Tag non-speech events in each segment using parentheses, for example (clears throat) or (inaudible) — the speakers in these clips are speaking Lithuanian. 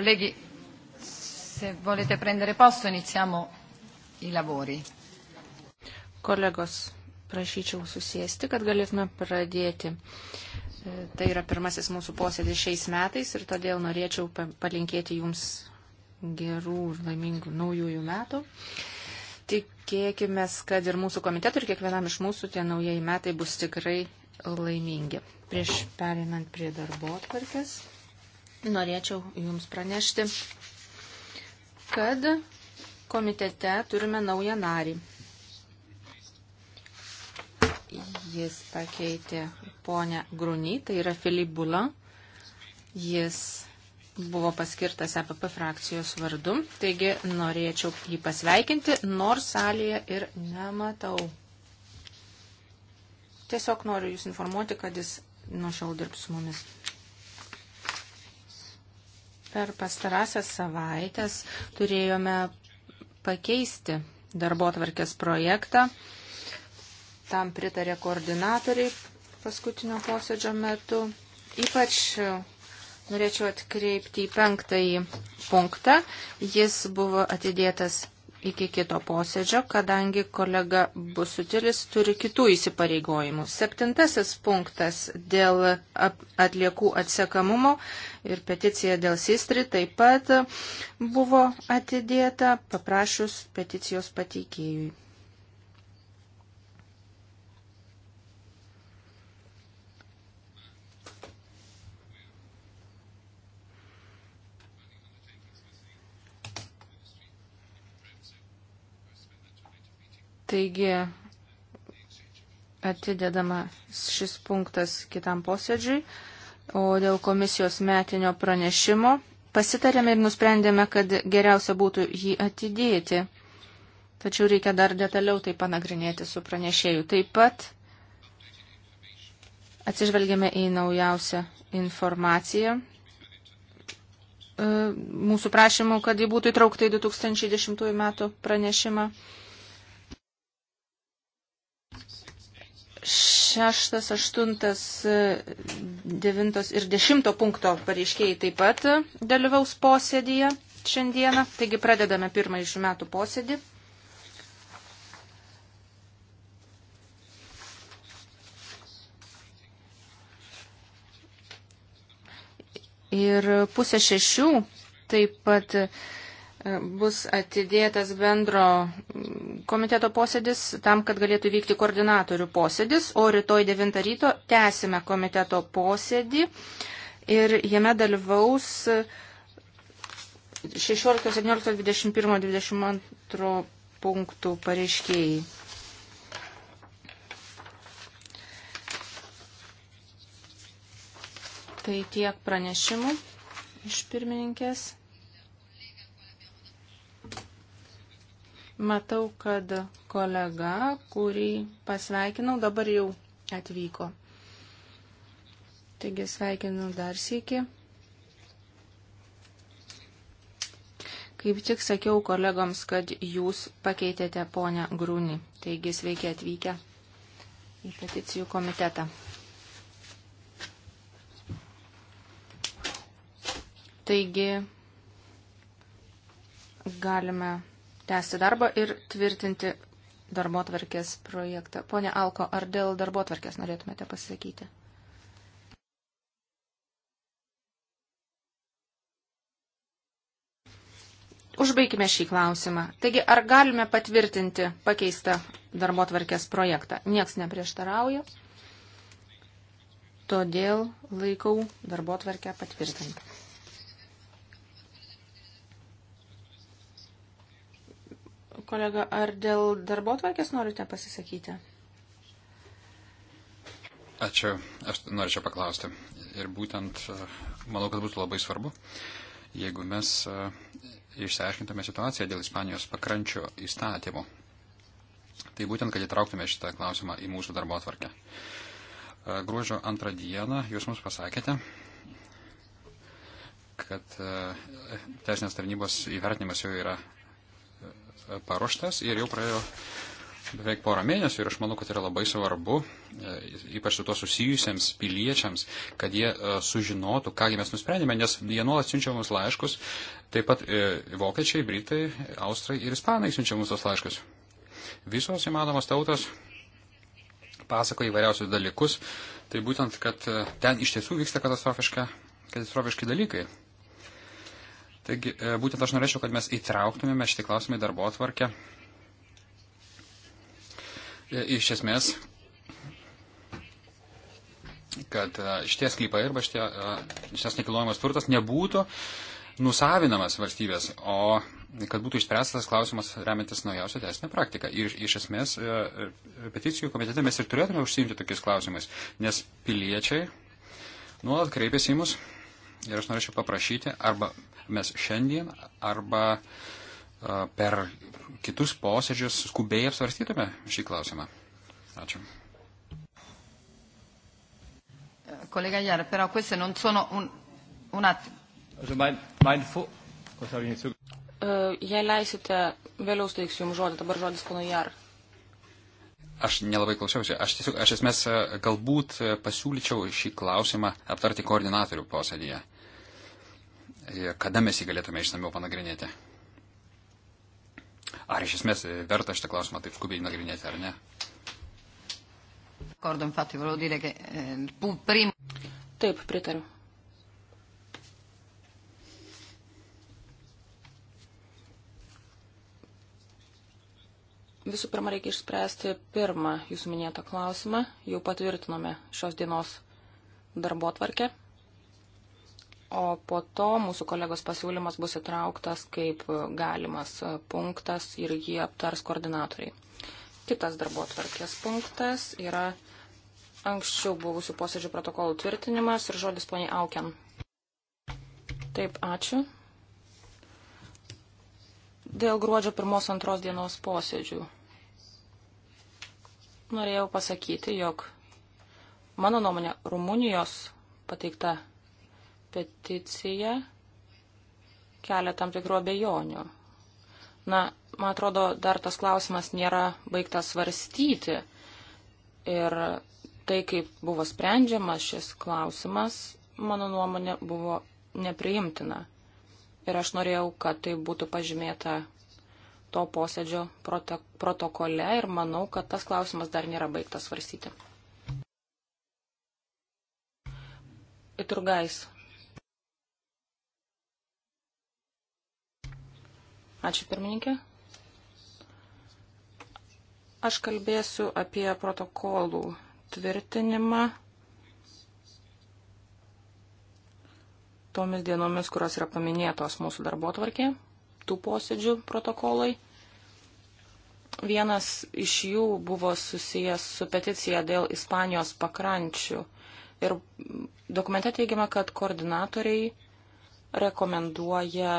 Colleghi, se volete prendere posto iniziamo i lavori. Kolegos, prašyčiau susėsti, kad galėtume pradėti. E, tai yra pirmasis mūsų posėdis šiais metais ir todėl norėčiau palinkėti jums gerų ir laimingų naujųjų metų. Tikėkime, kad ir mūsų komitetų, ir kiekvienam iš mūsų tie naujieji metai bus tikrai laimingi. Prieš perinant prie darbo atvarkės norėčiau Jums pranešti, kad komitete turime naują narį. Jis pakeitė ponę Grunį, tai yra Filip Bula. Jis buvo paskirtas APP e frakcijos vardu, taigi norėčiau jį pasveikinti, nors salėje ir nematau. Tiesiog noriu Jūs informuoti, kad jis nuo šiol dirbs su mumis. Per pastarąsias savaitės turėjome pakeisti darbo tvarkės projektą. Tam pritarė koordinatoriai paskutinio posėdžio metu. Ypač norėčiau atkreipti į penktąjį punktą. Jis buvo atidėtas iki kito posėdžio, kadangi kolega Busutilis turi kitų įsipareigojimų. Septintasis punktas dėl atliekų atsekamumo ir peticija dėl sistri taip pat buvo atidėta paprašus peticijos pateikėjui. Taigi atidedama šis punktas kitam posėdžiui, o dėl komisijos metinio pranešimo pasitarėme ir nusprendėme, kad geriausia būtų jį atidėti. Tačiau reikia dar detaliau tai panagrinėti su pranešėju. Taip pat atsižvelgėme į naujausią informaciją e, mūsų prašymų, kad jį būtų įtraukta į 2010 metų pranešimą. šeštas, aštuntas, devintas ir dešimto punkto pareiškėjai taip pat dalyvaus posėdėje šiandieną. Taigi pradedame pirmąjį šių metų posėdį. Ir pusę šešių taip pat bus atidėtas bendro komiteto posėdis tam, kad galėtų vykti koordinatorių posėdis, o rytoj 9 ryto tęsime komiteto posėdį ir jame dalyvaus 16, 17, 21, 22 punktų pareiškėjai. Tai tiek pranešimų iš pirmininkės. Matau, kad kolega, kurį pasveikinau, dabar jau atvyko. Taigi sveikinu dar sėki. Kaip tik sakiau kolegoms, kad jūs pakeitėte ponę Grūnį. Taigi sveiki atvykę į peticijų komitetą. Taigi galime tęsti darbą ir tvirtinti darbo tvarkės projektą. Pone Alko, ar dėl darbo tvarkės norėtumėte pasisakyti? Užbaikime šį klausimą. Taigi, ar galime patvirtinti pakeistą darbo tvarkės projektą? Nieks neprieštarauja, todėl laikau darbo tvarkę patvirtinti. Kolega, ar dėl darbo tvarkės norite pasisakyti? Ačiū. Aš norėčiau paklausti. Ir būtent, e, manau, kad būtų labai svarbu, jeigu mes e, išsiaiškintume situaciją dėl Ispanijos pakrančio įstatymų. Tai būtent, kad įtrauktume šitą klausimą į mūsų darbo atvarkę. E, gruodžio antrą dieną jūs mums pasakėte, kad teisinės tarnybos įvertinimas jau yra paruoštas ir jau praėjo beveik porą mėnesių ir aš manau, kad yra labai svarbu, e, ypač su to susijusiems piliečiams, kad jie e, sužinotų, kągi mes nusprendėme, nes jie nuolat siunčia mums laiškus, taip pat e, vokiečiai, britai, austrai ir ispanai siunčia mums tos laiškus. Visos įmanomos tautos pasakoja įvairiausius dalykus, tai būtent, kad ten iš tiesų vyksta katastrofiška, katastrofiški dalykai. Taigi, e, būtent aš norėčiau, kad mes įtrauktumėme šitį klausimą į darbo atvarkę. E, iš esmės, kad e, šitie sklypai arba šitie, šitas nekilnojamas turtas nebūtų nusavinamas valstybės, o kad būtų išspręstas klausimas remiantis naujausią teisinę praktiką. Ir iš esmės peticijų komitete mes ir turėtume užsiimti tokiais klausimais, nes piliečiai nuolat kreipiasi į mus Ir aš norėčiau paprašyti, arba mes šiandien, arba per kitus posėdžius skubiai apsvarstytume šį klausimą. Ačiū. Kolega Jar, però queste non sono un, un attimo. Jei leisite, vėliau steiksiu Jums žodį, dabar žodis pono Jar. Aš nelabai klausiausi. Aš tiesiog, aš esmės э, galbūt э, pasiūlyčiau šį klausimą aptarti koordinatorių posėdėje ir kada mes jį galėtume išsamiau panagrinėti. Ar iš esmės e, verta šitą klausimą taip skubiai nagrinėti, ar ne? Eh, taip, pritariu. Visų pirma, reikia išspręsti pirmą jūsų minėtą klausimą. Jau patvirtinome šios dienos darbo tvarkę o po to mūsų kolegos pasiūlymas bus įtrauktas kaip galimas punktas ir jį aptars koordinatoriai. Kitas darbo tvarkės punktas yra anksčiau buvusių posėdžių protokolų tvirtinimas ir žodis poniai Aukian. Taip, ačiū. Dėl gruodžio pirmos antros dienos posėdžių norėjau pasakyti, jog mano nuomonė Rumunijos pateikta peticija kelia tam tikrų abejonių. Na, man atrodo, dar tas klausimas nėra baigtas svarstyti. Ir tai, kaip buvo sprendžiamas šis klausimas, mano nuomonė buvo nepriimtina. Ir aš norėjau, kad tai būtų pažymėta to posėdžio protokole ir manau, kad tas klausimas dar nėra baigtas svarstyti. Iturgais Ačiū pirmininkė. Aš kalbėsiu apie protokolų tvirtinimą tomis dienomis, kurios yra paminėtos mūsų darbo tvarkė, tų posėdžių protokolai. Vienas iš jų buvo susijęs su peticija dėl Ispanijos pakrančių. Ir dokumente teigiama, kad koordinatoriai rekomenduoja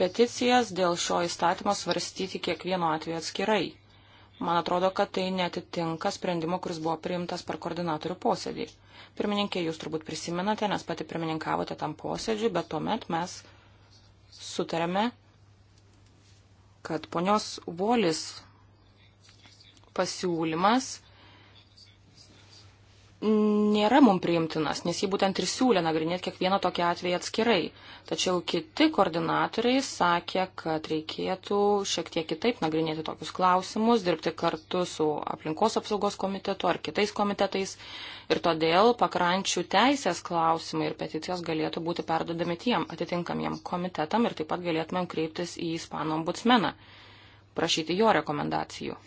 peticijas dėl šio įstatymo svarstyti kiekvieno atveju atskirai. Man atrodo, kad tai netitinka sprendimo, kuris buvo priimtas per koordinatorių posėdį. Pirmininkė, jūs turbūt prisimenate, nes pati pirmininkavote tam posėdžiui, bet tuomet mes sutarėme, kad ponios Volis pasiūlymas nėra mum priimtinas, nes jie būtent ir siūlė nagrinėti kiekvieną tokį atvejį atskirai. Tačiau kiti koordinatoriai sakė, kad reikėtų šiek tiek kitaip nagrinėti tokius klausimus, dirbti kartu su aplinkos apsaugos komitetu ar kitais komitetais ir todėl pakrančių teisės klausimai ir peticijos galėtų būti perdodami tiem atitinkamiem komitetam ir taip pat galėtumėm kreiptis į Ispanų ombudsmeną, prašyti jo rekomendacijų.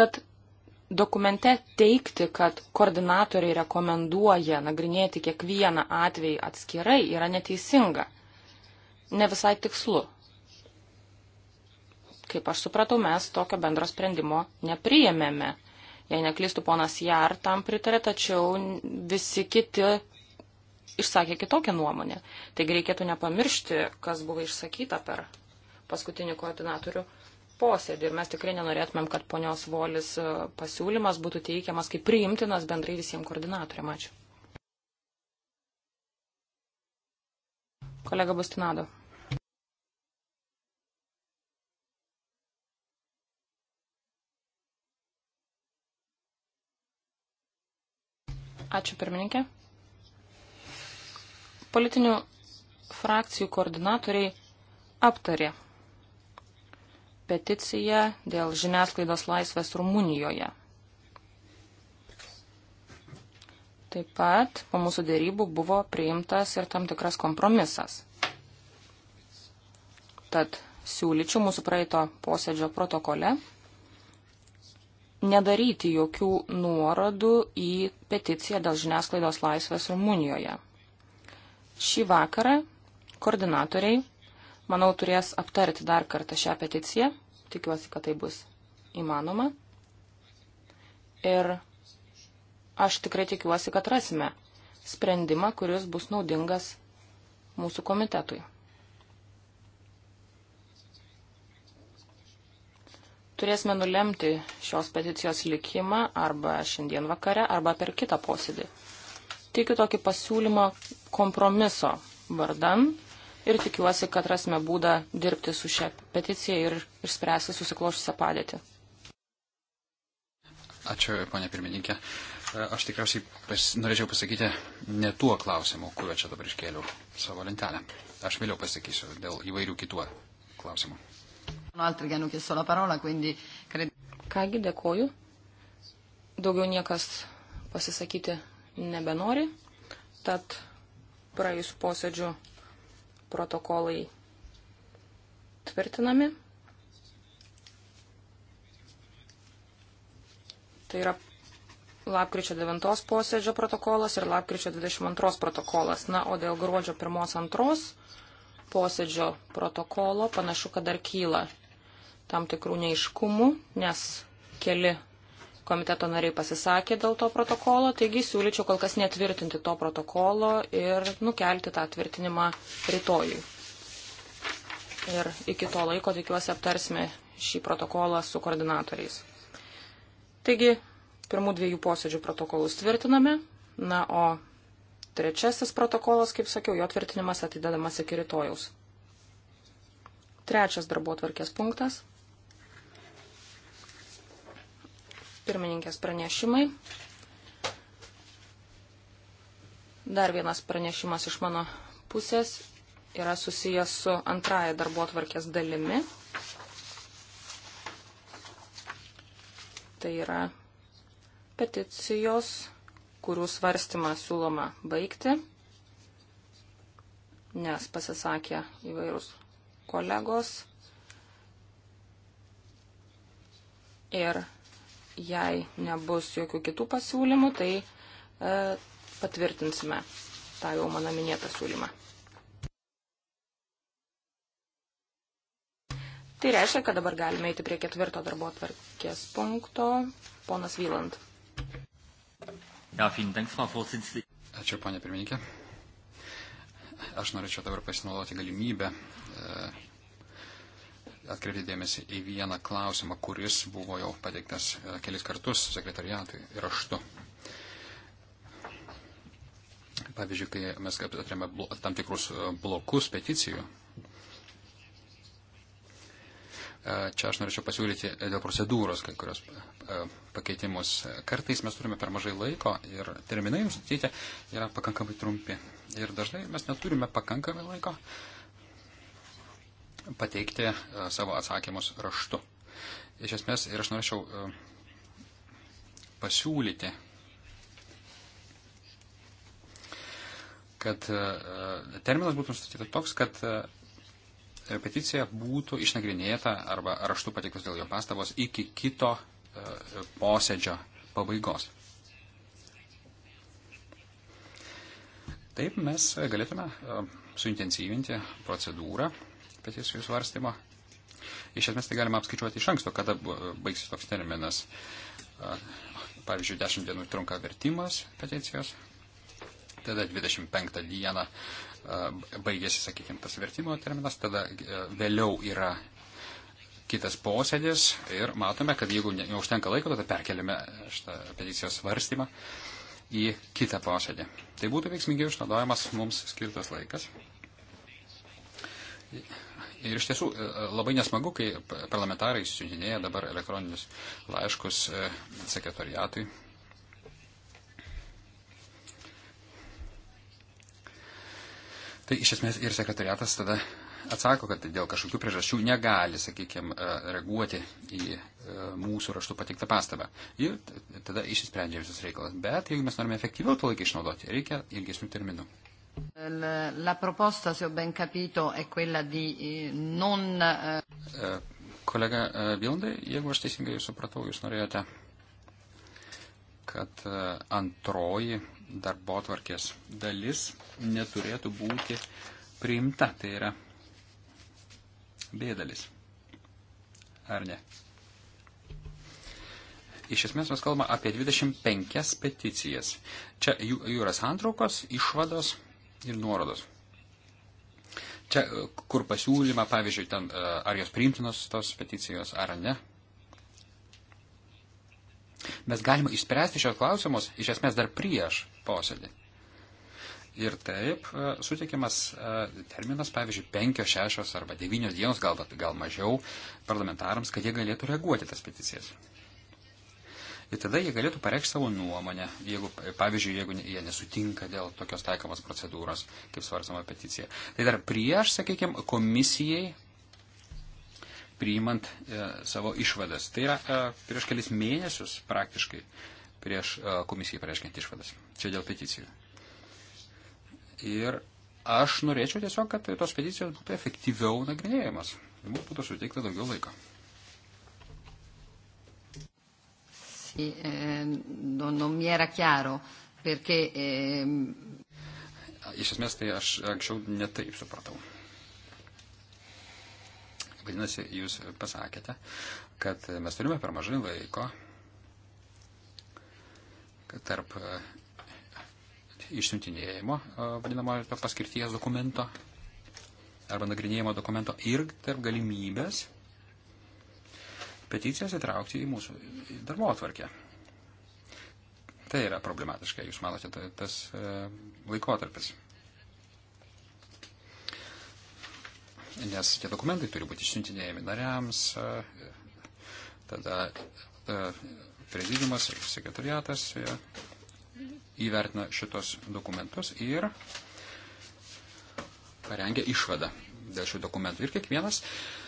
Tad dokumente teikti, kad koordinatoriai rekomenduoja nagrinėti kiekvieną atvejį atskirai yra neteisinga. Ne visai tikslu. Kaip aš supratau, mes tokio bendro sprendimo nepriėmėme. Jei neklystų, ponas Jar tam pritarė, tačiau visi kiti išsakė kitokią nuomonę. Taigi reikėtų nepamiršti, kas buvo išsakyta per paskutinį koordinatorių posėdį ir mes tikrai nenorėtumėm, kad ponios Volis e, pasiūlymas būtų teikiamas kaip priimtinas bendrai visiems koordinatoriam. Ačiū. Kolega Bustinado. Ačiū pirmininkė. Politinių frakcijų koordinatoriai aptarė peticiją dėl žiniasklaidos laisvės Rumunijoje. Taip pat po mūsų dėrybų buvo priimtas ir tam tikras kompromisas. Tad siūlyčiau mūsų praeito posėdžio protokole nedaryti jokių nuorodų į peticiją dėl žiniasklaidos laisvės Rumunijoje. Šį vakarą koordinatoriai manau, turės aptarti dar kartą šią peticiją. Tikiuosi, kad tai bus įmanoma. Ir aš tikrai tikiuosi, kad rasime sprendimą, kuris bus naudingas mūsų komitetui. Turėsime nulemti šios peticijos likimą arba šiandien vakare, arba per kitą posėdį. Tikiu tokį pasiūlymą kompromiso vardan ir tikiuosi, kad rasime būdą dirbti su šia peticija ir išspręsti susiklošusią padėtį. Ačiū, ponė pirmininkė. E, aš tikriausiai pas, norėčiau pasakyti ne tuo klausimu, kuriuo čia dabar iškėliau savo lentelę. Aš vėliau pasakysiu dėl įvairių kitų klausimų. Kągi, dėkoju. Daugiau niekas pasisakyti nebenori. Tad praėjus posėdžiu protokolai tvirtinami. Tai yra lapkričio 9 posėdžio protokolas ir lapkričio 22 protokolas. Na, o dėl gruodžio 1-2 posėdžio protokolo panašu, kad dar kyla tam tikrų neiškumų, nes keli komiteto nariai pasisakė dėl to protokolo, taigi siūlyčiau kol kas netvirtinti to protokolo ir nukelti tą tvirtinimą rytojui. Ir iki to laiko tikiuosi aptarsime šį protokolą su koordinatoriais. Taigi, pirmų dviejų posėdžių protokolus tvirtiname, na o trečiasis protokolas, kaip sakiau, jo tvirtinimas atidedamas iki rytojaus. Trečias darbo tvarkės punktas pirmininkės pranešimai. Dar vienas pranešimas iš mano pusės yra susijęs su antraja darbo atvarkės dalimi. Tai yra peticijos, kurių svarstymą siūloma baigti, nes pasisakė įvairūs kolegos ir jei nebus jokių kitų pasiūlymų, tai e, patvirtinsime tą jau mano minėtą siūlymą. Tai reiškia, kad dabar galime eiti prie ketvirto darbo atvarkės punkto. Ponas Vyland. Ačiū, ponė pirmininkė. Aš norėčiau dabar pasinaudoti galimybę e, atkreipti dėmesį į vieną klausimą, kuris buvo jau pateiktas e, kelis kartus sekretariatui raštu. Pavyzdžiui, kai mes atremė tam tikrus e, blokus peticijų, e, čia aš norėčiau pasiūlyti dėl procedūros kai kurios pakeitimus. Kartais mes turime per mažai laiko ir terminai nustatyti yra pakankamai trumpi. Ir dažnai mes neturime pakankamai laiko uh, pateikti e, savo atsakymus raštu. Iš esmės, ir aš norėčiau e, pasiūlyti, kad e, terminas būtų nustatytas toks, kad peticija būtų išnagrinėta arba raštu pateiktas dėl jo pastabos iki kito posėdžio pabaigos. Taip mes galėtume suintensyvinti procedūrą peticijų svarstymo. Iš esmės tai galima apskaičiuoti iš anksto, kada baigsis toks terminas. Pavyzdžiui, 10 dienų trunka vertimas peticijos, tada 25 dieną baigėsi, sakykime, tas vertimo terminas, tada vėliau yra kitas posėdis ir matome, kad jeigu neužtenka laiko, tada perkeliame šitą peticijos svarstymą į kitą posėdį. Tai būtų veiksmingiau išnaudojamas mums skirtas laikas. Ir iš tiesų e, labai nesmagu, kai parlamentarai siuntinėja dabar elektroninius laiškus e, sekretoriatui. Tai iš esmės ir sekretariatas tada atsako, kad dėl kažkokių priežasčių negali, sakykime, reaguoti į e, mūsų raštų patiktą pastabą. Ir tada išsisprendžia visas reikalas. Bet jeigu mes norime efektyviau to laikį išnaudoti, reikia ilgesnių terminų. Eh, la proposta, se ho ben capito, è quella di eh, non. Kolega Vildai, jeigu aš teisingai supratau, jūs norėjote, kad eh, antroji darbo tvarkės dalis neturėtų būti priimta, tai yra B dalis. Ar ne? Iš esmės mes kalbame apie 25 peticijas. Čia jų yra santraukos, išvados ir nuorodos. Čia, e, kur pasiūlyma, pavyzdžiui, ten, e, ar jos priimtinos tos peticijos, ar ne. Mes galime išspręsti šios klausimus iš esmės dar prieš posėdį. Ir taip e, suteikiamas terminas, pavyzdžiui, penkios, šešios arba devynios dienos, gal, gal mažiau, parlamentarams, kad jie galėtų reaguoti tas peticijas. Ir tada jie galėtų pareikšti savo nuomonę, jeigu, pavyzdžiui, jeigu jie nesutinka dėl tokios taikomos procedūros, kaip svarstama peticija. Tai dar prieš, sakykime, komisijai priimant e, savo išvadas. Tai yra e, prieš kelis mėnesius praktiškai prieš e, komisijai pareiškiant išvadas. Čia dėl peticijų. Ir aš norėčiau tiesiog, kad tos peticijos būtų efektyviau nagrinėjamos. Mums būtų suteikta daugiau laiko. Sì, eh, non, non mi era chiaro perché. Eh... Iš esmės tai aš anksčiau netaip supratau. Vadinasi, jūs pasakėte, kad mes turime per mažai laiko tarp e, išsiuntinėjimo e, vadinamojo paskirties dokumento arba nagrinėjimo dokumento ir tarp galimybės peticijas įtraukti į mūsų darbo atvarkę. Tai yra problematiška, jūs manote, tas e, laikotarpis. Nes tie dokumentai turi būti išsiuntinėjami nariams, e, tada e, prezidiumas ir sekretariatas įvertina šitos dokumentus ir parengia išvadą dėl šių dokumentų. Ir kiekvienas uh,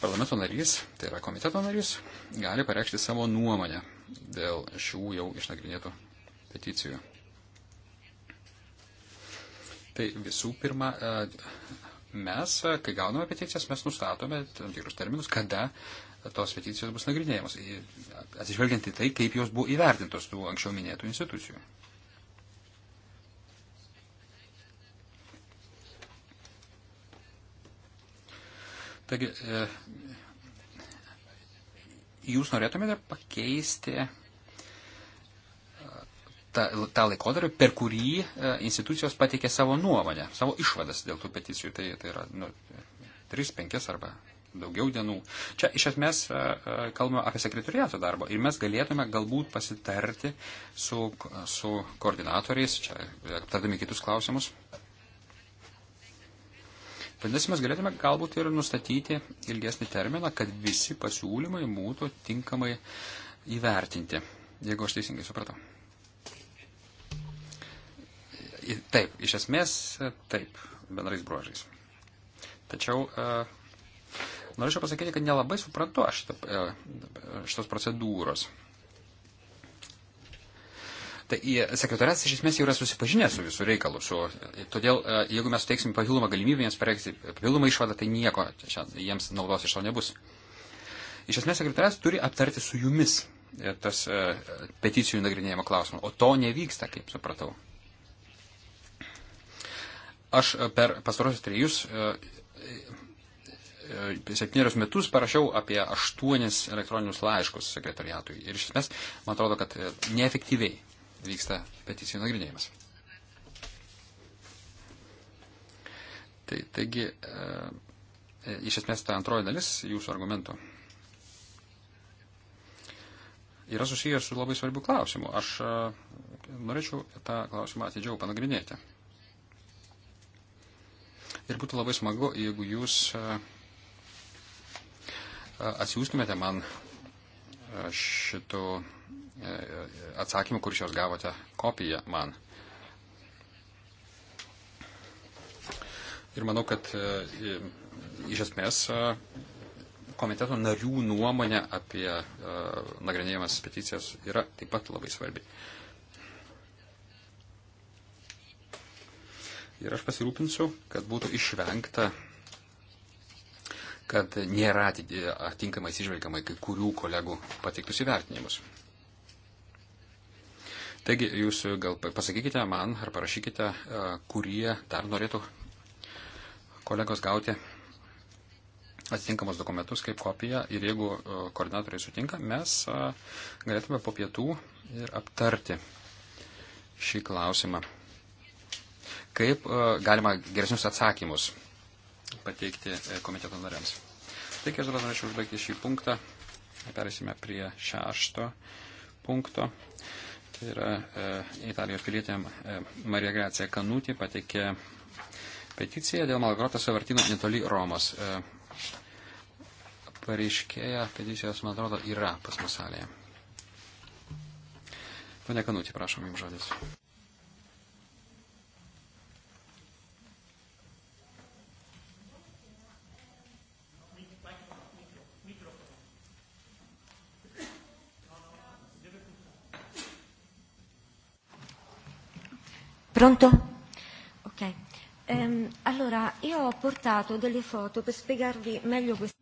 parlamento narys, tai yra komiteto narys, gali pareikšti savo nuomonę dėl šių jau išnagrinėtų peticijų. Tai visų pirma, e, mes, e, kai gauname peticijas, mes nustatome tam tikrus terminus, kada tos peticijos bus nagrinėjamos, atsižvelgiant į tai, kaip jos buvo įvertintos tų anksčiau minėtų institucijų. Taigi, e, jūs norėtumėte pakeisti e, tą, tą laikotarpį, per kurį e, institucijos pateikė savo nuomonę, savo išvadas dėl tų peticijų. Tai, tai yra nu, 3, 5 arba daugiau dienų. Čia iš esmės kalbame apie sekretoriato darbą ir mes galėtume galbūt pasitarti su, su koordinatoriais, čia aptardami kitus klausimus, Vadinasi, mes galėtume galbūt ir nustatyti ilgesnį terminą, kad visi pasiūlymai būtų tinkamai įvertinti, jeigu aš teisingai supratau. Taip, iš esmės taip, bendrais bruožais. Tačiau e, norėčiau pasakyti, kad nelabai suprantu aš e, šitos procedūros. Tai sekretorės iš esmės jau yra susipažinęs su visų reikalu. Su, todėl, e, jeigu mes suteiksim papildomą galimybę jiems pareikšti papildomą išvadą, tai nieko čia, jiems naudos iš to nebus. Iš esmės sekretorės turi aptarti su jumis e, tas e, peticijų nagrinėjimo klausimą. O to nevyksta, kaip supratau. Aš per pastarosius trejus septynerius metus parašiau apie aštuonis elektroninius laiškus sekretariatui. Ir iš esmės, man atrodo, kad neefektyviai vyksta peticijų nagrinėjimas. Tai, taigi, e, e, iš esmės ta antroji dalis jūsų argumento yra susijęs su labai svarbiu klausimu. Aš e, norėčiau tą klausimą atidžiau panagrinėti. Ir būtų labai smagu, jeigu jūs e, e atsiųstumėte man šitų e, atsakymų, kur jūs gavote kopiją man. Ir manau, kad e, iš esmės e, komiteto narių nuomonė apie nagrinėjimas peticijas yra taip pat labai svarbi. Ir aš pasirūpinsiu, kad būtų išvengta kad nėra atitinkamai atsižvelgiamai kai kurių kolegų pateiktus įvertinimus. Taigi jūs gal pasakykite man ar parašykite, e, kurie dar norėtų kolegos gauti atitinkamus dokumentus kaip kopiją ir jeigu e, koordinatoriai sutinka, mes e, galėtume po pietų ir aptarti šį klausimą. Kaip galima geresnius atsakymus pateikti e, komiteto nariams. Taigi aš dabar norėčiau užbaigti šį punktą. Perėsime prie šešto punkto. Tai yra e, Italijos pilietė e, Marija Gracija Kanutė pateikė peticiją dėl Malgroto savartino netoli Romos. E, pareiškėja peticijos, man atrodo, yra pas mus salėje. Pane Kanutė, prašom jums žodis. Pronto? Ok. Um, allora, io ho portato delle foto per spiegarvi meglio questo.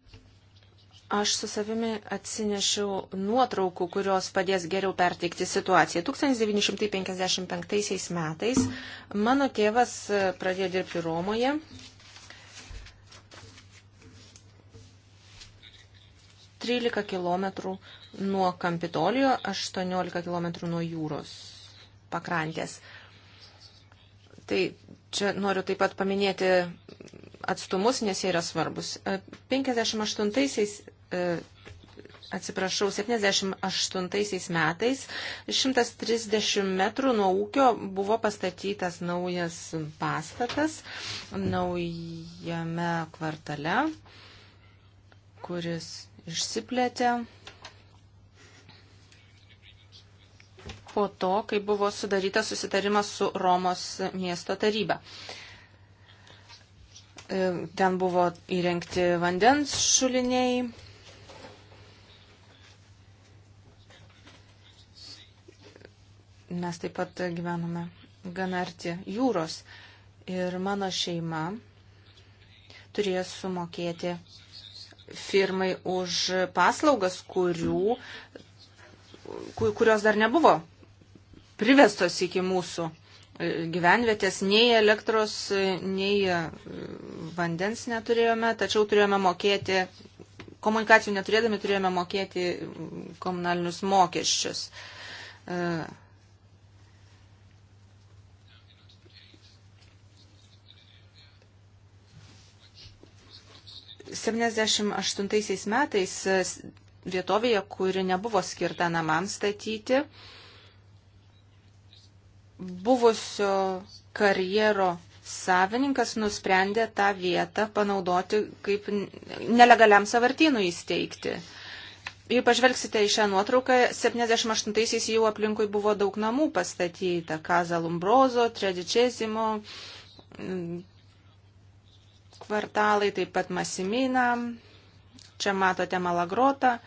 Aš su savimi atsinešiau nuotraukų, kurios padės geriau perteikti situaciją. 1955 metais mano tėvas e, pradėjo dirbti Romoje. Trylika kilometrų nuo Kampitolijo, 18 kilometrų nuo jūros pakrantės. Uh, Tai čia noriu taip pat paminėti atstumus, nes jie yra svarbus. 58-aisiais, e, e, atsiprašau, 78-aisiais metais 130 metrų nuo ūkio buvo pastatytas naujas pastatas naujame kvartale, kuris išsiplėtė po to, kai buvo sudarytas susitarimas su Romos miesto taryba. E, ten buvo įrengti vandens šuliniai. Mes taip pat gyvenome gana arti jūros ir mano šeima turėjo sumokėti firmai už paslaugas, kurių, kurios dar nebuvo privestos iki mūsų e, gyvenvietės, nei elektros, e, nei e, vandens neturėjome, tačiau turėjome mokėti, komunikacijų neturėdami turėjome mokėti mm, komunalinius mokesčius. Septyniasdešimt aštuntaisiais metais vietovėje, kuri nebuvo skirta namams statyti, buvusio karjero savininkas nusprendė tą vietą panaudoti kaip nelegaliam savartynui įsteigti. Jei pažvelgsite į šią nuotrauką, 78-aisiais jau aplinkui buvo daug namų pastatyta - Kaza Lumbrozo, Tredičezimo mm, kvartalai, taip pat Masimina, čia matote Malagrotą.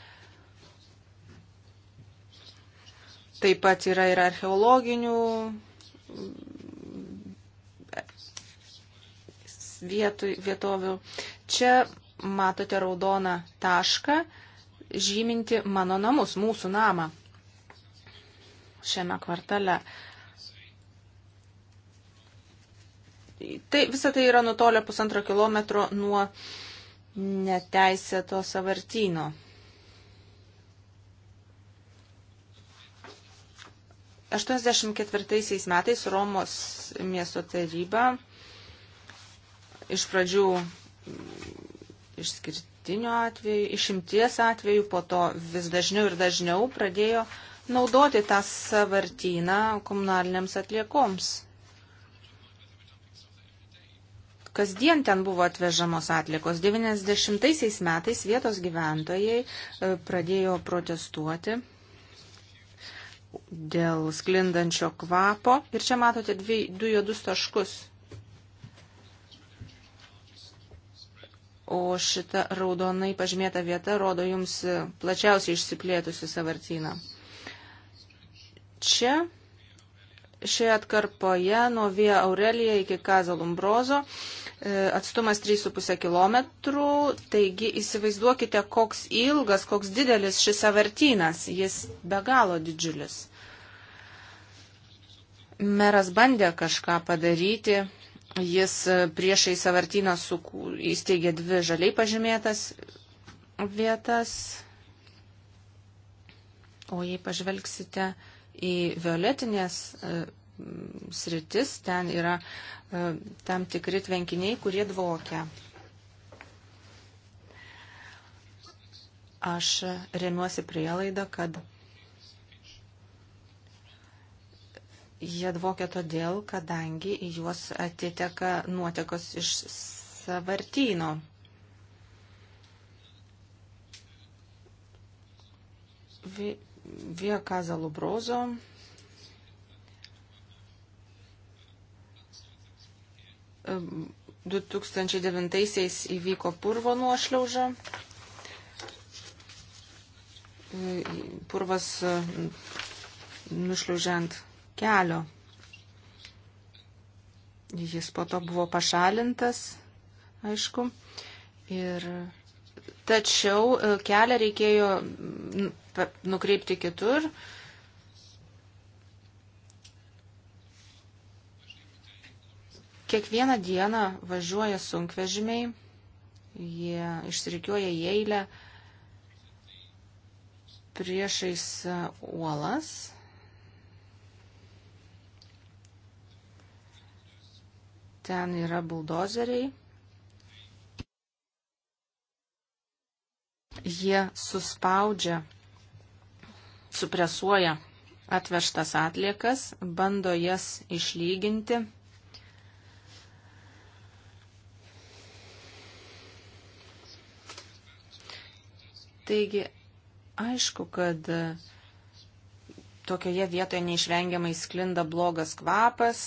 Taip pat yra ir archeologinių vietų, vietovių. Čia matote raudoną tašką, žyminti mano namus, mūsų namą šiame kvartale. Tai visą tai yra nutolę pusantro kilometro nuo neteisėto savartino. 84 metais Romos miesto taryba iš pradžių išskirtinio atveju, išimties atveju, po to vis dažniau ir dažniau pradėjo naudoti tą savartyną komunaliniams atliekoms. Kasdien ten buvo atvežamos atliekos. 90 metais vietos gyventojai e, pradėjo protestuoti dėl sklindančio kvapo. Ir čia matote dvi, du juodus taškus. O šita raudonai pažymėta vieta rodo jums plačiausiai išsiplėtusi savartyną. Čia, šioje atkarpoje nuo Via Aurelija iki Kazalumbrozo, Lumbrozo, E, atstumas 3,5 km, taigi įsivaizduokite, koks ilgas, koks didelis šis savartynas, jis be galo didžiulis. Meras bandė kažką padaryti, jis e, priešai savartyną įsteigė dvi žaliai pažymėtas vietas. O jei pažvelgsite į violetinės e, sritis, ten yra e, tam tikri tvenkiniai, kurie dvokia. Aš remiuosi prielaidą, kad jie dvokia todėl, kadangi į juos atiteka nuotekos iš savartyno. Vie Kazalubrozo. Vie 2009-aisiais įvyko purvo nuošliauža. E, purvas e, nušliaužiant kelio. Jis po to buvo pašalintas, aišku. Ir tačiau e, kelią reikėjo nukreipti kitur Kiekvieną dieną važiuoja sunkvežimiai, jie išsirikiuoja į eilę priešais uolas. Ten yra buldozeriai. Jie suspaudžia, supresuoja atvežtas atliekas, bando jas išlyginti Taigi, aišku, kad tokioje vietoje neišvengiamai sklinda blogas kvapas,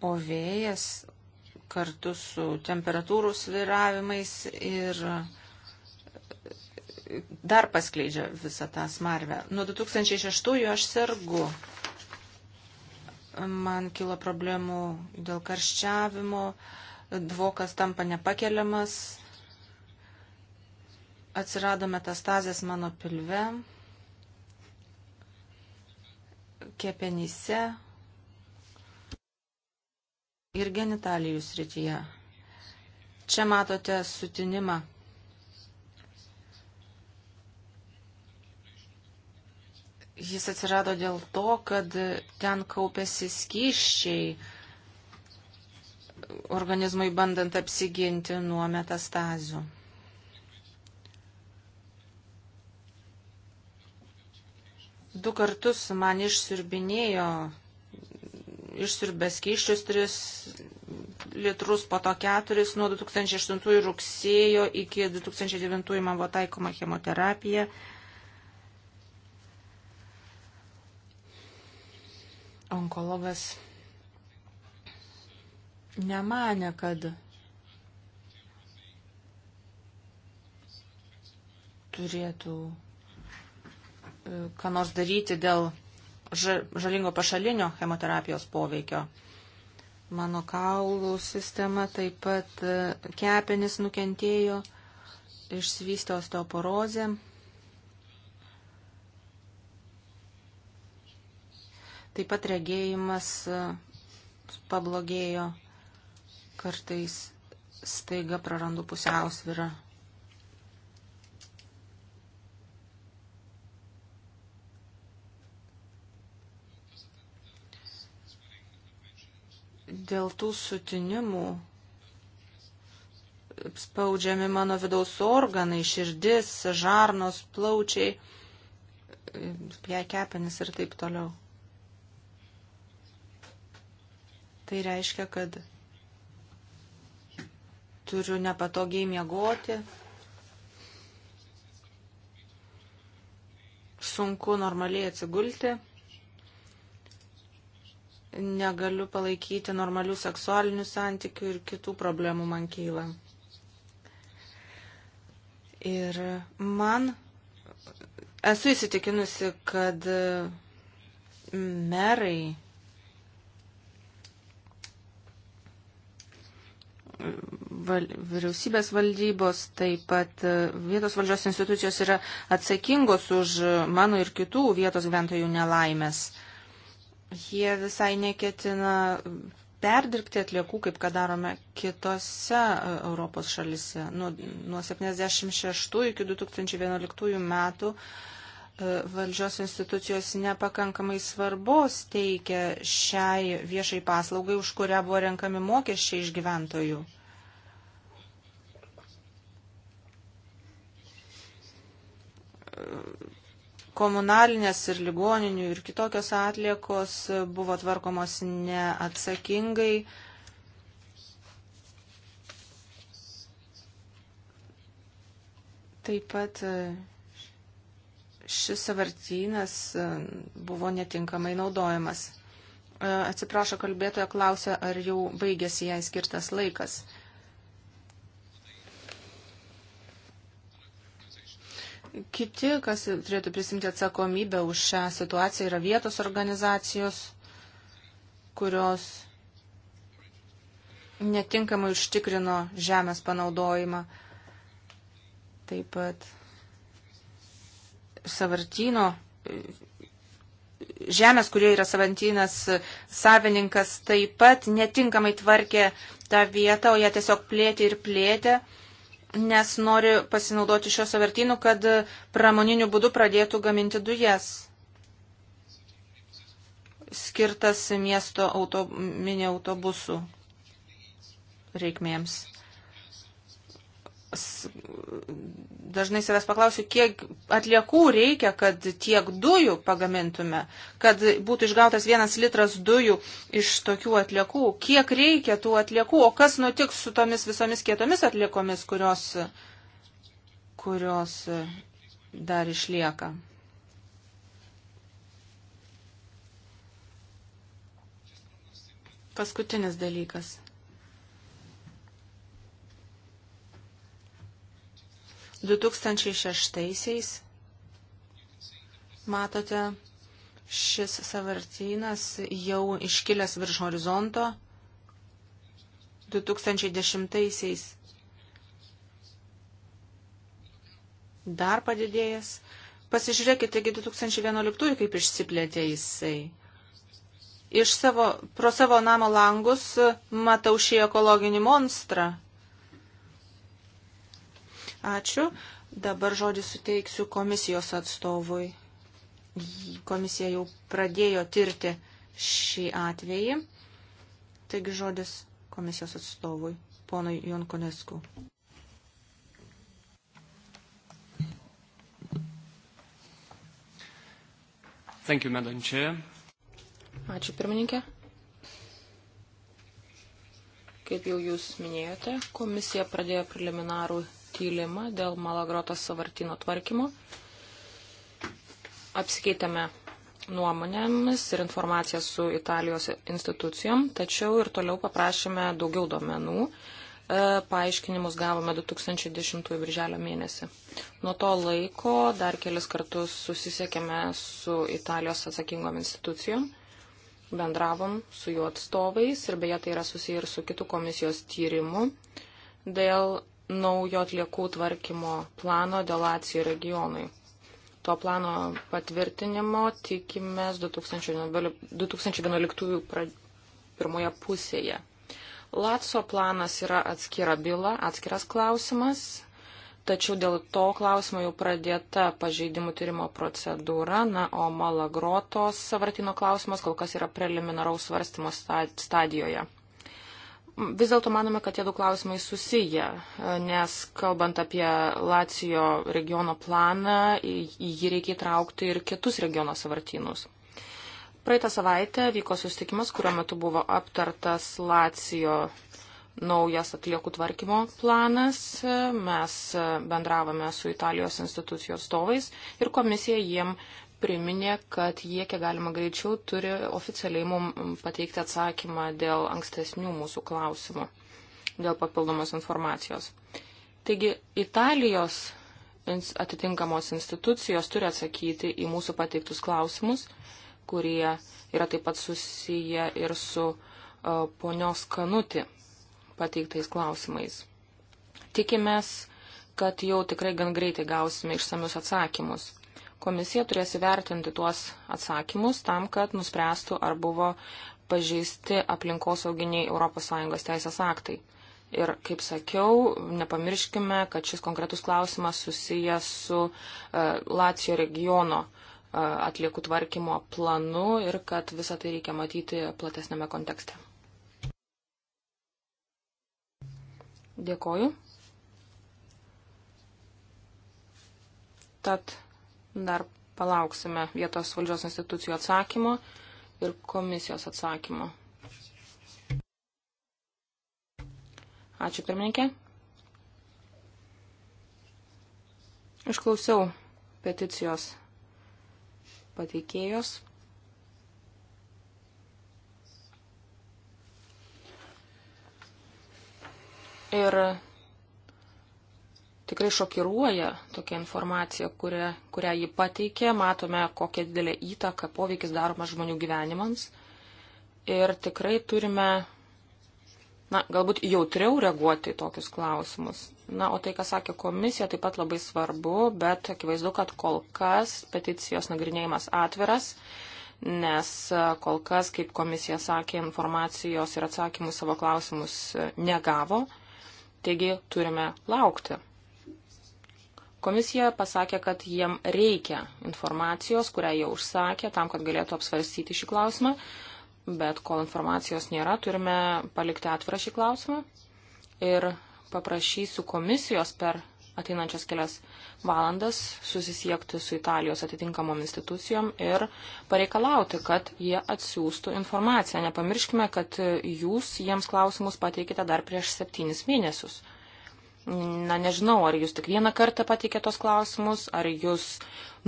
o vėjas kartu su temperatūrų sviravimais ir dar paskleidžia visą tą smarvę. Nuo 2006 aš sergu. Man kilo problemų dėl karščiavimo, dvokas tampa nepakeliamas, atsirado metastazės mano pilve, kepenyse ir genitalijų srityje. Čia matote sutinimą. Jis atsirado dėl to, kad ten kaupėsi skyščiai organizmui bandant apsiginti nuo metastazių. Du kartus man išsirbinėjo, išsirbė skyščius 3 litrus, po to 4 nuo 2008 rugsėjo iki 2009 man buvo taikoma chemoterapija. Onkologas nemanė, kad turėtų ką nors daryti dėl žalingo pašalinio chemoterapijos poveikio. Mano kaulų sistema taip pat e, kepenis nukentėjo, išsivystė osteoporozė. Taip pat regėjimas e, pablogėjo, kartais staiga prarandu pusiausvyrą. dėl tų sutinimų spaudžiami mano vidaus organai, širdis, žarnos, plaučiai, jai kepenis ir taip toliau. Tai reiškia, kad turiu nepatogiai miegoti, sunku normaliai atsigulti negaliu palaikyti normalių seksualinių santykių ir kitų problemų man kyla. Ir man esu įsitikinusi, kad merai val, vyriausybės valdybos, taip pat vietos valdžios institucijos yra atsakingos už mano ir kitų vietos gyventojų nelaimės jie visai neketina perdirbti atliekų, kaip kad darome kitose e, Europos šalise. Nu, nuo 1976 iki 2011 metų e, valdžios institucijos nepakankamai svarbos teikia šiai viešai paslaugai, už kurią buvo renkami mokesčiai iš gyventojų komunalinės ir ligoninių ir kitokios atliekos buvo tvarkomos neatsakingai. Taip pat e, šis savartynas e, buvo netinkamai naudojamas. E, atsiprašo kalbėtoja, klausia, ar jau baigėsi jai skirtas laikas. Kiti, kas turėtų prisimti atsakomybę už šią situaciją, yra vietos organizacijos, kurios netinkamai užtikrino žemės panaudojimą. Taip pat savartino žemės, kurie yra savantynas savininkas, taip pat netinkamai tvarkė tą vietą, o ją tiesiog plėtė ir plėtė nes nori pasinaudoti šio savartynų, kad pramoniniu būdu pradėtų gaminti dujas skirtas miesto auto, mini autobusų reikmėms dažnai savęs paklausiu, kiek atliekų reikia, kad tiek dujų pagamintume, kad būtų išgautas vienas litras dujų iš tokių atliekų, kiek reikia tų atliekų, o kas nutiks su tomis visomis kietomis atliekomis, kurios, kurios e, dar išlieka. Paskutinis dalykas. 2006-aisiais, matote, šis savartynas jau iškilęs virš horizonto. 2010-aisiais dar padidėjęs. Pasižiūrėkite, taigi 2011 kaip išsiplėtė jisai. Iš savo, pro savo namo langus matau šį ekologinį monstrą. Ačiū. Dabar žodį suteiksiu komisijos atstovui. Komisija jau pradėjo tirti šį atvejį. Taigi žodis komisijos atstovui, ponui Jonkonesku. Thank you, Madam Chair. Ačiū pirmininkė. Kaip jau jūs minėjote, komisija pradėjo preliminarų tyrimą dėl Malagrotos savartino tvarkymo. Apsikeitėme nuomonėmis ir informaciją su Italijos institucijom, tačiau ir toliau paprašėme daugiau duomenų. E, paaiškinimus gavome 2010 birželio mėnesį. Nuo to laiko dar kelis kartus susisiekėme su Italijos atsakingom institucijom bendravom su jų atstovais ir beje tai yra susiję ir su kitų komisijos tyrimu dėl naujo atliekų tvarkymo plano dėl Lacijų regionui. To plano patvirtinimo tikimės 2011 pirmoje pusėje. Latso planas yra atskira byla, atskiras klausimas, tačiau dėl to klausimo jau pradėta pažeidimų tyrimo procedūra, na, o Malagrotos savartino klausimas kol kas yra preliminaraus svarstymo stadijoje. Vis dėlto manome, kad tie du klausimai susiję, e, nes kalbant apie Lacijo regiono planą, į jį reikia įtraukti ir kitus regiono savartynus. Praeitą savaitę vyko susitikimas, kurio metu buvo aptartas Lacijo naujas atliekų tvarkymo planas. Mes bendravome su Italijos institucijų atstovais ir komisija jiem priminė, kad jie kiek galima greičiau turi oficialiai mums pateikti atsakymą dėl ankstesnių mūsų klausimų, dėl papildomos informacijos. Taigi Italijos atitinkamos institucijos turi atsakyti į mūsų pateiktus klausimus, kurie yra taip pat susiję ir su ponios Kanuti pateiktais klausimais. Tikimės, kad jau tikrai gan greitai gausime išsamius atsakymus. Komisija turės įvertinti tuos atsakymus tam, kad nuspręstų, ar buvo pažeisti aplinkosauginiai ES teisės aktai. Ir, kaip sakiau, nepamirškime, kad šis konkretus klausimas susijęs su uh, e, Lacijo regiono uh, atliekų tvarkymo planu ir kad visą tai reikia matyti platesnėme kontekste. Dėkoju. Tad Dar palauksime vietos valdžios institucijų atsakymo ir komisijos atsakymo. Ačiū pirmininkė. Išklausiau peticijos pateikėjos. Ir tikrai šokiruoja tokia informacija, kurią, kurią ji pateikė. Matome, kokia didelė įtaka poveikis daromas žmonių gyvenimams. Ir tikrai turime, na, galbūt jautriau reaguoti į tokius klausimus. Na, o tai, ką sakė komisija, taip pat labai svarbu, bet akivaizdu, kad kol kas peticijos nagrinėjimas atviras nes e, kol kas, kaip komisija sakė, informacijos ir atsakymų savo klausimus e, negavo, taigi turime laukti. Komisija pasakė, kad jiem reikia informacijos, kurią jie užsakė, tam, kad galėtų apsvarstyti šį klausimą, bet kol informacijos nėra, turime palikti atvirą šį klausimą ir paprašysiu komisijos per ateinančias kelias valandas susisiekti su Italijos atitinkamom institucijom ir pareikalauti, kad jie atsiųstų informaciją. Nepamirškime, kad jūs jiems klausimus pateikite dar prieš septynis mėnesius. Na nežinau, ar jūs tik vieną kartą patikė tos klausimus, ar jūs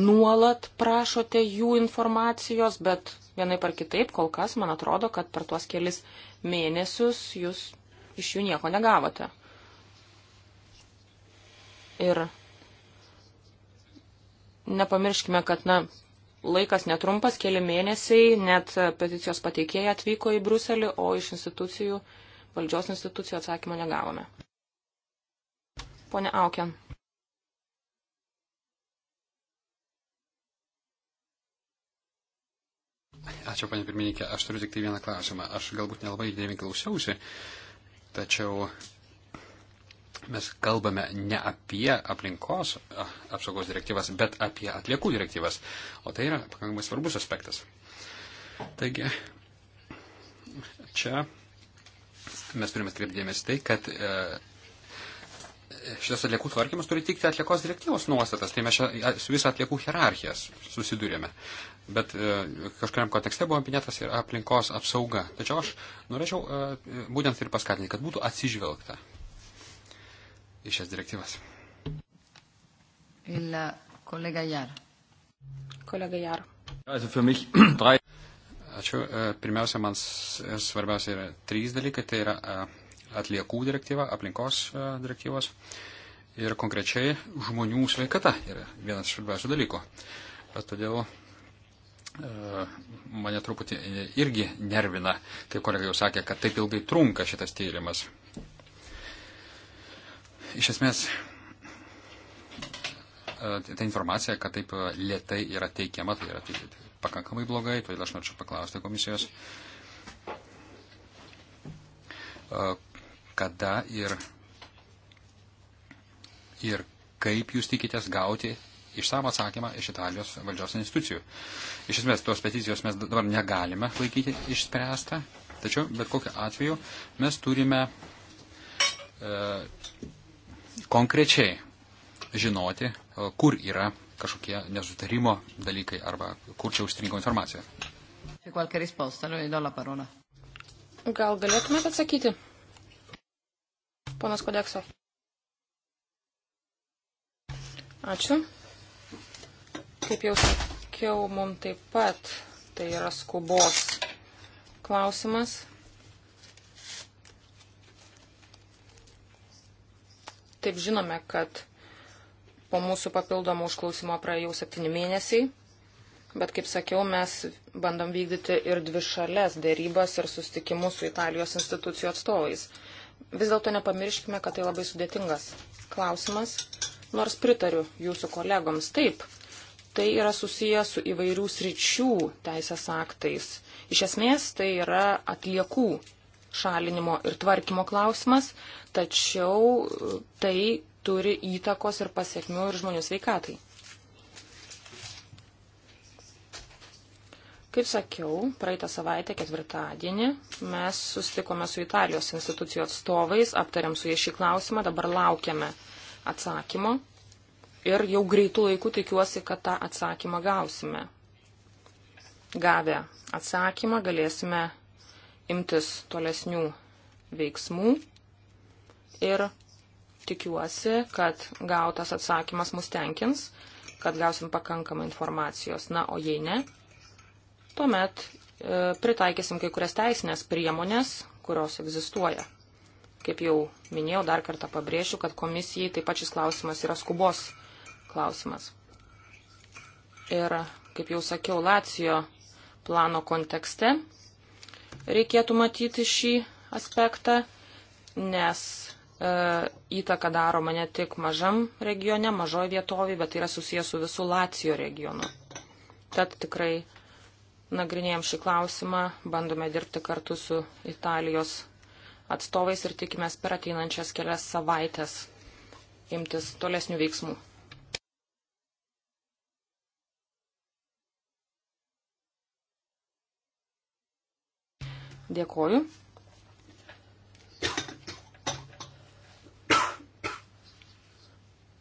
nuolat prašote jų informacijos, bet vienai par kitaip kol kas man atrodo, kad per tuos kelis mėnesius jūs iš jų nieko negavote. Ir nepamirškime, kad, na, laikas netrumpas, keli mėnesiai, net peticijos pateikėjai atvyko į Bruselį, o iš institucijų, valdžios institucijų atsakymo negavome. Pone Aukian. Ačiū, panė pirmininkė. Aš turiu tik tai vieną klausimą. Aš galbūt nelabai dėmiai klausiausi, tačiau mes kalbame ne apie aplinkos apsaugos direktyvas, bet apie atliekų direktyvas. O tai yra pakankamai svarbus aspektas. Taigi, čia mes turime atkreipdėmės tai, kad e, šitas atliekų tvarkymas turi tikti atliekos direktyvos nuostatas, tai mes čia su visą atliekų hierarchiją susidurėme. Bet e, kažkuriam kontekste buvo minėtas ir aplinkos apsauga. Tačiau aš norėčiau e, būtent ir paskatinti, kad būtų atsižvelgta į šias direktyvas. Il kolega Jar. Kolega Jar. Ačiū. E, pirmiausia, man svarbiausia yra trys dalykai. Tai yra atliekų direktyva, aplinkos e, direktyvos ir konkrečiai žmonių sveikata yra vienas svarbiausių dalykų. E, todėl e, mane truputį irgi nervina, kaip kolega jau sakė, kad taip ilgai trunka šitas tyrimas. Iš esmės, ta informacija, kad taip lietai yra teikiama, tai yra tai, tai, pakankamai blogai, todėl aš norėčiau paklausti komisijos, kada ir, ir kaip jūs tikitės gauti išsamą atsakymą iš Italijos valdžios institucijų. Iš esmės, tos peticijos mes dabar negalime laikyti išspręstą, tačiau bet kokiu atveju mes turime e, konkrečiai žinoti, e, kur yra kažkokie nesutarimo dalykai arba kur čia užstringo informacija. Gal galėtumėte atsakyti? Ponas Kodekso. Ačiū. Kaip jau sakiau, mums taip pat tai yra skubos klausimas. Taip žinome, kad po mūsų papildomo užklausimo praėjau septyni mėnesiai. Bet, kaip sakiau, mes bandom vykdyti ir dvi šalės dėrybas ir sustikimus su Italijos institucijų atstovais. Vis dėlto nepamirškime, kad tai labai sudėtingas klausimas, nors pritariu jūsų kolegoms. Taip, tai yra susijęs su įvairių sričių teisės aktais. Iš esmės tai yra atliekų šalinimo ir tvarkymo klausimas, tačiau tai turi įtakos ir pasiekmių ir žmonių sveikatai. Kaip sakiau, praeitą savaitę ketvirtadienį mes susitikome su Italijos institucijų atstovais, aptariam su jie šį klausimą, dabar laukiame atsakymo ir jau greitų laikų tikiuosi, kad tą atsakymą gausime. Gavę atsakymą galėsime imtis tolesnių veiksmų ir tikiuosi, kad gautas atsakymas mus tenkins, kad gausim pakankamą informacijos. Na, o jei ne, tuomet e, pritaikysim kai kurias teisinės priemonės, kurios egzistuoja. Kaip jau minėjau, dar kartą pabrėšiu, kad komisijai taip pat šis klausimas yra skubos klausimas. Ir, kaip jau sakiau, Lacijo plano kontekste reikėtų matyti šį aspektą, nes e, įtaka daroma ne tik mažam regione, mažoje vietovėje, bet tai yra susijęs su visų Lacijo regionu. Tad tikrai nagrinėjom šį klausimą, bandome dirbti kartu su Italijos atstovais ir tikimės per ateinančias kelias savaitės imtis tolesnių veiksmų. Dėkoju.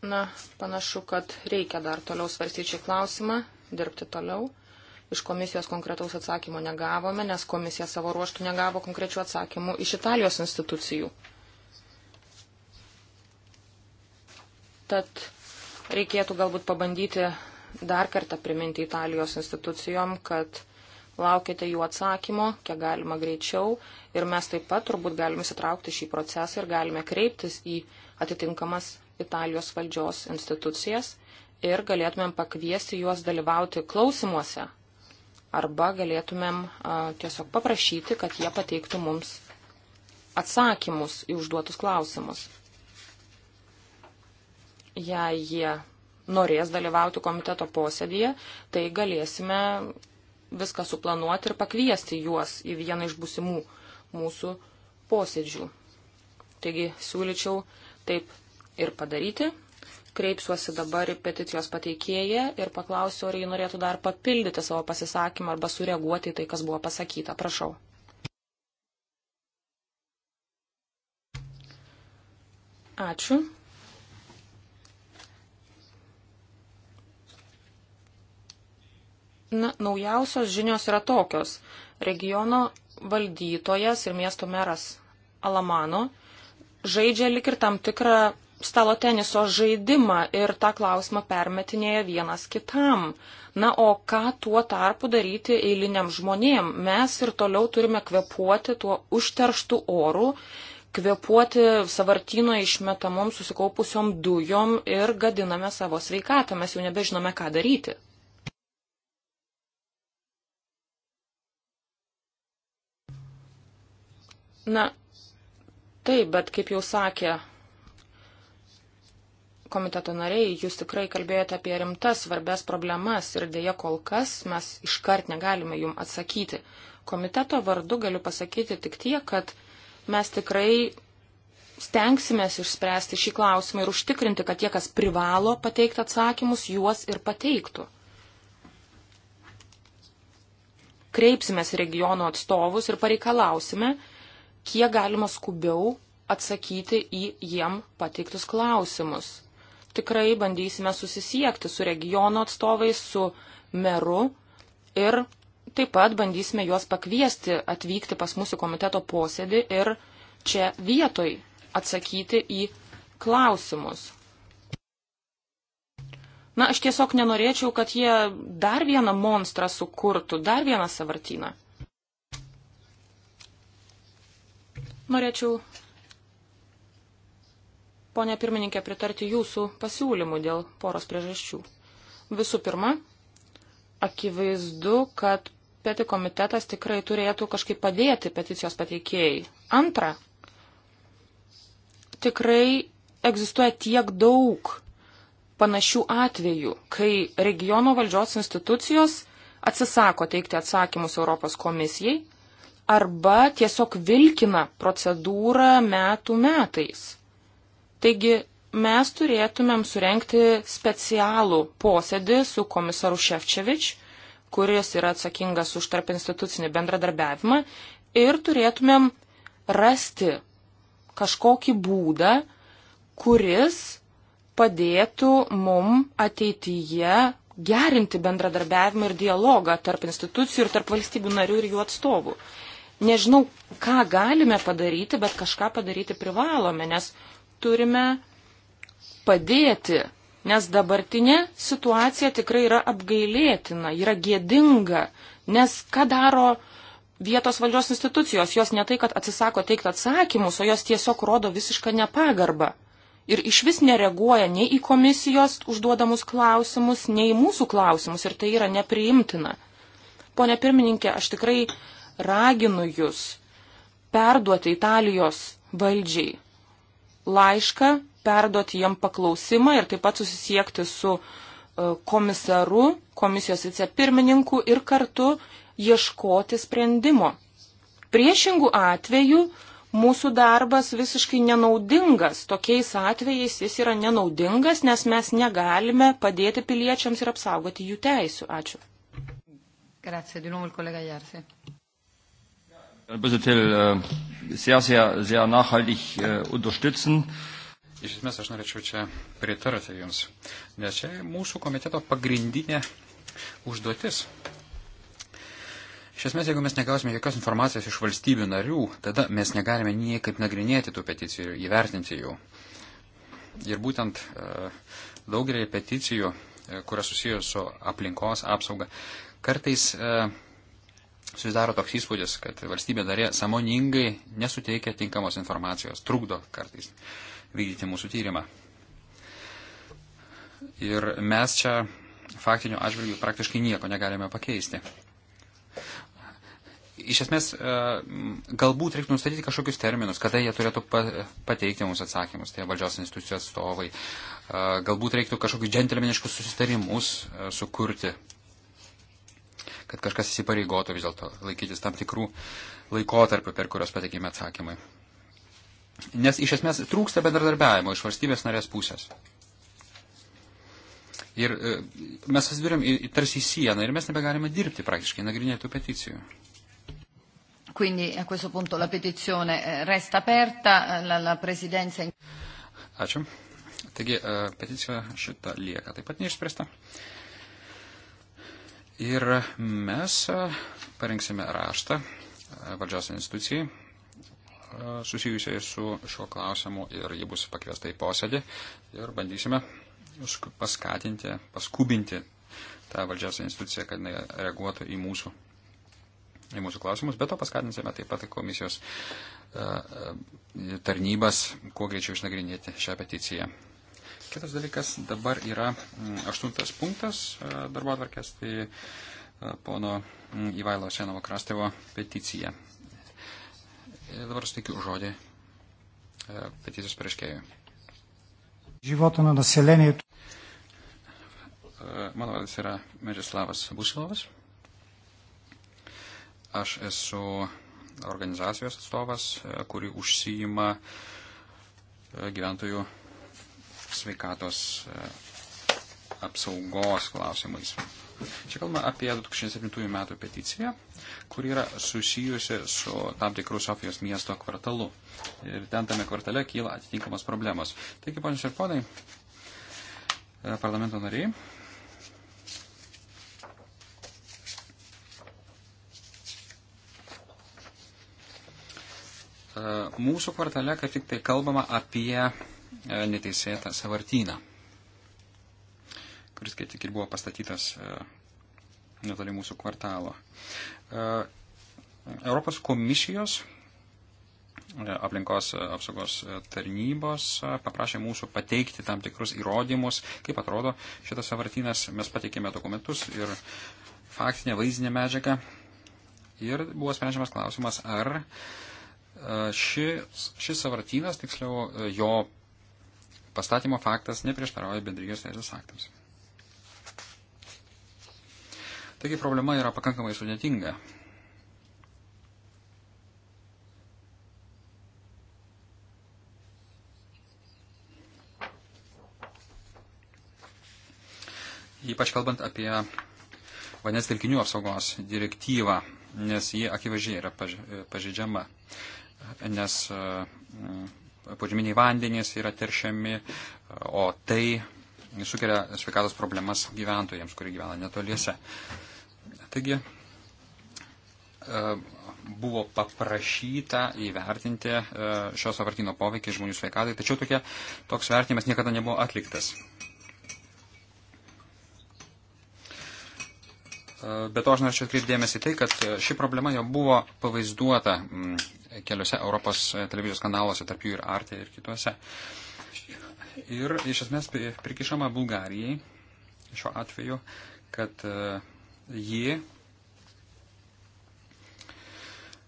Na, panašu, kad reikia dar toliau svarstyti šį klausimą, dirbti toliau. Iš komisijos konkretaus atsakymo negavome, nes komisija savo ruoštų negavo konkrečių atsakymų iš Italijos institucijų. Tad reikėtų galbūt pabandyti dar kartą priminti Italijos institucijom, kad laukite jų atsakymo, kiek galima greičiau ir mes taip pat turbūt galime įsitraukti šį procesą ir galime kreiptis į atitinkamas Italijos valdžios institucijas ir galėtumėm pakviesti juos dalyvauti klausimuose arba galėtumėm tiesiog paprašyti, kad jie pateiktų mums atsakymus į užduotus klausimus. Jei jie norės dalyvauti komiteto posėdėje, tai galėsime viską suplanuoti ir pakviesti juos į vieną iš būsimų mūsų posėdžių. Taigi siūlyčiau taip ir padaryti kreipsiuosi dabar į peticijos pateikėją ir paklausiu, ar ji norėtų dar papildyti savo pasisakymą arba sureaguoti į tai, kas buvo pasakyta. Prašau. Ačiū. Na, naujausios žinios yra tokios. Regiono valdytojas ir miesto meras Alamano žaidžia lik ir tam tikrą stalo teniso žaidimą ir tą klausimą permetinėja vienas kitam. Na, o ką tuo tarpu daryti eiliniam žmonėm? Mes ir toliau turime kvepuoti tuo užterštų orų, kvepuoti savartino išmetamom susikaupusiom dujom ir gadiname savo sveikatą. Mes jau nebežinome, ką daryti. Na, taip, bet kaip jau sakė komiteto nariai, jūs tikrai kalbėjote apie rimtas svarbės problemas ir dėja kol kas mes iškart negalime jum atsakyti. Komiteto vardu galiu pasakyti tik tiek, kad mes tikrai stengsimės išspręsti šį klausimą ir užtikrinti, kad tie, kas privalo pateikti atsakymus, juos ir pateiktų. Kreipsimės regiono atstovus ir pareikalausime, kiek galima skubiau atsakyti į jiem pateiktus klausimus tikrai bandysime susisiekti su regiono atstovais, su meru ir taip pat bandysime juos pakviesti atvykti pas mūsų komiteto posėdį ir čia vietoj atsakyti į klausimus. Na, aš tiesiog nenorėčiau, kad jie dar vieną monstrą sukurtų, dar vieną savartyną. Norėčiau ponė pirmininkė, pritarti jūsų pasiūlymų dėl poros priežasčių. Visų pirma, akivaizdu, kad peti komitetas tikrai turėtų kažkaip padėti peticijos pateikėjai. Antra, tikrai egzistuoja tiek daug panašių atvejų, kai regiono valdžios institucijos atsisako teikti atsakymus Europos komisijai arba tiesiog vilkina procedūrą metų metais. Taigi mes turėtumėm surenkti specialų posėdį su komisaru Ševčevič, kuris yra atsakingas už tarp institucinį bendradarbiavimą ir turėtumėm rasti kažkokį būdą, kuris padėtų mum ateityje gerinti bendradarbiavimą ir dialogą tarp institucijų ir tarp valstybių narių ir jų atstovų. Nežinau, ką galime padaryti, bet kažką padaryti privalome, nes turime padėti, nes dabartinė situacija tikrai yra apgailėtina, yra gėdinga, nes ką daro vietos valdžios institucijos, jos ne tai, kad atsisako teikti atsakymus, o jos tiesiog rodo visišką nepagarbą. Ir iš vis nereaguoja nei į komisijos užduodamus klausimus, nei į mūsų klausimus, ir tai yra nepriimtina. Pone pirmininkė, aš tikrai raginu jūs perduoti Italijos valdžiai laišką, perduoti jam paklausimą ir taip pat susisiekti su e, komisaru, komisijos vicepirmininku ir kartu ieškoti sprendimo. Priešingų atvejų mūsų darbas visiškai nenaudingas. Tokiais atvejais jis yra nenaudingas, nes mes negalime padėti piliečiams ir apsaugoti jų teisų. Ačiū. Grazie, di nuovo il collega Jarsi. Äh, Buzetil, äh, sehr, sehr, sehr nachhaltig äh, unterstützen. Iš esmės aš norėčiau čia pritarti Jums, nes čia mūsų komiteto pagrindinė užduotis. Iš esmės, jeigu mes negausime jokios informacijos iš valstybių narių, tada mes negalime niekaip nagrinėti tų peticijų ir įvertinti jų. Ir būtent e, daugelį peticijų, e, kurias susijęs su aplinkos apsauga, kartais e, susidaro toks įspūdis, kad valstybė darė samoningai nesuteikia tinkamos informacijos, trukdo kartais vykdyti mūsų tyrimą. Ir mes čia faktiniu atžvilgiu praktiškai nieko negalime pakeisti. Iš esmės, e, galbūt reiktų nustatyti kažkokius terminus, kada jie turėtų pateikti mums atsakymus, tie valdžios institucijų atstovai. E, galbūt reiktų kažkokius džentelmeniškus susitarimus e, sukurti kad kažkas įsipareigotų vis dėlto laikytis tam tikrų laikotarpių, per kurios pateikime atsakymai. Nes iš esmės trūksta bendradarbiavimo iš valstybės narės pusės. Ir e, mes susidurėm į, tarsi į sieną ir mes nebegalime dirbti praktiškai nagrinėtų peticijų. Quindi a questo punto la petizione eh, resta aperta, eh, la, la presidenza. Ačiū. Taigi e, peticija šita lieka taip pat neišspręsta. Ir mes parengsime raštą valdžios institucijai susijusiai su šiuo klausimu ir ji bus pakviesta į posėdį ir bandysime paskatinti, paskubinti tą valdžios instituciją, kad jinai reaguotų į mūsų, į mūsų klausimus, bet to paskatinsime taip pat komisijos tarnybas kuo greičiau išnagrinėti šią peticiją. Kitas dalykas dabar yra mm, aštuntas punktas e, darbo atvarkės, tai e, pono mm, Ivailo Senovo Krastevo peticija. E, dabar suteikiu žodį peticijos prieškėjui. Životo na naselenį. Mano vardas yra Medžislavas Buslovas. Aš esu organizacijos atstovas, kuri užsijima gyventojų sveikatos e, apsaugos klausimais. Čia kalbame apie 2007 metų peticiją, kur yra susijusi su tam tikrų Sofijos miesto kvartalu. Ir ten tame kvartale kyla atitinkamos problemos. Taigi, ponios ir ponai, e, parlamento nariai. E, mūsų kvartale kaip tik tai kalbama apie E, neteisėtą savartyną, kuris kaip tik ir buvo pastatytas e, netoli mūsų kvartalo. E, Europos komisijos aplinkos apsaugos tarnybos paprašė mūsų pateikti tam tikrus įrodymus, kaip atrodo šitas savartynas. Mes pateikėme dokumentus ir faktinę vaizdinę medžiagą. Ir buvo sprendžiamas klausimas, ar šis, šis savartynas, tiksliau jo pastatymo faktas neprieštarauja bendrijos teisės aktams. Taigi problema yra pakankamai sudėtinga. Ypač kalbant apie vandens telkinių apsaugos direktyvą, nes ji akivaizdžiai yra pažeidžiama, nes požeminiai vandenys yra teršiami, o tai sukelia sveikatos problemas gyventojams, kurie gyvena netoliese. Taigi e, buvo paprašyta įvertinti e, šios savartino poveikį žmonių sveikatai, tačiau tokie, toks vertinimas niekada nebuvo atliktas. E, be to aš norėčiau atkreipdėmėsi tai, kad ši problema jau buvo pavaizduota keliose Europos e, televizijos kanaluose, tarp jų ir Artė ir kituose. Ir iš esmės prikišama Bulgarijai šiuo atveju, kad e, ji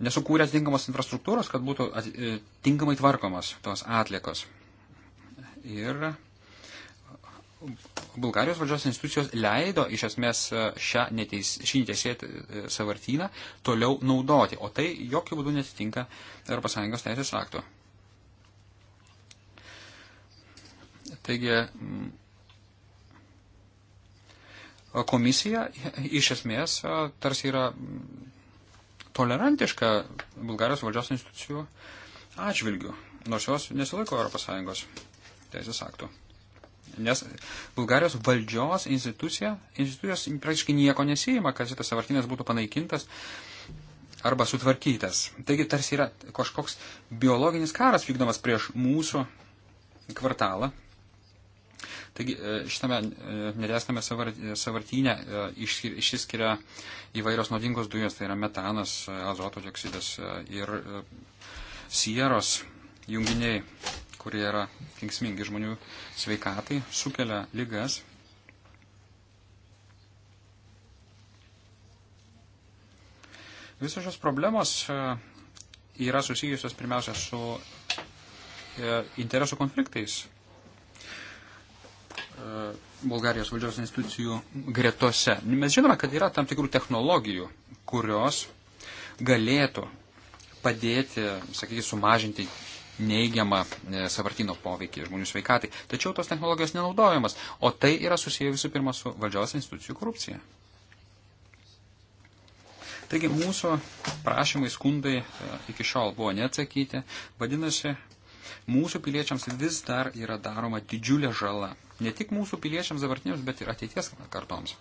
nesukūrė atitinkamos infrastruktūros, kad būtų e, tinkamai tvarkomos tos atlikos. Ir Bulgarijos valdžios institucijos leido iš esmės e, šią neteis, šį neteisėtą e, savartyną toliau naudoti, o tai jokių būdų netitinka ES teisės akto. Taigi mm, komisija iš esmės e, tarsi yra mm, tolerantiška Bulgarijos valdžios institucijų atžvilgių, nors jos nesilaiko ES teisės aktų. Nes Bulgarijos valdžios institucija, institucijos praktiškai nieko nesijima, kad šitas savartinas būtų panaikintas arba sutvarkytas. Taigi tarsi yra kažkoks biologinis karas vykdomas prieš mūsų kvartalą. Taigi e, šitame e, nedesname savartyne e, išsiskiria įvairios naudingos dujos, tai yra metanas, azoto dioksidas ir sieros junginiai kurie yra kenksmingi žmonių sveikatai, sukelia lygas. Visos šios problemos e, yra susijusios pirmiausia su e, interesų konfliktais e, Bulgarijos valdžios institucijų gretose. Mes žinome, kad yra tam tikrų technologijų, kurios galėtų padėti, sakykime, sumažinti neigiamą e, savartino poveikį žmonių sveikatai. Tačiau tos technologijos nenaudojamas, o tai yra susiję visų pirma su valdžios institucijų korupcija. Taigi mūsų prašymai, skundai e, iki šiol buvo neatsakyti. Vadinasi, mūsų piliečiams vis dar yra daroma didžiulė žala. Ne tik mūsų piliečiams dabartiniams, bet ir ateities kartoms.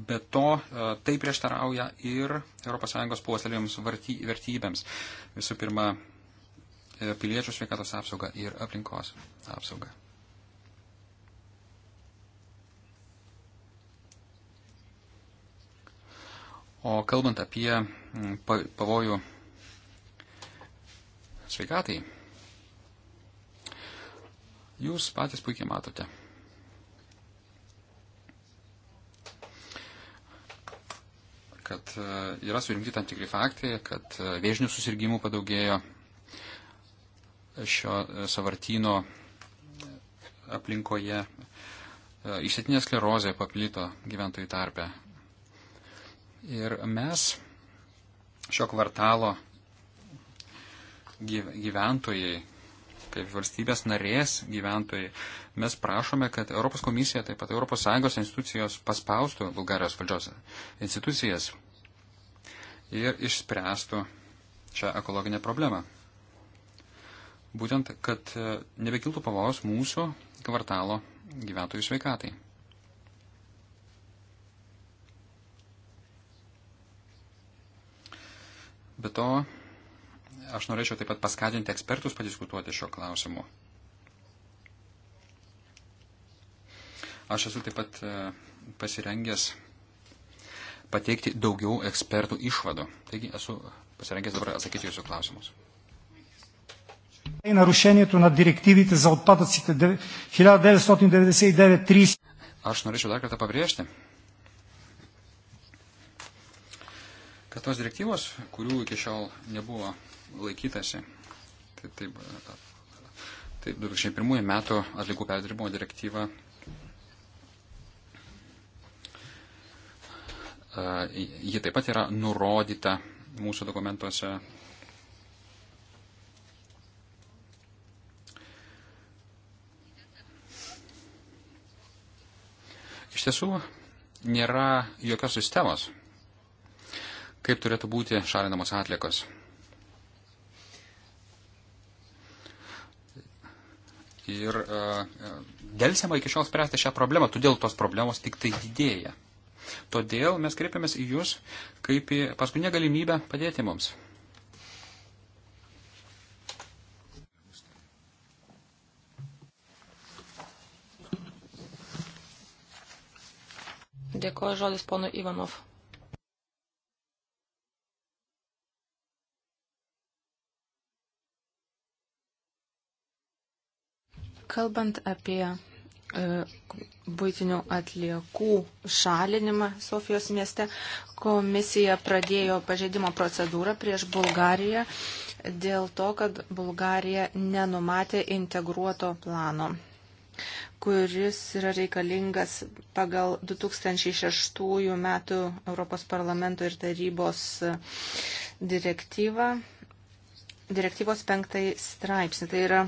Be to, e, tai prieštarauja ir ES puoselėjams vertybėms. Visų pirma, e, piliečių sveikatos apsauga ir aplinkos apsauga. O kalbant apie pavojų sveikatai, jūs patys puikiai matote kad e, yra surinkti tam tikri faktai, kad e, vėžinių susirgymų padaugėjo šio e, savartino aplinkoje. Išsėtinė sklerozė paplito gyventojų tarpe. Ir mes šio kvartalo gyventojai kaip valstybės narės gyventojai. Mes prašome, kad Europos komisija, taip pat ES institucijos paspaustų Bulgarijos valdžios institucijas ir išspręstų šią ekologinę problemą. Būtent, kad e, nebekiltų pavojus mūsų kvartalo gyventojų sveikatai. Be to, aš norėčiau taip pat paskatinti ekspertus padiskutuoti šio klausimu. Aš esu taip pat e, pasirengęs pateikti daugiau ekspertų išvadų. Taigi esu pasirengęs dabar atsakyti jūsų klausimus. Нарушението на директивите за отпадъците 1999-30. Aš norėčiau dar kartą pabrėžti, kad tos direktyvos, kurių iki šiol nebuvo laikytasi. Tai taip, taip, taip 2001 metų atlikų perdirbimo direktyva ji taip pat yra nurodyta mūsų dokumentuose. Iš tiesų, nėra jokios sistemos, kaip turėtų būti šalinamos atlikos. ir e, e, dėlsiama iki šiol spręsti šią problemą, todėl tos problemos tik tai didėja. Todėl mes kreipiamės į Jūs kaip į paskutinę galimybę padėti mums. Dėkuoju žodis ponui Ivanov. Kalbant apie e, būtinių atliekų šalinimą Sofijos mieste, komisija pradėjo pažeidimo procedūrą prieš Bulgariją dėl to, kad Bulgarija nenumatė integruoto plano, kuris yra reikalingas pagal 2006 metų Europos parlamento ir tarybos e, direktyvą direktyvos penktai straipsnį. Tai yra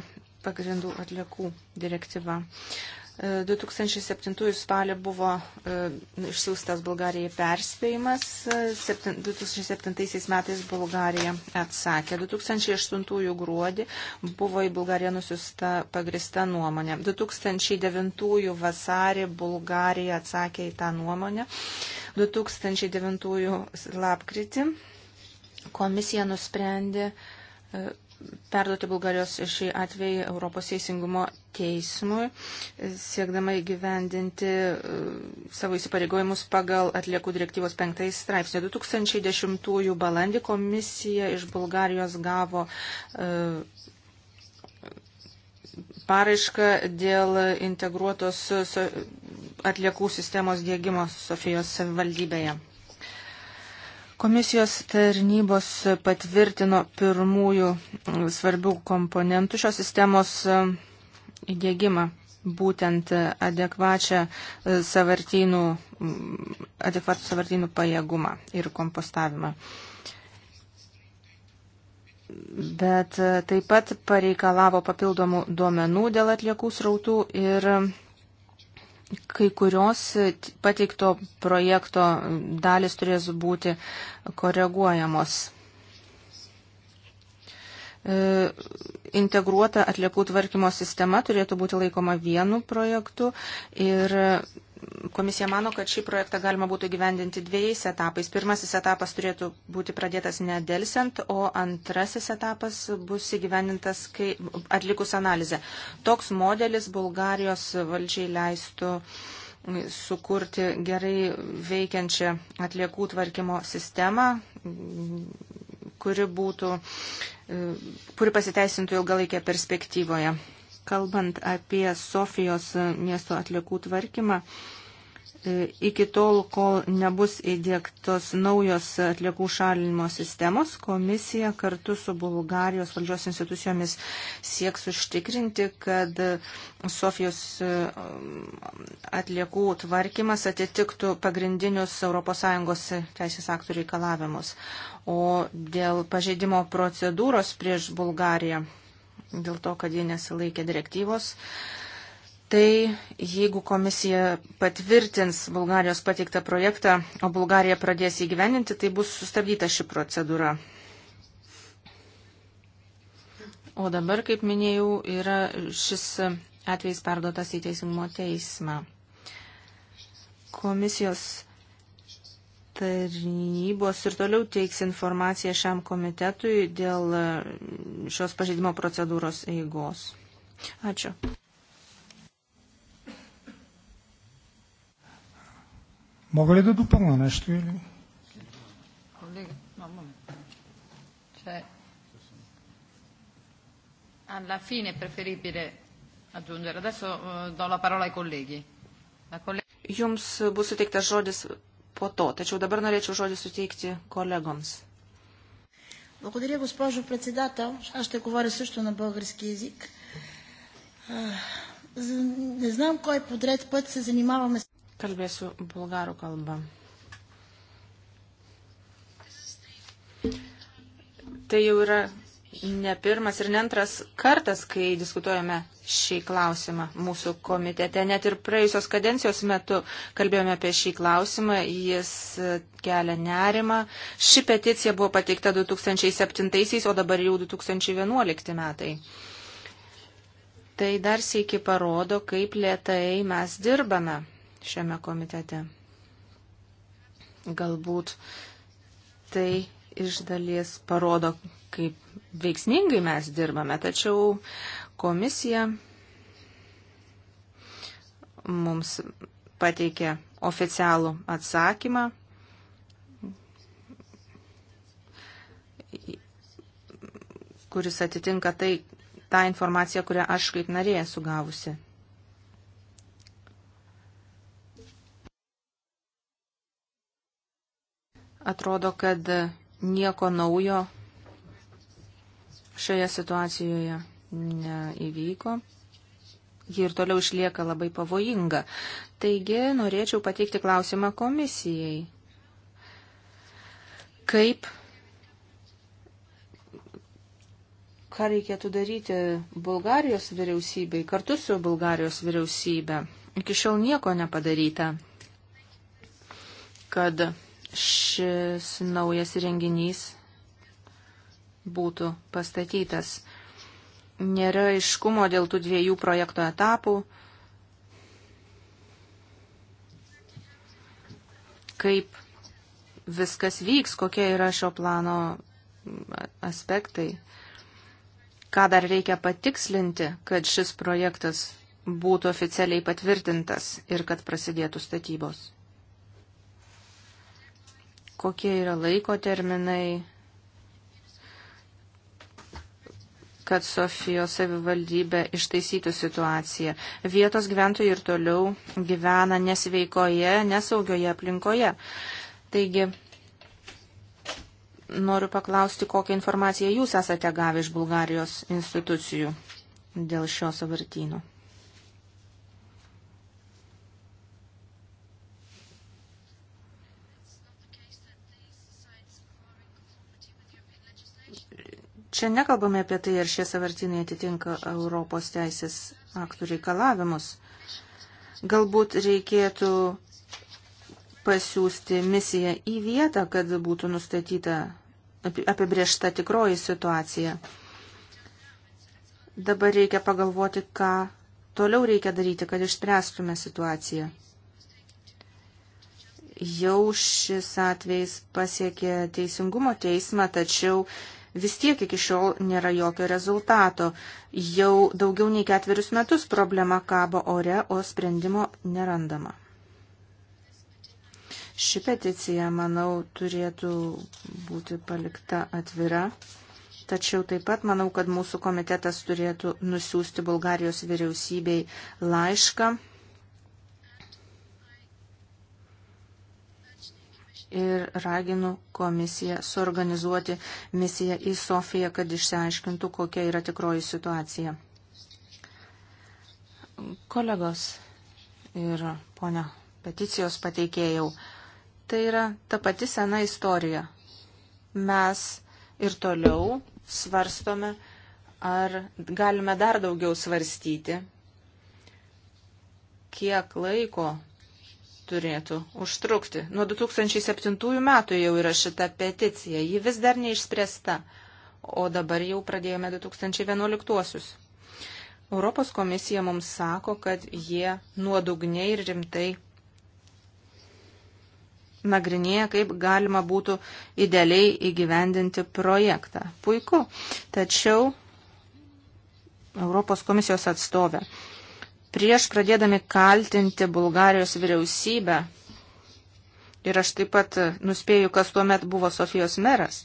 pagrindų atliekų direktyva. 2007 e, spalį buvo e, išsiųstas Bulgarijai perspėjimas, 2007 e, metais Bulgarija atsakė, 2008 gruodį buvo į Bulgariją nusiusta pagrista nuomonė, 2009 vasarį Bulgarija atsakė į tą nuomonę, 2009 lapkritį komisija nusprendė perduoti Bulgarijos šį atvejį Europos teisingumo teismui, siekdama įgyvendinti e, savo įsipareigojimus pagal atliekų direktyvos 5 straipsnio. 2010 balandį komisija iš Bulgarijos gavo e, paraišką dėl integruotos atliekų sistemos dėgymo Sofijos valdybėje. Komisijos tarnybos patvirtino pirmųjų svarbių komponentų šios sistemos e, įdėgymą, būtent e, adekvačią e, savartynų, adekvatų savartynų pajėgumą ir kompostavimą. Bet taip pat pareikalavo papildomų duomenų dėl atliekų srautų ir kai kurios e, pateikto projekto dalis turės būti koreguojamos. E, integruota atliekų tvarkymo sistema turėtų būti laikoma vienu projektu ir Komisija mano, kad šį projektą galima būtų gyvendinti dviejais etapais. Pirmasis etapas turėtų būti pradėtas nedelsiant, o antrasis etapas bus įgyvendintas kai, atlikus analizę. Toks modelis Bulgarijos valdžiai leistų sukurti gerai veikiančią atliekų tvarkymo sistemą, kuri, būtų, kuri pasiteisintų ilgalaikė perspektyvoje. Kalbant apie Sofijos miesto atliekų tvarkymą, e, iki tol, kol nebus įdėktos naujos atliekų šalinimo sistemos, komisija kartu su Bulgarijos valdžios institucijomis sieks užtikrinti, kad Sofijos e, atliekų tvarkymas atitiktų pagrindinius ES teisės aktų reikalavimus. O dėl pažeidimo procedūros prieš Bulgariją dėl to, kad jie nesilaikė direktyvos. Tai jeigu komisija patvirtins Bulgarijos pateiktą projektą, o Bulgarija pradės įgyveninti, tai bus sustabdyta ši procedūra. O dabar, kaip minėjau, yra šis atvejs perduotas į teisingumo teismą. Komisijos tarnybos ir toliau teiks informaciją šiam komitetui dėl e, šios pažeidimo procedūros eigos. Ačiū. Мога ли да допълна нещо или? Колега, мама. Cioè, alla fine è preferibile aggiungere. Adesso uh, do la parola ai colleghi. La collega... Jums bus suteiktas žodis po to. Tačiau dabar norėčiau žodį suteikti kolegoms. Благодаря, госпожо председател. Аз ще говоря също на български язик. Не знам кой подред път се занимаваме с... Kalbėsiu bulgarų kalba. Tai jau yra ne pirmas ir ne antras kartas, kai diskutuojame šį klausimą mūsų komitete. Net ir praėjusios kadencijos metu kalbėjome apie šį klausimą, jis e, kelia nerimą. Ši peticija buvo pateikta 2007, o dabar jau 2011 metai. Tai dar sėki parodo, kaip lietai mes dirbame šiame komitete. Galbūt tai iš dalies parodo, kaip veiksmingai mes dirbame, tačiau Komisija mums pateikė oficialų atsakymą. kuris atitinka tai, tą informaciją, kurią aš kaip narė esu gavusi. Atrodo, kad nieko naujo šioje situacijoje neįvyko. Ji ir toliau išlieka labai pavojinga. Taigi norėčiau pateikti klausimą komisijai. Kaip, ką reikėtų daryti Bulgarijos vyriausybei, kartu su Bulgarijos vyriausybė. Iki šiol nieko nepadaryta, kad šis naujas renginys būtų pastatytas. Nėra iškumo dėl tų dviejų projekto etapų. Kaip viskas vyks, kokie yra šio plano aspektai, ką dar reikia patikslinti, kad šis projektas būtų oficialiai patvirtintas ir kad prasidėtų statybos. Kokie yra laiko terminai, kad Sofijos savivaldybė ištaisytų situaciją. Vietos gyventojai ir toliau gyvena nesveikoje, nesaugioje aplinkoje. Taigi, noriu paklausti, kokią informaciją jūs esate gavę iš Bulgarijos institucijų dėl šio savartynų. Čia nekalbame apie tai, ar šie savartinai atitinka Europos teisės aktų reikalavimus. Galbūt reikėtų pasiūsti misiją į vietą, kad būtų nustatyta apibriešta tikroji situacija. Dabar reikia pagalvoti, ką toliau reikia daryti, kad išspręstume situaciją. Jau šis atvejs pasiekė teisingumo teismą, tačiau vis tiek iki šiol nėra jokio rezultato. Jau daugiau nei ketverius metus problema kabo ore, o sprendimo nerandama. Ši peticija, manau, turėtų būti palikta atvira. Tačiau taip pat manau, kad mūsų komitetas turėtų nusiųsti Bulgarijos vyriausybei laišką ir raginu komisiją suorganizuoti misiją į Sofiją, kad išsiaiškintų, kokia yra tikroji situacija. Kolegos ir ponia peticijos pateikėjau, tai yra ta pati sena istorija. Mes ir toliau svarstome, ar galime dar daugiau svarstyti, kiek laiko turėtų užtrukti. Nuo 2007 metų jau yra šita peticija, ji vis dar neišspręsta, o dabar jau pradėjome 2011-uosius. Europos komisija mums sako, kad jie nuodugniai ir rimtai nagrinėja, kaip galima būtų idealiai įgyvendinti projektą. Puiku. Tačiau Europos komisijos atstovė. Prieš pradėdami kaltinti Bulgarijos vyriausybę, ir aš taip pat nuspėju, kas tuo met buvo Sofijos meras,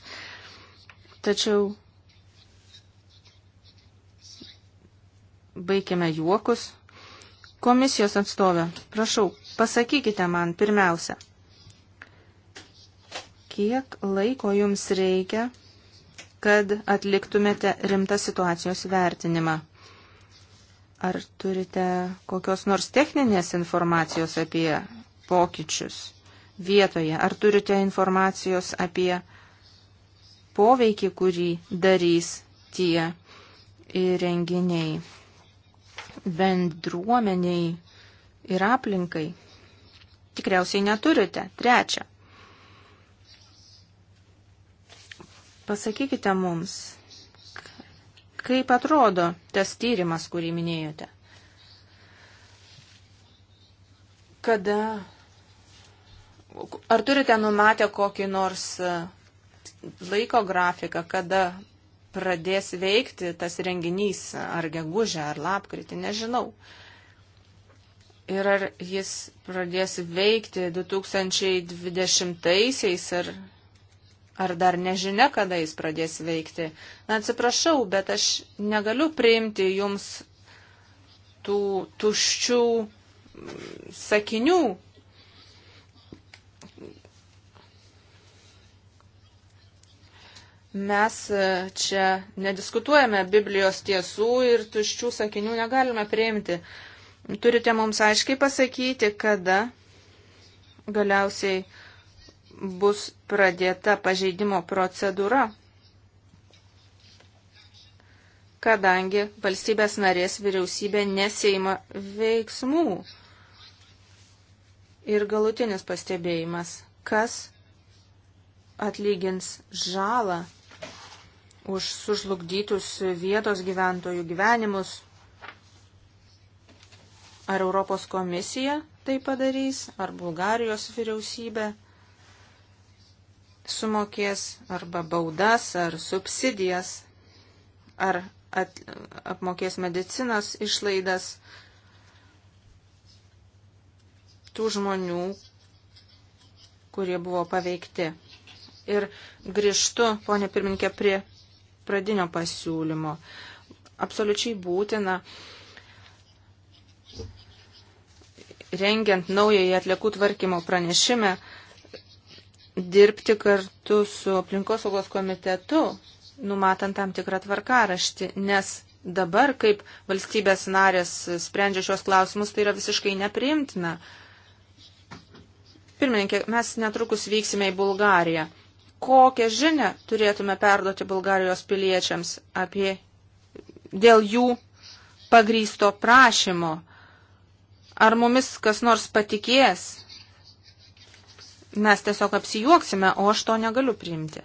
tačiau baigėme juokus. Komisijos atstovė, prašau, pasakykite man pirmiausia, kiek laiko jums reikia, kad atliktumėte rimtą situacijos vertinimą? Ar turite kokios nors techninės informacijos apie pokyčius vietoje? Ar turite informacijos apie poveikį, kurį darys tie įrenginiai bendruomeniai ir aplinkai? Tikriausiai neturite. Trečia. Pasakykite mums, Kaip atrodo tas tyrimas, kurį minėjote? Kada, ar turite numatę kokį nors e, laiko grafiką, kada pradės veikti tas renginys, ar gegužę, ar lapkritį, nežinau. Ir ar jis pradės veikti 2020-aisiais, ar Ar dar nežinia, kada jis pradės veikti? Na, atsiprašau, bet aš negaliu priimti jums tų tuščių mm, sakinių. Mes e, čia nediskutuojame Biblijos tiesų ir tuščių sakinių negalime priimti. Turite mums aiškiai pasakyti, kada galiausiai uh, bus pradėta pažeidimo procedūra, kadangi valstybės narės vyriausybė nesėima veiksmų. Ir galutinis pastebėjimas, kas atlygins žalą už sužlugdytus vietos gyventojų gyvenimus. Ar Europos komisija tai padarys, ar Bulgarijos vyriausybė? sumokės arba baudas ar subsidijas, ar at, apmokės medicinos išlaidas tų žmonių, kurie buvo paveikti. Ir grįžtu, ponė pirminkė, prie pradinio pasiūlymo. Absoliučiai būtina rengiant naująjį atliekų tvarkymo pranešimą dirbti kartu su aplinkosaugos komitetu, numatant tam tikrą tvarkaraštį, nes dabar, kaip valstybės narės sprendžia šios klausimus, tai yra visiškai nepriimtina. Pirmininkė, mes netrukus vyksime į Bulgariją. Kokią žinę turėtume perduoti Bulgarijos piliečiams apie dėl jų pagrysto prašymo? Ar mumis kas nors patikės? mes tiesiog apsijuoksime, o aš to negaliu priimti.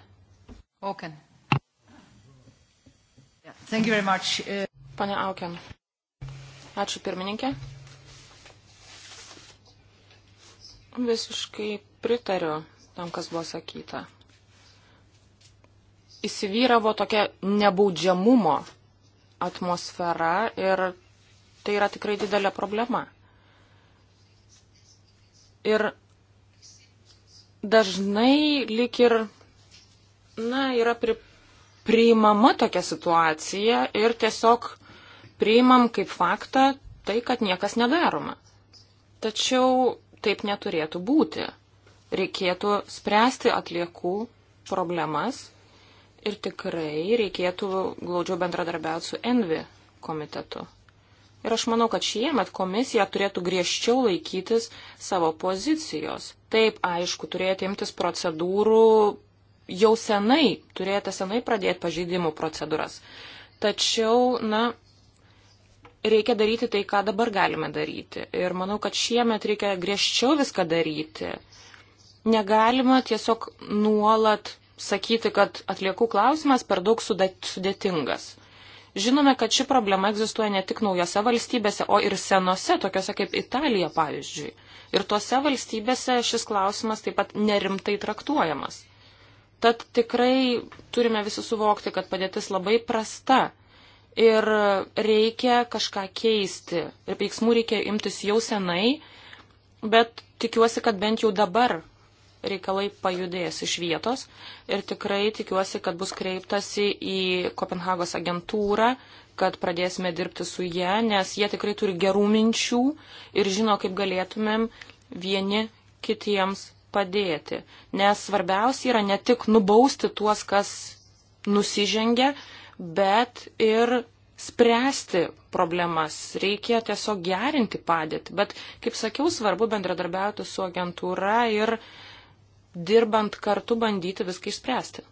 Auken. Yeah. Uh, Pane Auken. Ačiū pirmininkė. Visiškai pritariu tam, kas buvo sakyta. Įsivyravo tokia nebaudžiamumo atmosfera ir tai yra tikrai didelė problema. Ir dažnai lik ir, na, yra pri, priimama tokia situacija ir tiesiog priimam kaip faktą tai, kad niekas nedaroma. Tačiau taip neturėtų būti. Reikėtų spręsti atliekų problemas ir tikrai reikėtų glaudžiau bendradarbiauti su Envi komitetu. Ir aš manau, kad šiemet komisija turėtų griežčiau laikytis savo pozicijos. Taip, aišku, turėtų imtis procedūrų jau senai, turėtų senai pradėti pažydimų procedūras. Tačiau, na, reikia daryti tai, ką dabar galime daryti. Ir manau, kad šiemet reikia griežčiau viską daryti. Negalima tiesiog nuolat sakyti, kad atliekų klausimas per daug sudėtingas Žinome, kad ši problema egzistuoja ne tik naujose valstybėse, o ir senose, tokiose kaip Italija, pavyzdžiui. Ir tuose valstybėse šis klausimas taip pat nerimtai traktuojamas. Tad tikrai turime visi suvokti, kad padėtis labai prasta ir reikia kažką keisti. Ir veiksmų reikia imtis jau senai, bet tikiuosi, kad bent jau dabar reikalai pajudės iš vietos ir tikrai tikiuosi, kad bus kreiptasi į Kopenhagos agentūrą, kad pradėsime dirbti su jie, nes jie tikrai turi gerų minčių ir žino, kaip galėtumėm vieni kitiems padėti. Nes svarbiausia yra ne tik nubausti tuos, kas nusižengia, bet ir spręsti problemas, reikia tiesiog gerinti padėtį. Bet, kaip sakiau, svarbu bendradarbiauti su agentūra ir dirbant kartu bandyti viską išspręsti.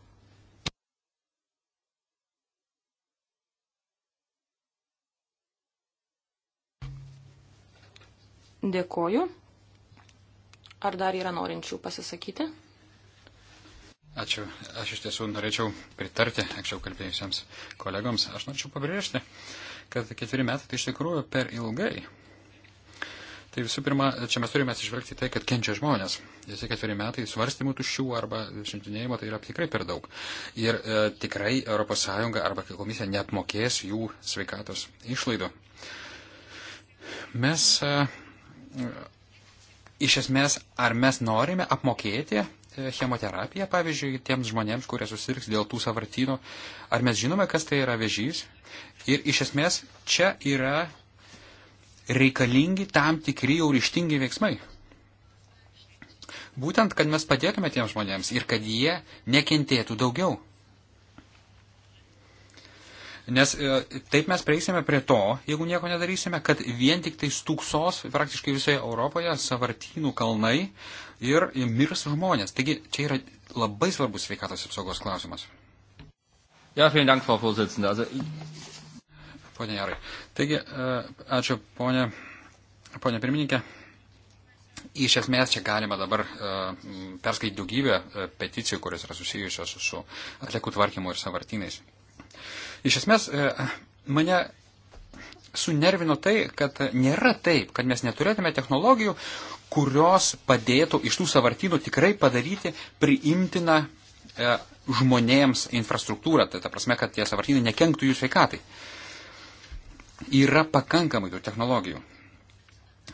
Dėkoju. Ar dar yra norinčių pasisakyti? Ačiū. Aš iš tiesų norėčiau pritarti anksčiau kalbėjusiems kolegoms. Aš norėčiau pabrėžti, kad ketveri metai tai iš tikrųjų per ilgai. Tai visų pirma, čia mes turime atsižvelgti tai, kad kenčia žmonės. Visi ketveri metai svarstymų tuščių arba šimtinėjimo tai yra tikrai per daug. Ir e, tikrai ES arba komisija neapmokės jų sveikatos išlaidų. Mes e, iš esmės, ar mes norime apmokėti e, chemoterapiją, pavyzdžiui, tiems žmonėms, kurie susirgs dėl tų savartynų, ar mes žinome, kas tai yra vėžys. Ir iš esmės čia yra reikalingi tam tikri jau ryštingi veiksmai. Būtent, kad mes padėtume tiems žmonėms ir kad jie nekentėtų daugiau. Nes e, taip mes prieisime prie to, jeigu nieko nedarysime, kad vien tik tai stūksos praktiškai visoje Europoje savartynų kalnai ir mirs žmonės. Taigi čia yra labai svarbus sveikatos apsaugos klausimas. Ja, vielen Dank, Frau Vorsitzende. Also, Pone Jarai. Taigi, e, ačiū, ponė, ponė pirmininkė. Iš esmės čia galima dabar e, perskaityti daugybę e, peticijų, kurios yra susijusios su atliekų tvarkymu ir savartynais. Iš esmės mane sunervino tai, kad nėra taip, kad mes neturėtume technologijų, kurios padėtų iš tų savartynų tikrai padaryti priimtiną žmonėms infrastruktūrą. Tai ta prasme, kad tie savartynai nekenktų jų sveikatai. E, yra pakankamai tų technologijų,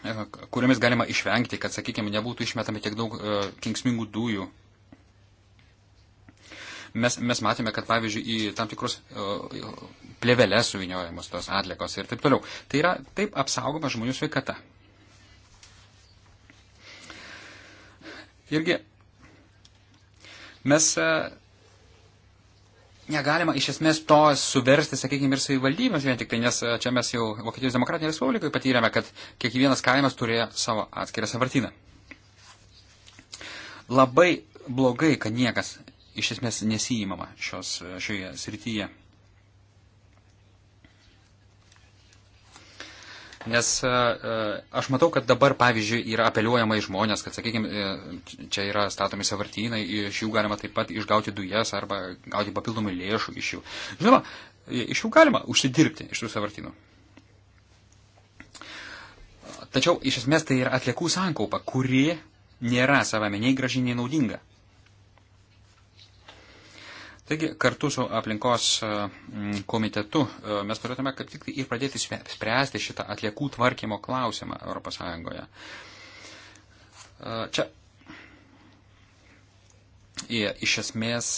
e, kuriomis galima išvengti, kad, sakykime, nebūtų išmetami tiek daug e, kenksmingų dujų. Mes, mes matėme, kad, pavyzdžiui, į tam tikrus e, plevelės suviniojamos tos atlikos ir taip toliau. Tai yra taip apsaugoma žmonių sveikata. Irgi mes e, negalima iš esmės to suversti, sakykime, ir savivaldybės vien tik tai, nes e, čia mes jau Vokietijos demokratinėje Respublikoje patyrėme, kad kiekvienas kaimas turėjo savo atskirą savartyną. Labai blogai, kad niekas iš esmės nesijimama šios, e, šioje srityje. Nes e, e, aš matau, kad dabar, pavyzdžiui, yra apeliuojama į žmonės, kad, sakykime, e, čia yra statomi savartynai, iš jų galima taip pat išgauti dujas arba gauti papildomų lėšų iš jų. Žinoma, iš jų galima užsidirbti, iš tų savartynų. Tačiau iš esmės tai yra atliekų sankaupa, kuri nėra savame nei gražiai, nei naudinga. Taigi, kartu su aplinkos e, komitetu e, mes turėtume kaip tik ir pradėti spręsti šitą atliekų tvarkymo klausimą ES. E, čia iš esmės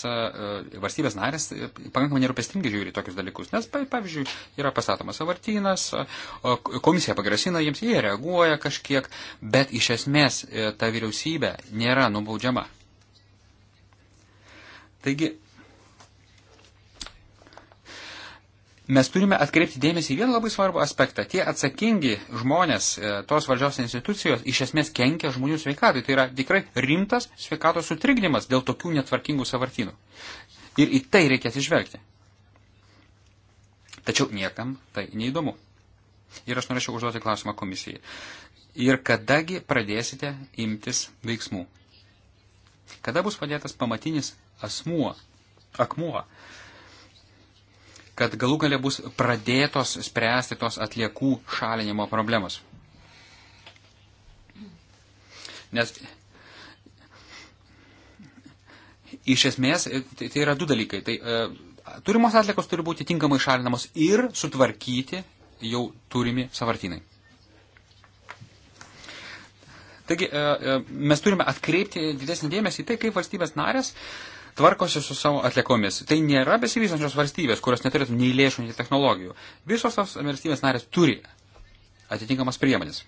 valstybės narės pakankamai nerūpestingai žiūri tokius dalykus, nes, pavyzdžiui, yra pastatomas savartynas, komisija pagrasina jiems, jie reaguoja kažkiek, bet iš esmės ta vyriausybė nėra nubaudžiama. Taigi, mes turime atkreipti dėmesį į vieną labai svarbų aspektą. Tie atsakingi žmonės, e, tos valdžios institucijos, iš esmės kenkia žmonių sveikatai. Tai yra tikrai rimtas sveikatos sutrikdymas dėl tokių netvarkingų savartynų. Ir į tai reikia atsižvelgti. Tačiau niekam tai neįdomu. Ir aš norėčiau užduoti klausimą komisijai. Ir kadagi pradėsite imtis veiksmų? Kada bus padėtas pamatinis asmuo, akmuo? kad galų galia bus pradėtos spręsti tos atliekų šalinimo problemos. Nes iš esmės tai, tai yra du dalykai. Tai e, turimos atliekos turi būti tinkamai šalinamos ir sutvarkyti jau turimi savartinai. Taigi e, e, mes turime atkreipti didesnį dėmesį į tai, kaip valstybės narės e, tvarkosi su savo atliekomis. Tai nėra besivysančios valstybės, kurios neturėtų nei lėšų, nei technologijų. Visos tos valstybės narės turi atitinkamas priemonės.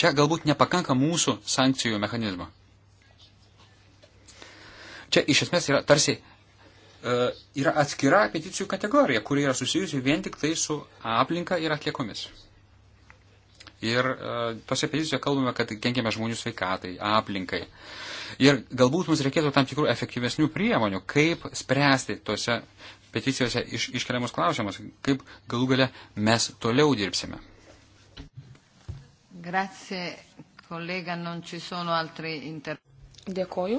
Čia galbūt nepakanka mūsų sankcijų mechanizmo. Čia iš esmės yra tarsi e, yra atskira peticijų kategorija, kuri yra susijusi vien tik tai su aplinka ir atliekomis. Ir e, tose peticijose kalbame, kad kenkiame žmonių sveikatai, aplinkai. Uh, Ir galbūt mums reikėtų tam tikrų efektyvesnių priemonių, kaip spręsti tose peticijose iš, iškeliamus klausimus, kaip galų gale mes toliau dirbsime. Grazie, kolega, non ci sono altri inter... Dėkoju.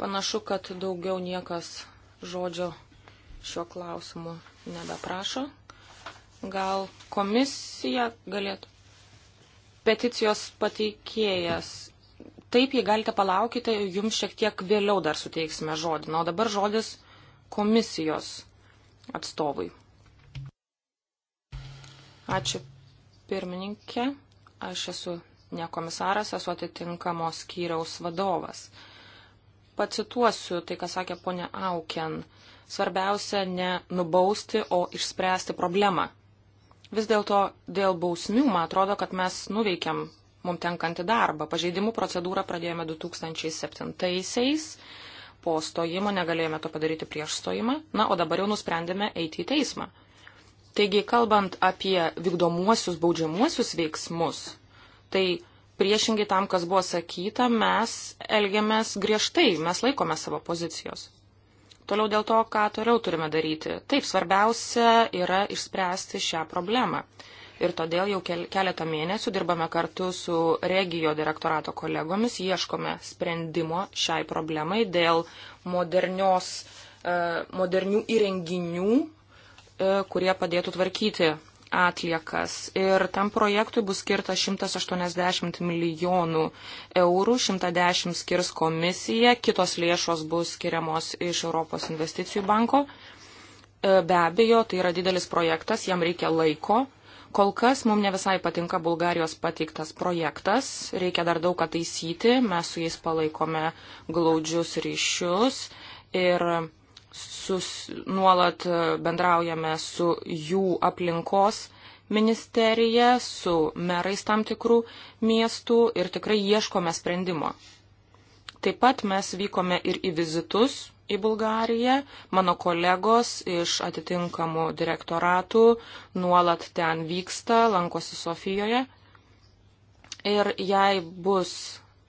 Panašu, kad daugiau niekas žodžio šio klausimu nebeprašo. Gal komisija galėtų? Peticijos pateikėjas Taip, jei galite palaukite, jums šiek tiek vėliau dar suteiksime žodį. Na, o dabar žodis komisijos atstovui. Ačiū pirmininkė. Aš esu ne komisaras, esu atitinkamo skyriaus vadovas. Pacituosiu tai, ką sakė ponė Auken. Svarbiausia ne nubausti, o išspręsti problemą. Vis dėlto dėl bausmių, man atrodo, kad mes nuveikiam mums tenkantį darbą. Pažeidimų procedūrą pradėjome 2007-aisiais, po stojimo negalėjome to padaryti prieš stojimą, na, o dabar jau nusprendėme eiti į teismą. Taigi, kalbant apie vykdomuosius baudžiamuosius veiksmus, tai priešingai tam, kas buvo sakyta, mes elgiamės griežtai, mes laikome savo pozicijos. Toliau dėl to, ką toliau turime daryti. Taip, svarbiausia yra išspręsti šią problemą ir todėl jau keletą mėnesių dirbame kartu su regijo direktorato kolegomis, ieškome sprendimo šiai problemai dėl modernios, e, modernių įrenginių, e, kurie padėtų tvarkyti atliekas. Ir tam projektui bus skirta 180 milijonų eurų, 110 skirs komisija, kitos lėšos bus skiriamos iš Europos investicijų banko. E, be abejo, tai yra didelis projektas, jam reikia laiko, Kol kas mums ne visai patinka Bulgarijos pateiktas projektas, reikia dar daug ką taisyti, mes su jais palaikome glaudžius ryšius ir sus, nuolat bendraujame su jų aplinkos ministerija, su merais tam tikrų miestų ir tikrai ieškome sprendimo. Taip pat mes vykome ir į vizitus į Bulgariją. Mano kolegos iš atitinkamų direktoratų nuolat ten vyksta, lankosi Sofijoje. Ir jei bus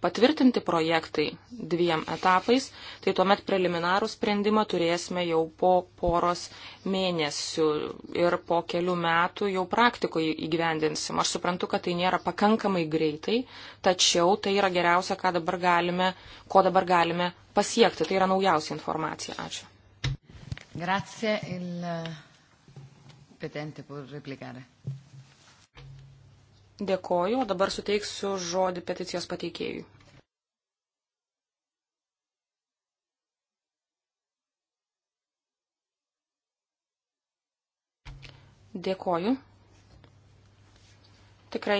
patvirtinti projektai dviem etapais, tai tuomet preliminarų sprendimą turėsime jau po poros mėnesių ir po kelių metų jau praktikoje įgyvendinsim. Aš suprantu, kad tai nėra pakankamai greitai, tačiau tai yra geriausia, ką dabar galime, ko dabar galime pasiekti. Tai yra naujausia informacija. Ačiū. Grazie, il petente può replicare. Dėkoju, o dabar suteiksiu žodį peticijos pateikėjui. Dėkoju. Tikrai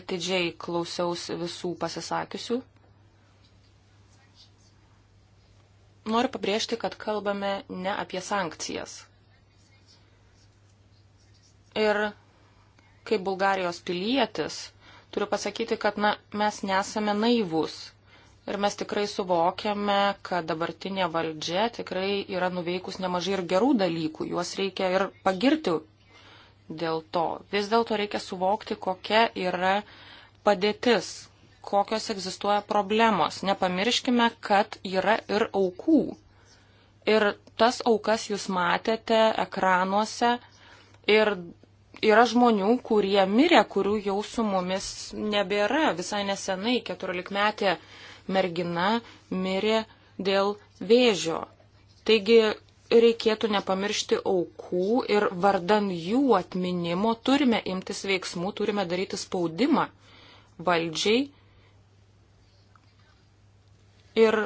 atidžiai klausiaus visų pasisakiusių. Noriu pabrėžti, kad kalbame ne apie sankcijas. Ir Kaip Bulgarijos pilietis, turiu pasakyti, kad na, mes nesame naivus. Ir mes tikrai suvokiame, kad dabartinė valdžia tikrai yra nuveikus nemažai ir gerų dalykų, juos reikia ir pagirti dėl to. Vis dėlto reikia suvokti, kokia yra padėtis, kokios egzistuoja problemos. Nepamirškime, kad yra ir aukų. Ir tas aukas jūs matėte ekranuose ir yra žmonių, kurie mirė, kurių jau su mumis nebėra. Visai nesenai 14-metė mergina mirė dėl vėžio. Taigi reikėtų nepamiršti aukų ir vardan jų atminimo turime imtis veiksmų, turime daryti spaudimą valdžiai ir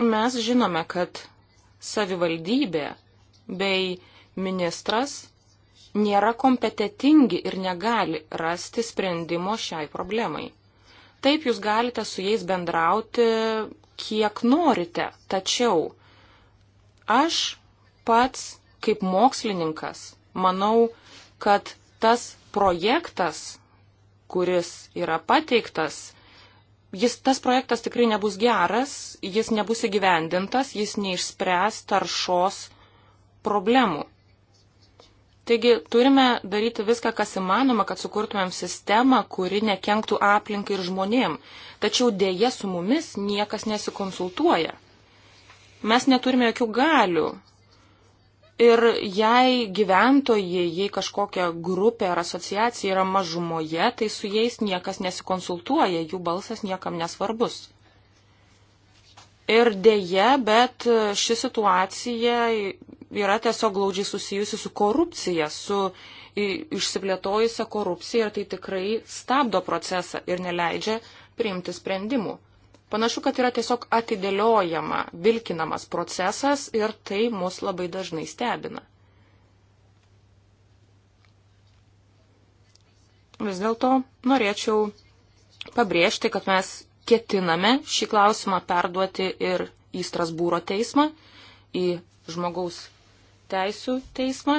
mes žinome, kad savivaldybė bei ministras nėra kompetitingi ir negali rasti sprendimo šiai problemai. Taip jūs galite su jais bendrauti kiek norite, tačiau aš pats kaip mokslininkas manau, kad tas projektas, kuris yra pateiktas, jis, tas projektas tikrai nebus geras, jis nebus įgyvendintas, jis neišspręs taršos problemų. Taigi turime daryti viską, kas įmanoma, kad sukurtumėm sistemą, kuri nekenktų aplinkai ir žmonėm. Tačiau dėje su mumis niekas nesikonsultuoja. Mes neturime jokių galių. Ir jei gyventojai, jei kažkokia grupė ar asociacija yra mažumoje, tai su jais niekas nesikonsultuoja, jų balsas niekam nesvarbus. Ir dėje, bet e, ši situacija yra tiesiog glaudžiai susijusi su korupcija, su išsiplėtojusią korupciją ir tai tikrai stabdo procesą ir neleidžia priimti sprendimų. Panašu, kad yra tiesiog atidėliojama, vilkinamas procesas ir tai mus labai dažnai stebina. Vis dėlto norėčiau pabrėžti, kad mes ketiname šį klausimą perduoti ir į Strasbūro teismą, į žmogaus teisų teismą.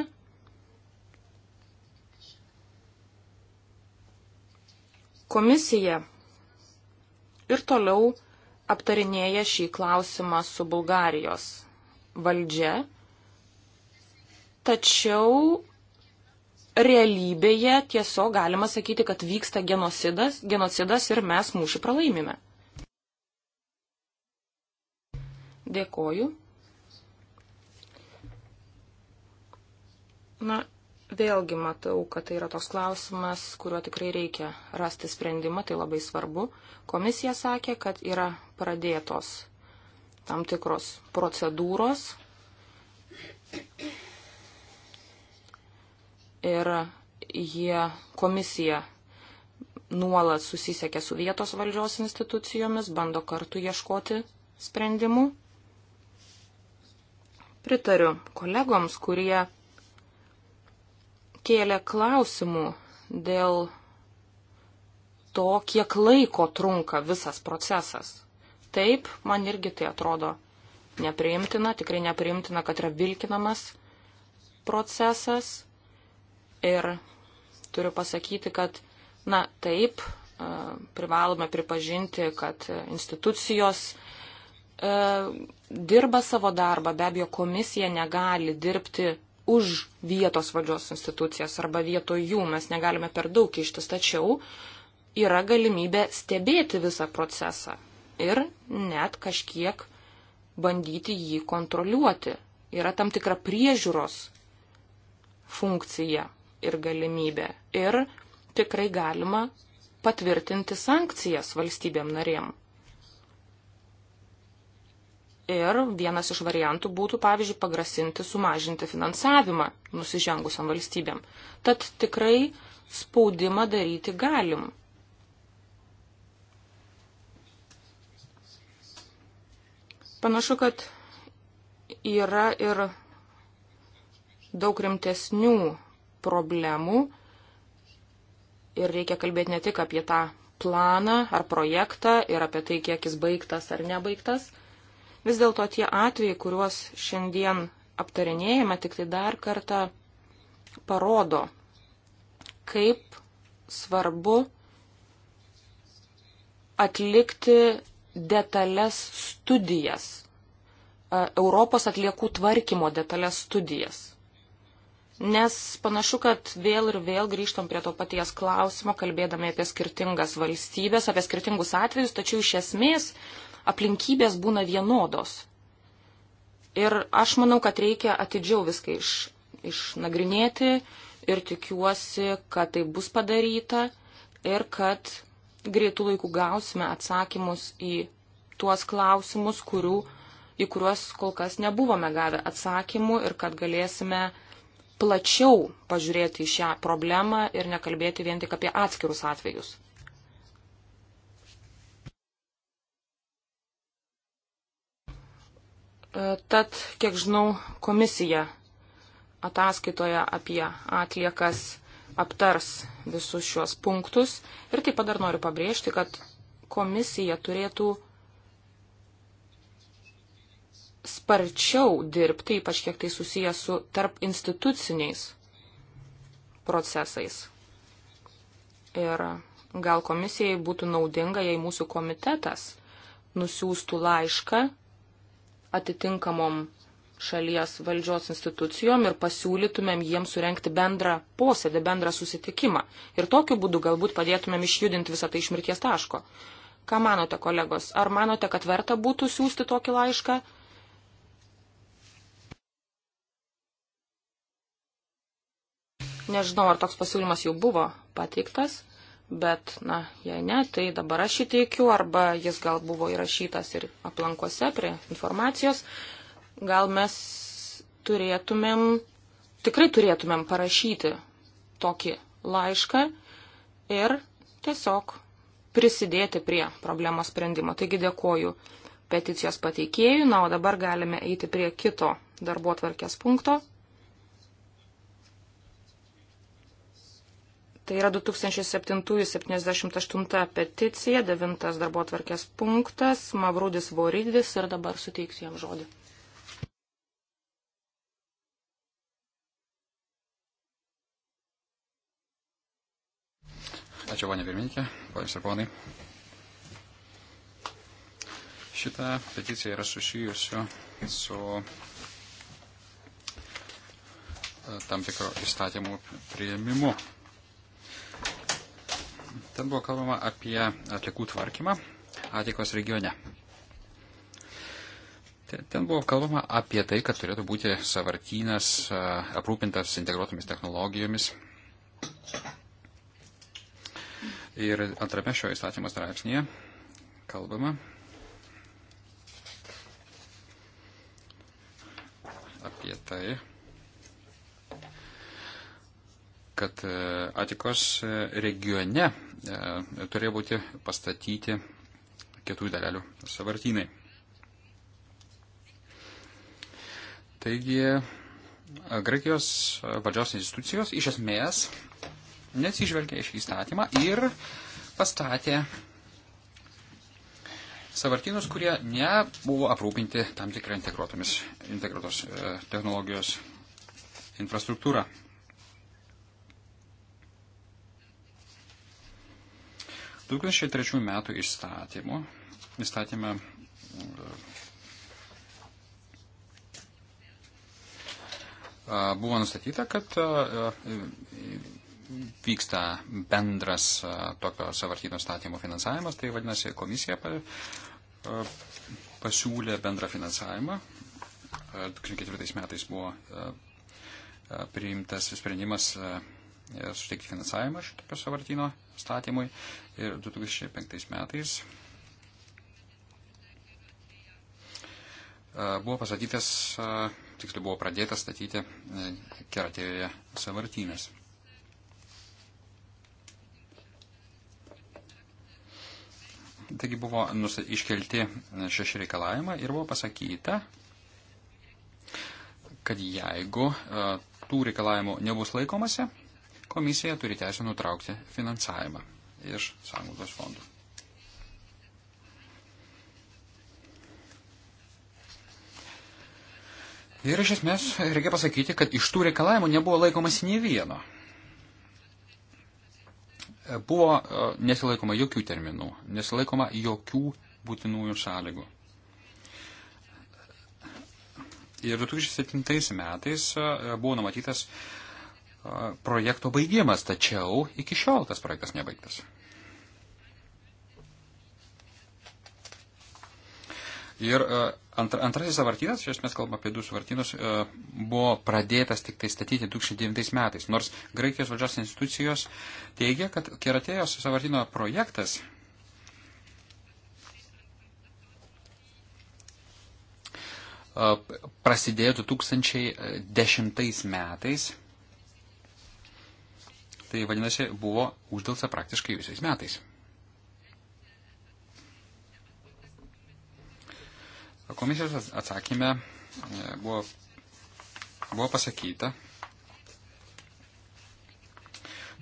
Komisija ir toliau aptarinėja šį klausimą su Bulgarijos valdžia, tačiau realybėje tiesiog galima sakyti, kad vyksta genocidas, genocidas ir mes mūšį pralaimime. Dėkoju. Na, vėlgi matau, kad tai yra toks klausimas, kuriuo tikrai reikia rasti sprendimą, tai labai svarbu. Komisija sakė, kad yra pradėtos tam tikros procedūros ir jie komisija nuolat susisiekia su vietos valdžios institucijomis, bando kartu ieškoti sprendimų. Pritariu kolegoms, kurie kėlė klausimų dėl to, kiek laiko trunka visas procesas. Taip, man irgi tai atrodo nepriimtina, tikrai nepriimtina, kad yra vilkinamas procesas Ir turiu pasakyti, kad, na, taip, e, privalome pripažinti, kad institucijos e, dirba savo darbą, be abejo, komisija negali dirbti už vietos valdžios institucijas arba vietoj jų, mes negalime per daug kištis, tačiau yra galimybė stebėti visą procesą ir net kažkiek bandyti jį kontroliuoti. Yra tam tikra priežiūros funkcija ir galimybė. Ir tikrai galima patvirtinti sankcijas valstybėm narėm. Ir vienas iš variantų būtų, pavyzdžiui, pagrasinti sumažinti finansavimą nusižengusiam valstybėm. Tad tikrai spaudimą daryti galim. Panašu, kad yra ir daug rimtesnių problemų ir reikia kalbėti ne tik apie tą planą ar projektą ir apie tai, kiek jis baigtas ar nebaigtas. Vis dėlto tie atvejai, kuriuos šiandien aptarinėjame, tik tai dar kartą parodo, kaip svarbu atlikti detalės studijas, e, Europos atliekų tvarkymo detalės studijas. Nes panašu, kad vėl ir vėl grįžtam prie to paties klausimo, kalbėdami apie skirtingas valstybės, apie skirtingus atvejus, tačiau iš esmės aplinkybės būna vienodos. Ir aš manau, kad reikia atidžiau viską iš, išnagrinėti ir tikiuosi, kad tai bus padaryta ir kad greitų laikų gausime atsakymus į tuos klausimus, kurių, į kuriuos kol kas nebuvome gavę atsakymų ir kad galėsime plačiau pažiūrėti į šią problemą ir nekalbėti vien tik apie atskirus atvejus. E, tad, kiek žinau, komisija ataskaitoje apie atliekas aptars visus šiuos punktus ir taip pat dar noriu pabrėžti, kad komisija turėtų sparčiau dirbti, ypač kiek tai susijęs su tarp instituciniais procesais. Ir gal komisijai būtų naudinga, jei mūsų komitetas nusiųstų laišką atitinkamom šalies valdžios institucijom ir pasiūlytumėm jiems surenkti bendrą posėdį, bendrą susitikimą. Ir tokiu būdu galbūt padėtumėm išjudinti visą tai iš mirties taško. Ką manote, kolegos? Ar manote, kad verta būtų siūsti tokį laišką? Nežinau, ar toks pasiūlymas jau buvo pateiktas, bet, na, jei ne, tai dabar aš jį teikiu, arba jis gal buvo įrašytas ir aplankuose prie informacijos. Gal mes turėtumėm, tikrai turėtumėm parašyti tokį laišką ir tiesiog prisidėti prie problemos sprendimo. Taigi dėkoju peticijos pateikėjų, na, o dabar galime eiti prie kito darbo tvarkės punkto. Tai yra 2007-78 peticija, devintas darbo atvarkės punktas, Mavrudis Voridis ir dabar suteiksiu jam žodį. Ačiū, ponė pirmininkė, ponės ir ponai. Šita peticija yra susijusi su e, tam tikro įstatymų prieimimu Ten buvo kalbama apie atlikų tvarkymą Atikos regione. Ten buvo kalbama apie tai, kad turėtų būti savartynas aprūpintas integruotomis technologijomis. Ir antrame šio įstatymo straipsnėje kalbama apie tai, kad e, Atikos e, regione e, turėjo būti pastatyti kietųjų dalelių savartynai. Taigi, Graikijos valdžios institucijos iš esmės neatsižvelgia iš įstatymą ir pastatė savartynus, kurie nebuvo aprūpinti tam tikrą integruotos technologijos infrastruktūrą. 2003 metų įstatymu, įstatymą buvo nustatyta, kad vyksta bendras tokio savartino statymo finansavimas, tai vadinasi, komisija pasiūlė bendrą finansavimą. 2004 metais buvo priimtas sprendimas E, suteikti finansavimą šitokio savartino statymui ir 2005 metais e, buvo pasakytas, e, tiksliau buvo pradėtas statyti keratėje savartynės. Taigi buvo iškelti šeši reikalavimai ir buvo pasakyta, kad jeigu tų reikalavimų nebus laikomasi, komisija turi teisę nutraukti finansavimą iš sąnaudos fondų. Ir iš esmės reikia pasakyti, kad iš tų reikalavimų nebuvo laikomas nei vieno. Buvo e, nesilaikoma jokių terminų, nesilaikoma jokių būtinųjų sąlygų. Ir 2007 metais e, buvo numatytas uh, projekto baigimas, tačiau iki šiol tas projektas nebaigtas. Ir e, antrasis savartynas, iš esmės kalbame apie du savartynus, e, buvo pradėtas tik tai statyti 2009 metais, nors Graikijos valdžios institucijos teigia, kad Keratėjos savartyno projektas e, prasidėjo 2010 metais Tai vadinasi, buvo uždėlsa praktiškai visais metais. Komisijos atsakymė e, buvo, buvo pasakyta,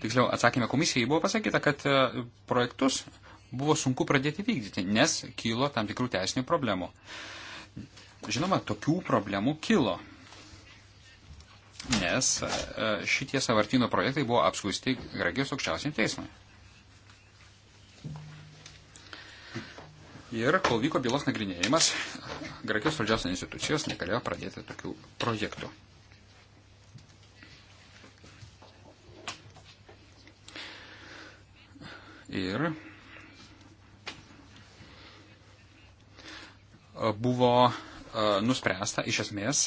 tiksliau atsakymė komisijai buvo pasakyta, kad e, projektus buvo sunku pradėti vykdyti, nes kilo tam tikrų teisinių problemų. Žinoma, tokių problemų kilo nes e, e, šitie savartino projektai buvo apskūsti Graikijos aukščiausiam teismui. Ir kol vyko bylos nagrinėjimas, Graikijos valdžios institucijos negalėjo pradėti tokių projektų. Ir buvo e, nuspręsta iš esmės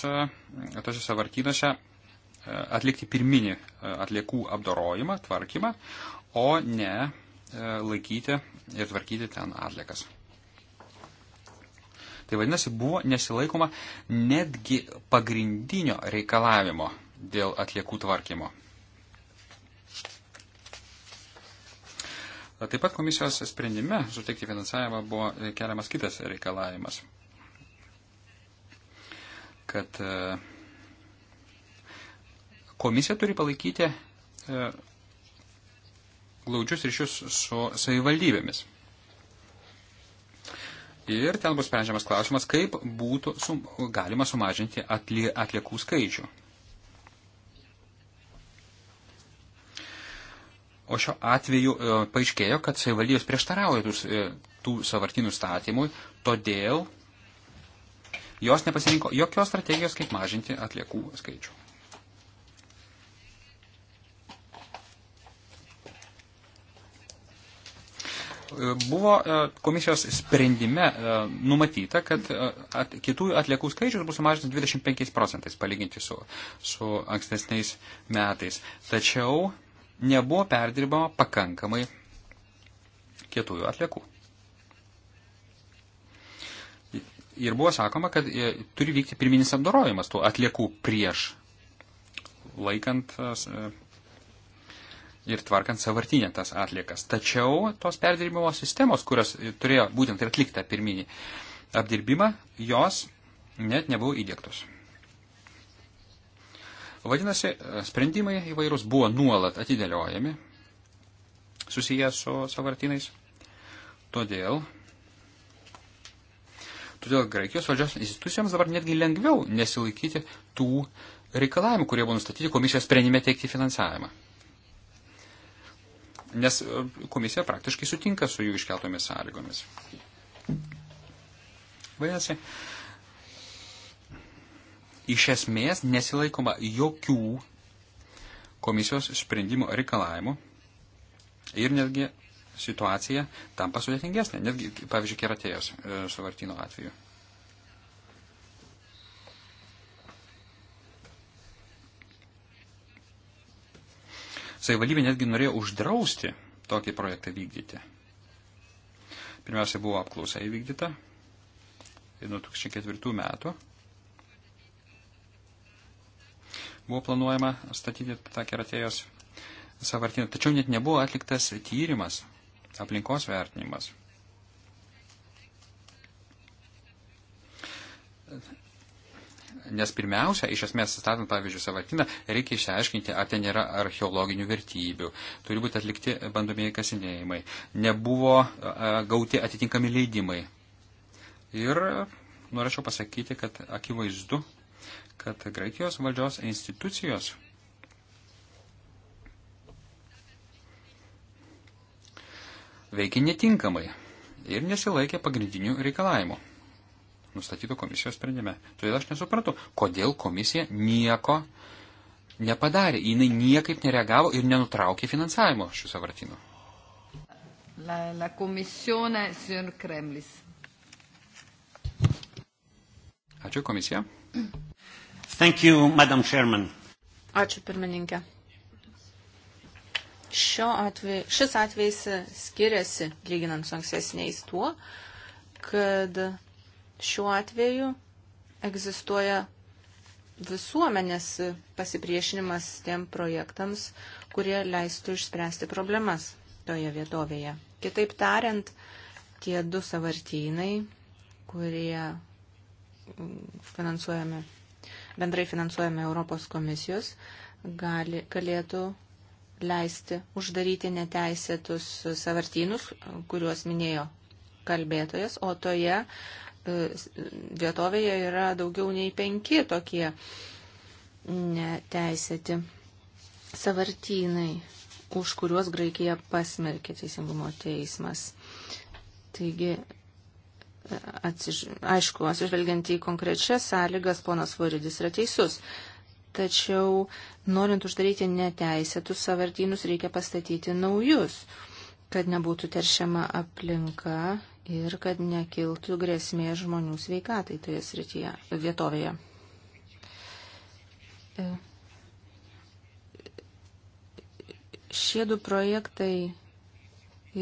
tose savartynuose E, atlikti pirminį e, atliekų apdorojimą, tvarkymą, o ne e, laikyti ir tvarkyti ten atliekas. Tai vadinasi, buvo nesilaikoma netgi pagrindinio reikalavimo dėl atliekų tvarkymo. Taip pat komisijos sprendime suteikti finansavimą buvo keliamas kitas reikalavimas, kad uh, Komisija turi palaikyti e, glaudžius ryšius su savivaldybėmis. Ir ten bus sprendžiamas klausimas, kaip būtų sum, galima sumažinti atlie, atliekų skaičių. O šiuo atveju e, paaiškėjo, kad savivaldybės prieštarauja tų, e, tų savartinių statymui, todėl jos nepasirinko jokios strategijos, kaip mažinti atliekų skaičių. E, buvo e, komisijos sprendime e, numatyta, kad at, kitų atliekų skaičius bus sumažintas 25 procentais palyginti su, su ankstesniais metais. Tačiau nebuvo perdirbama pakankamai kietųjų atliekų. Ir buvo sakoma, kad turi vykti pirminis apdorojimas tų atliekų prieš laikant ir tvarkant savartinę tas atliekas. Tačiau tos perdirbimo sistemos, kurios turėjo būtent ir atliktą pirminį apdirbimą, jos net nebuvo įdėktos. Vadinasi, sprendimai įvairūs buvo nuolat atidėliojami susiję su savartinais. Todėl, todėl Graikijos valdžios institucijoms dabar netgi lengviau nesilaikyti tų reikalavimų, kurie buvo nustatyti komisijos sprendime teikti finansavimą nes e, komisija praktiškai sutinka su jų iškeltomis sąlygomis. Vadinasi, iš esmės nesilaikoma jokių komisijos sprendimo reikalavimų ir netgi situacija tampa sudėtingesnė, netgi, pavyzdžiui, keratėjos e, savartino atveju. savivaldybė netgi norėjo uždrausti tokį projektą vykdyti. Pirmiausia, buvo apklausa įvykdyta nuo 2004 metų. Buvo planuojama statyti tą keratėjos savartyną, tačiau net nebuvo atliktas tyrimas, aplinkos vertinimas. Nes pirmiausia, iš esmės, statant, pavyzdžiui, savartiną, reikia išsiaiškinti, ar ten nėra archeologinių vertybių. Turi būti atlikti bandomieji kasinėjimai. Nebuvo gauti atitinkami leidimai. Ir norėčiau pasakyti, kad akivaizdu, kad Graikijos valdžios institucijos veikia netinkamai ir nesilaikė pagrindinių reikalavimų nustatytų komisijos sprendime. Todėl aš nesuprantu, kodėl komisija nieko nepadarė. Jinai niekaip nereagavo ir nenutraukė finansavimo šių savartinų. La, la komisione, signor Kremlis. Ačiū komisija. Thank you, Madam Chairman. Ačiū pirmininkė. Atvej, šis atvejs skiriasi, lyginant su ankstesniais, tuo, kad Šiuo atveju egzistuoja visuomenės pasipriešinimas tiem projektams, kurie leistų išspręsti problemas toje vietovėje. Kitaip tariant, tie du savartynai, kurie finansuojami, bendrai finansuojami Europos komisijos, gali, galėtų leisti uždaryti neteisėtus savartynus, kuriuos minėjo kalbėtojas, o toje E, vietovėje yra daugiau nei penki tokie neteisėti savartynai, už kuriuos Graikija pasmerkė Teisingumo teismas. Taigi, e, atsiž... aišku, atsižvelgiant į konkrečias sąlygas, ponas Voridis yra teisus. Tačiau, norint uždaryti neteisėtus savartynus, reikia pastatyti naujus, kad nebūtų teršiama aplinka ir kad nekiltų grėsmė žmonių sveikatai toje srityje, vietovėje. E, šie du projektai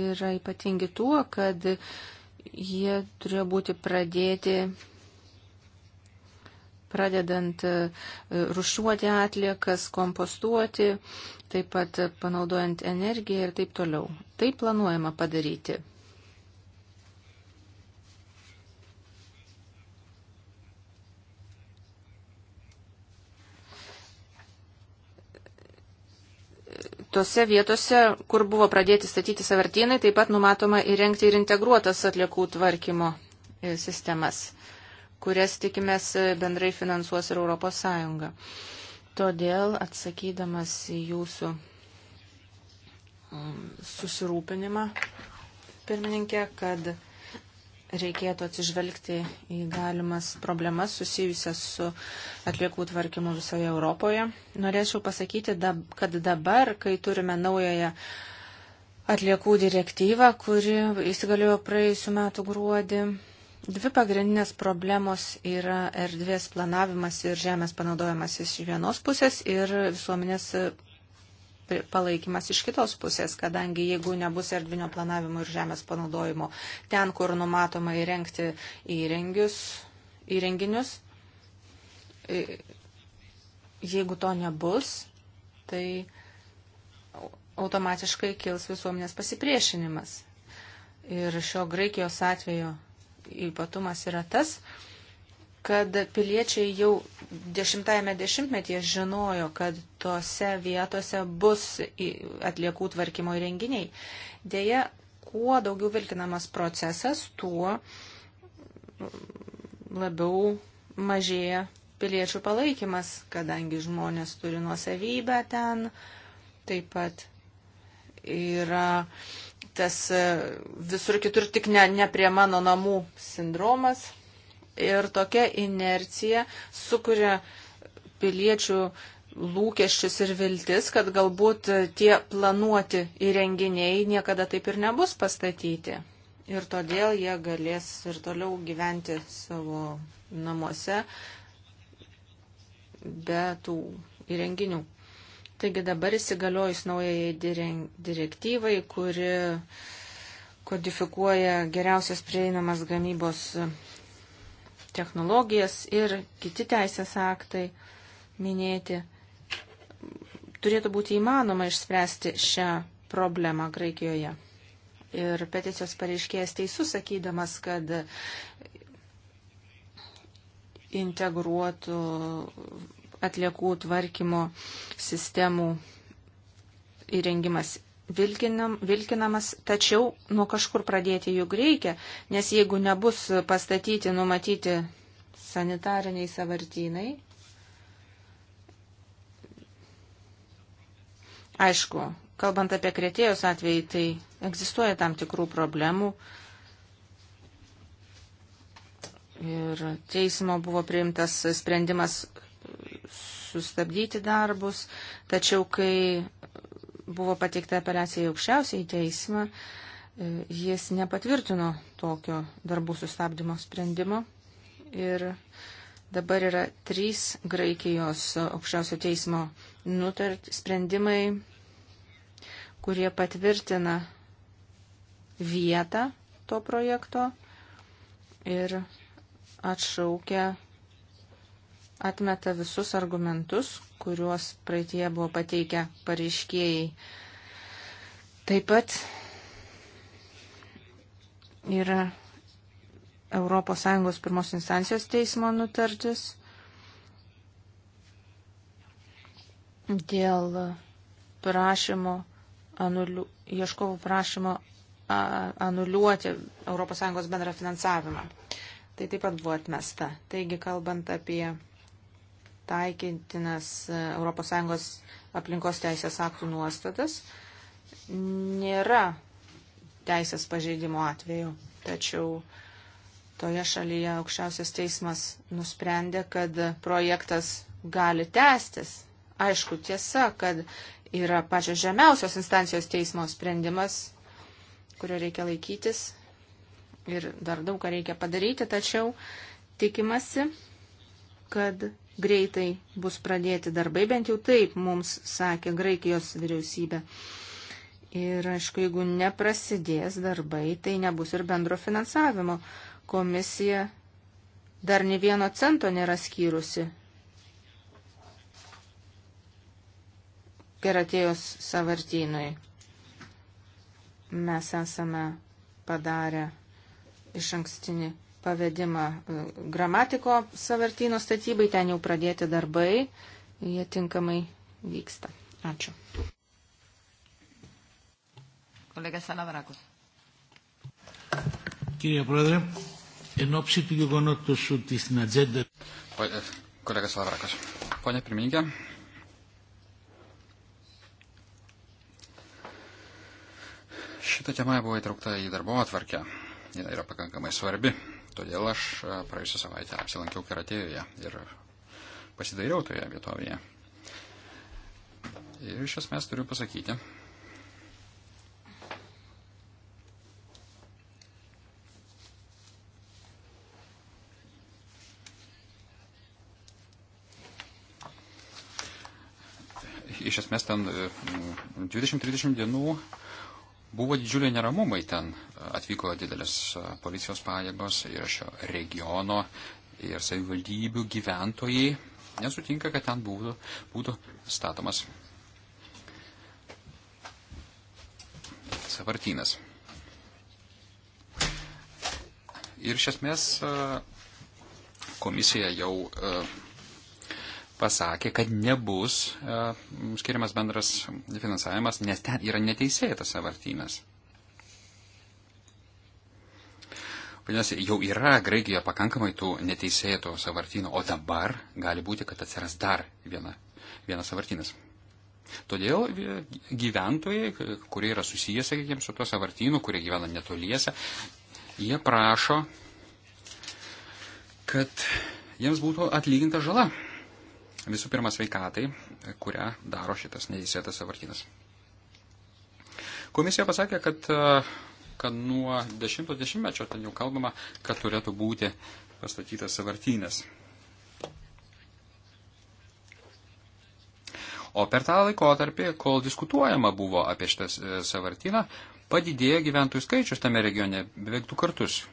yra ypatingi tuo, kad jie turėjo būti pradėti pradedant e, rušiuoti atliekas, kompostuoti, taip pat panaudojant energiją ir taip toliau. Tai planuojama padaryti. Tose vietose, kur buvo pradėti statyti savartynai, taip pat numatoma įrengti ir integruotas atliekų tvarkymo e, sistemas, kurias tikimės e, bendrai finansuos ir Europos Sąjunga. Todėl, atsakydamas į jūsų mm, susirūpinimą, pirmininkė, kad reikėtų atsižvelgti į galimas problemas susijusias su atliekų tvarkymu visoje Europoje. Norėčiau pasakyti, kad dabar, kai turime naująją atliekų direktyvą, kuri įsigaliojo praėjusiu metu gruodį, dvi pagrindinės problemos yra erdvės planavimas ir žemės panaudojimas iš vienos pusės ir visuomenės palaikymas iš kitos pusės, kadangi jeigu nebus erdvinio planavimo ir žemės panaudojimo ten, kur numatoma įrengti įrengius, įrenginius, jeigu to nebus, tai automatiškai kils visuomenės pasipriešinimas. Ir šio Graikijos atveju ypatumas yra tas, kad piliečiai jau dešimtajame dešimtmetyje žinojo, kad tose vietose bus atliekų tvarkymo įrenginiai. Deja, kuo daugiau vilkinamas procesas, tuo labiau mažėja piliečių palaikymas, kadangi žmonės turi nuosavybę ten, taip pat yra tas e, visur kitur tik ne, ne prie mano namų sindromas. Ir tokia inercija sukuria piliečių lūkesčius ir viltis, kad galbūt tie planuoti įrenginiai niekada taip ir nebus pastatyti. Ir todėl jie galės ir toliau gyventi savo namuose be tų įrenginių. Taigi dabar įsigaliojus naujai direktyvai, kuri kodifikuoja geriausias prieinamas gamybos technologijas ir kiti teisės aktai minėti, turėtų būti įmanoma išspręsti šią problemą Graikijoje. Ir peticijos pareiškėjas teisus sakydamas, kad integruotų atliekų tvarkymo sistemų įrengimas vilkinam, vilkinamas, tačiau nuo kažkur pradėti juk reikia, nes jeigu nebus pastatyti, numatyti sanitariniai savartynai, aišku, kalbant apie kretėjos atvejį, tai egzistuoja tam tikrų problemų. Ir teismo buvo priimtas sprendimas sustabdyti darbus, tačiau kai buvo pateikta apeliacija į aukščiausiąjį teismą, e, jis nepatvirtino tokio darbų sustabdymo sprendimo. Ir dabar yra trys Graikijos aukščiausio teismo nutart sprendimai, kurie patvirtina vietą to projekto ir atšaukia atmeta visus argumentus, kuriuos praeitie buvo pateikę pareiškėjai. Taip pat yra ES pirmos instancijos teismo nutartis dėl prašymo, anuliu, ieškovų prašymo anuliuoti ES bendrą finansavimą. Tai taip pat buvo atmesta. Taigi, kalbant apie taikintinas e, ES aplinkos teisės aktų nuostatas, nėra teisės pažeidimo atveju. Tačiau toje šalyje aukščiausias teismas nusprendė, kad projektas gali tęstis. Aišku, tiesa, kad yra pačios žemiausios instancijos teismo sprendimas, kurio reikia laikytis ir dar daug ką reikia padaryti, tačiau tikimasi, kad greitai bus pradėti darbai, bent jau taip mums sakė Graikijos vyriausybė. Ir aišku, jeigu neprasidės darbai, tai nebus ir bendro finansavimo. Komisija dar ne vieno cento nėra skyrusi. Keratėjos savartynui mes esame padarę iš ankstinį pavedimą e, gramatiko savartino statybai, ten jau pradėti darbai, jie tinkamai vyksta. Ačiū. Kolega Sanavrakos. Κύριε Πρόεδρε, εν ώψη του γεγονότος ότι στην ατζέντα... Κολέγα Σαβράκος. Πόνια Πυρμήνικα. Šita tema buvo įtraukta į darbo atvarkę. Ji yra pakankamai svarbi. Todėl aš e, praėjusią savaitę apsilankiau Karatėjoje ir pasidairiau toje vietovėje. Ir iš esmės turiu pasakyti, iš esmės ten 20-30 e, dienų Buvo didžiuliai neramumai ten, atvyko didelis e, policijos pajėgos ir šio regiono ir savivaldybių gyventojai nesutinka, kad ten būtų, būtų statomas savartynas. Ir iš esmės e, komisija jau e, pasakė, kad nebus uh, skiriamas bendras finansavimas, nes ten yra neteisėtas savartynas. Vadinasi, jau yra Graikijoje pakankamai tų neteisėtų savartynų, o dabar gali būti, kad atsiras dar viena, vienas savartynas. Todėl e, gyventojai, kurie yra susijęs, sakykime, su tuo savartynu, kurie gyvena netoliese, jie prašo, kad jiems būtų atlyginta žala Visų pirma, sveikatai, kurią daro šitas neįsėtas savartinas. Komisija pasakė, kad, e, kad nuo 10-mečio ten jau kalbama, kad turėtų būti pastatytas savartynas. O per tą laikotarpį, kol diskutuojama buvo apie šitą e, savartyną, padidėjo gyventojų skaičius tame regione beveik du kartus.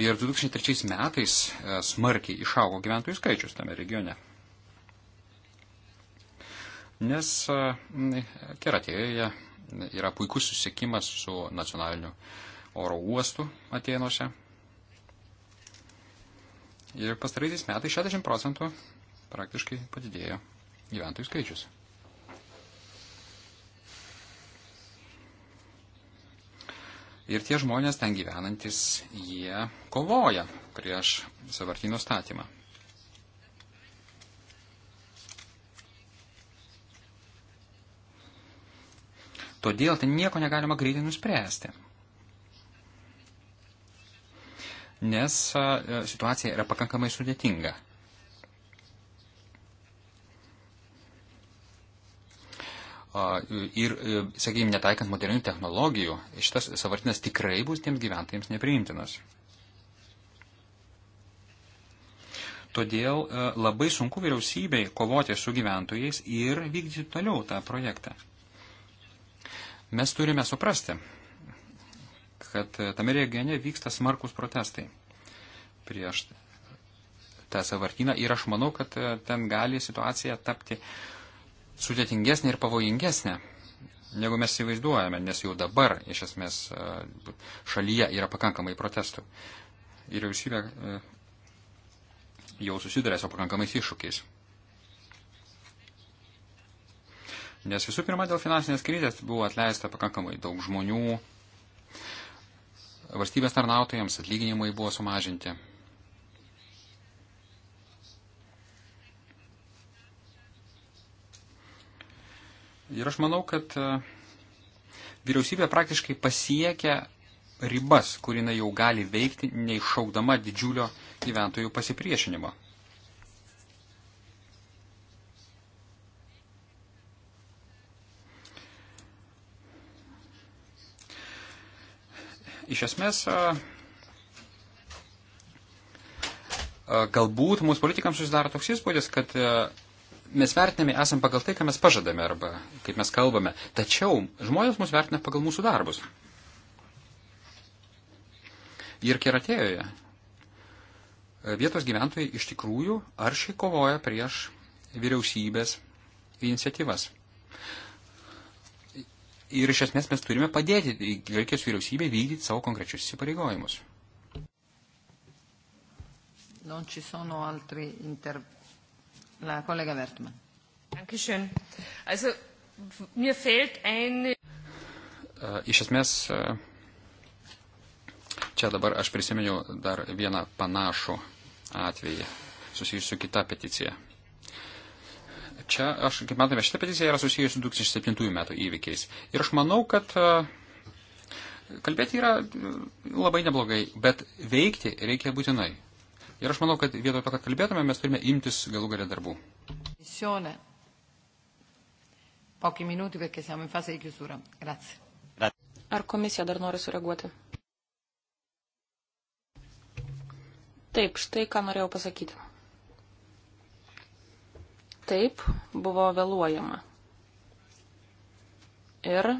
Ir 2003 metais e, smarkiai išaugo gyventojų skaičius tame regione. Nes e, Keratėjoje yra puikus susiekimas su nacionaliniu oro uostu Atenuose. Ir pastaraisiais metais 60 procentų praktiškai padidėjo gyventojų skaičius. Ir tie žmonės ten gyvenantis, jie kovoja prieš savartynų statymą. Todėl ten nieko negalima greitai nuspręsti. Nes e, situacija yra pakankamai sudėtinga. ir, e, sakykime, netaikant modernių technologijų, šitas savartinas tikrai bus tiems gyventojams nepriimtinas. Todėl e, labai sunku vyriausybei kovoti su gyventojais ir vykdyti toliau tą projektą. Mes turime suprasti, kad e, tame regione vyksta smarkus protestai prieš tą savartyną ir aš manau, kad ten gali situacija tapti uh, sudėtingesnė ir pavojingesnė, negu mes įvaizduojame, nes jau dabar iš esmės e, šalyje yra pakankamai protestų. Ir vyriausybė e, jau susiduria su pakankamais iššūkiais. Nes visų pirma, dėl finansinės krizės buvo atleista pakankamai daug žmonių, valstybės tarnautojams atlyginimai buvo sumažinti, Ir aš manau, kad e, vyriausybė praktiškai pasiekia ribas, kur jinai jau gali veikti, neišaukdama didžiulio gyventojų pasipriešinimo. Iš esmės, e, e, galbūt mūsų politikams susidaro toks įspūdis, kad mes vertinami esam pagal tai, ką mes pažadame arba kaip mes kalbame. Tačiau žmonės mus vertina pagal mūsų darbus. Ir keratėjoje e, vietos gyventojai iš tikrųjų aršiai kovoja prieš vyriausybės iniciatyvas. Ir iš esmės mes turime padėti Graikijos vyriausybė vykdyti savo konkrečius įsipareigojimus. Non ci sono altri interventi. La Kollegin Wertmann. Dankeschön. Also, mir fehlt eine. Äh, iš esmės, äh, čia dabar aš prisiminiau dar vieną panašų atvejį susijusiu su kita peticija. Čia, aš, kaip matome, šita peticija yra susijusi su 2007 metų įvykiais. Ir aš manau, kad äh, kalbėti yra labai neblogai, bet veikti reikia būtinai. Ir aš manau, kad vietoj to, kad kalbėtume, mes turime imtis galų galę darbų. Misione. Pochi minuti perché siamo in fase di chiusura. Grazie. Ar komisija dar nori sureaguoti? Taip, štai ką norėjau pasakyti. Taip, buvo vėluojama. Ir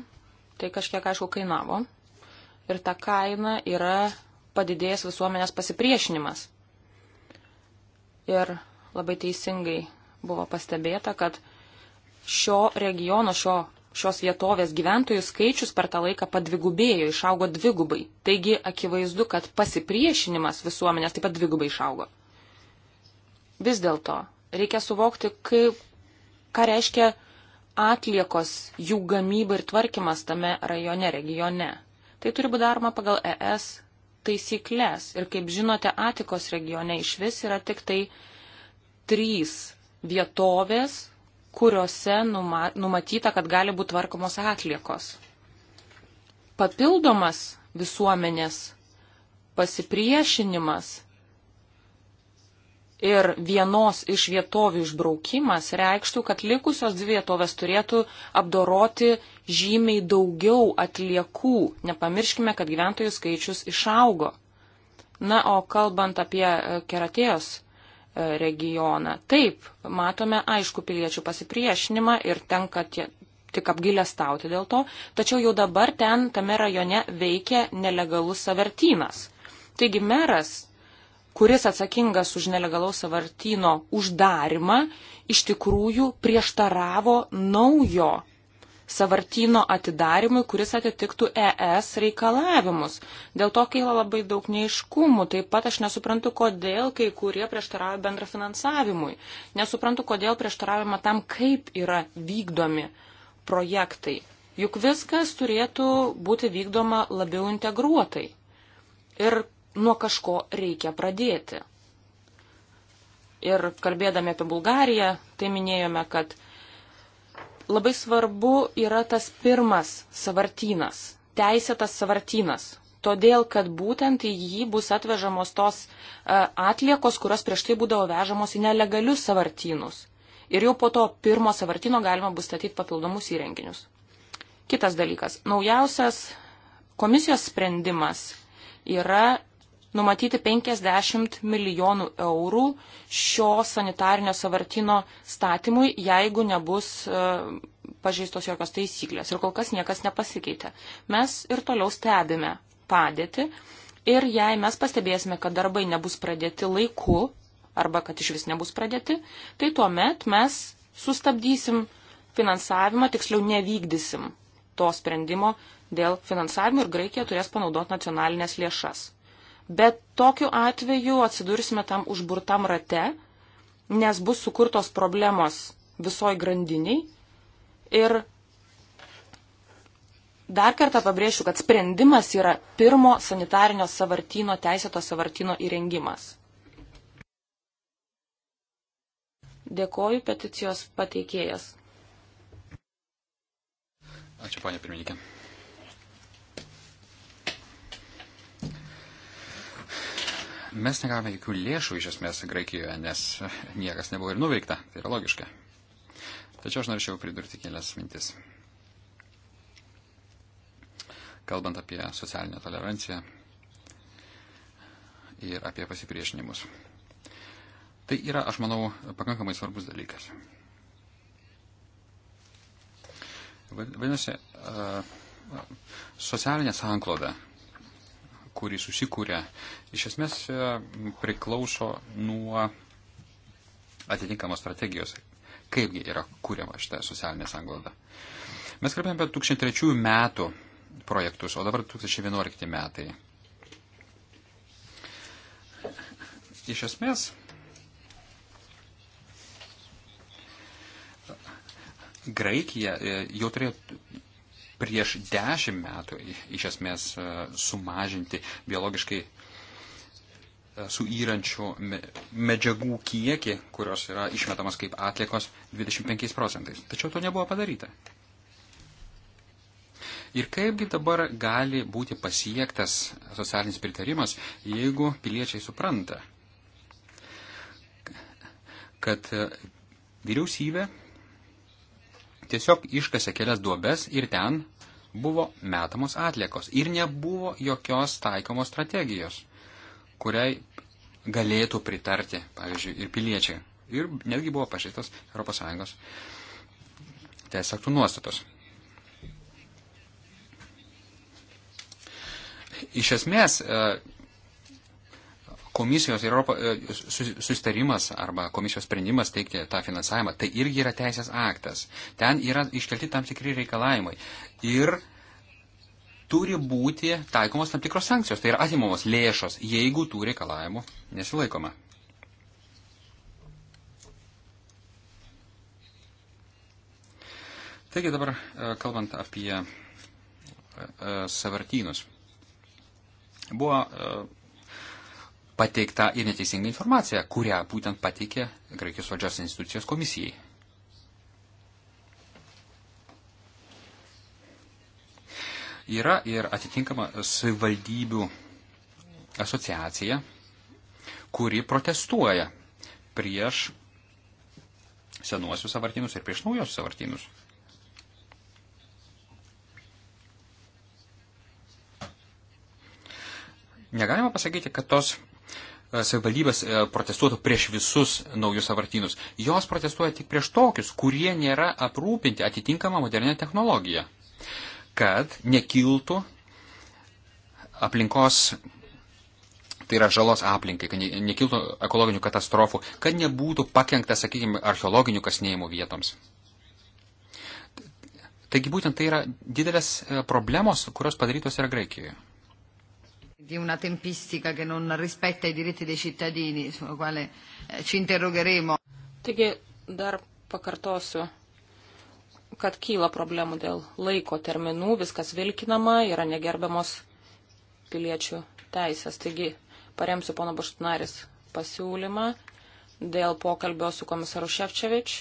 tai kažkiek, aišku, kainavo. Ir ta kaina yra padidėjęs visuomenės pasipriešinimas ir labai teisingai buvo pastebėta, kad šio regiono, šio, šios vietovės gyventojų skaičius per tą laiką padvigubėjo, išaugo dvigubai. Taigi akivaizdu, kad pasipriešinimas visuomenės taip pat dvigubai išaugo. Vis dėlto reikia suvokti, kaip, ką reiškia atliekos jų gamyba ir tvarkymas tame rajone, regione. Tai turi būti daroma pagal ES taisyklės. Ir kaip žinote, Atikos regione iš vis yra tik tai trys vietovės, kuriuose numatyta, kad gali būti tvarkomos atliekos. Papildomas visuomenės pasipriešinimas ir vienos iš vietovių išbraukimas reikštų, kad likusios dvi vietovės turėtų apdoroti žymiai daugiau atliekų. Nepamirškime, kad gyventojų skaičius išaugo. Na, o kalbant apie e, keratėjos e, regioną, taip, matome aišku piliečių pasipriešinimą ir tenka tie, tik apgailę stauti dėl to, tačiau jau dabar ten tame rajone veikia nelegalus savartynas. Taigi meras kuris atsakingas už nelegalaus savartino uždarimą, iš tikrųjų prieštaravo naujo savartino atidarimui, kuris atitiktų ES reikalavimus. Dėl to keila labai daug neiškumų. Taip pat aš nesuprantu, kodėl kai kurie prieštarauja bendrafinansavimui. Nesuprantu, kodėl prieštaraujama tam, kaip yra vykdomi projektai. Juk viskas turėtų būti vykdoma labiau integruotai. Ir nuo kažko reikia pradėti. Ir kalbėdami apie Bulgariją, tai minėjome, kad labai svarbu yra tas pirmas savartynas, teisėtas savartynas. Todėl, kad būtent į jį bus atvežamos tos e, atliekos, kurios prieš tai būdavo vežamos į nelegalius savartynus. Ir jau po to pirmo savartino galima bus statyti papildomus įrenginius. Kitas dalykas. Naujausias komisijos sprendimas yra numatyti 50 milijonų eurų šio sanitarinio savartino statymui, jeigu nebus e, pažeistos jokios taisyklės. Ir kol kas niekas nepasikeitė. Mes ir toliau stebime padėtį ir jei mes pastebėsime, kad darbai nebus pradėti laiku arba kad iš vis nebus pradėti, tai tuomet mes sustabdysim finansavimą, tiksliau nevykdysim to sprendimo dėl finansavimo ir Graikija turės panaudoti nacionalinės lėšas. Bet tokiu atveju atsidursime tam užburtam rate, nes bus sukurtos problemos visoj grandiniai. Ir dar kartą pabrėšiu, kad sprendimas yra pirmo sanitarinio savartino, teisėto savartino įrengimas. Dėkoju peticijos pateikėjas. Ačiū, ponė pirmininkė. mes negavome jokių lėšų iš esmės Graikijoje, nes (laughs) niekas nebuvo ir nuveikta. Tai yra logiška. Tačiau aš norėčiau pridurti kelias mintis. Kalbant apie socialinę toleranciją ir apie pasipriešinimus. Tai yra, aš manau, pakankamai svarbus dalykas. Vadinasi, socialinė sankloda kurį susikūrė, iš esmės e, priklauso nuo atitinkamos strategijos, kaipgi yra kūriama šitą socialinę sanglaudą. Mes kalbėjome apie 2003 metų projektus, o dabar 2011 metai. Iš esmės, Graikija e, jau turėjo prieš dešimt metų iš esmės e, sumažinti biologiškai e, suyrančių medžiagų kiekį, kurios yra išmetamas kaip atliekos 25 procentais. Tačiau to nebuvo padaryta. Ir kaipgi dabar gali būti pasiektas socialinis pritarimas, jeigu piliečiai supranta, kad e, vyriausybė tiesiog iškasė kelias duobes ir ten buvo metamos atliekos. Ir nebuvo jokios taikomos strategijos, kuriai galėtų pritarti, pavyzdžiui, ir piliečiai. Ir netgi buvo pažeistos ES teisės aktų nuostatos. Iš esmės, e, komisijos ir Europo, e, susitarimas arba komisijos sprendimas teikti tą finansavimą, tai irgi yra teisės aktas. Ten yra iškelti tam tikri reikalavimai. Ir turi būti taikomos tam tikros sankcijos, tai yra atimamos lėšos, jeigu tų reikalavimų nesilaikoma. Taigi dabar e, kalbant apie e, savartynus. Buvo pateikta ir neteisinga informacija, kurią būtent pateikė Graikijos valdžios institucijos komisijai. Yra ir atitinkama savivaldybių asociacija, kuri protestuoja prieš senuosius savartynus ir prieš naujosius savartynus. Negalima pasakyti, kad tos E, savivaldybės e, protestuotų prieš visus naujus savartynus. Jos protestuoja tik prieš tokius, kurie nėra aprūpinti atitinkamą modernę technologiją, kad nekiltų aplinkos, tai yra žalos aplinkai, kad nekiltų ekologinių katastrofų, kad nebūtų pakengta, sakykime, archeologinių kasnėjimų vietoms. Taigi būtent tai yra didelės e, problemos, kurios padarytos yra Graikijoje di una tempistica che non rispetta i diritti dei cittadini, sulla quale eh, ci interrogheremo. Taigi, dar pakartosiu, kad kyla problemų dėl laiko terminų, viskas vilkinama, yra negerbiamos piliečių teisės. Taigi, paremsiu pono Baštinaris pasiūlymą dėl pokalbio su komisaru Ševčevič.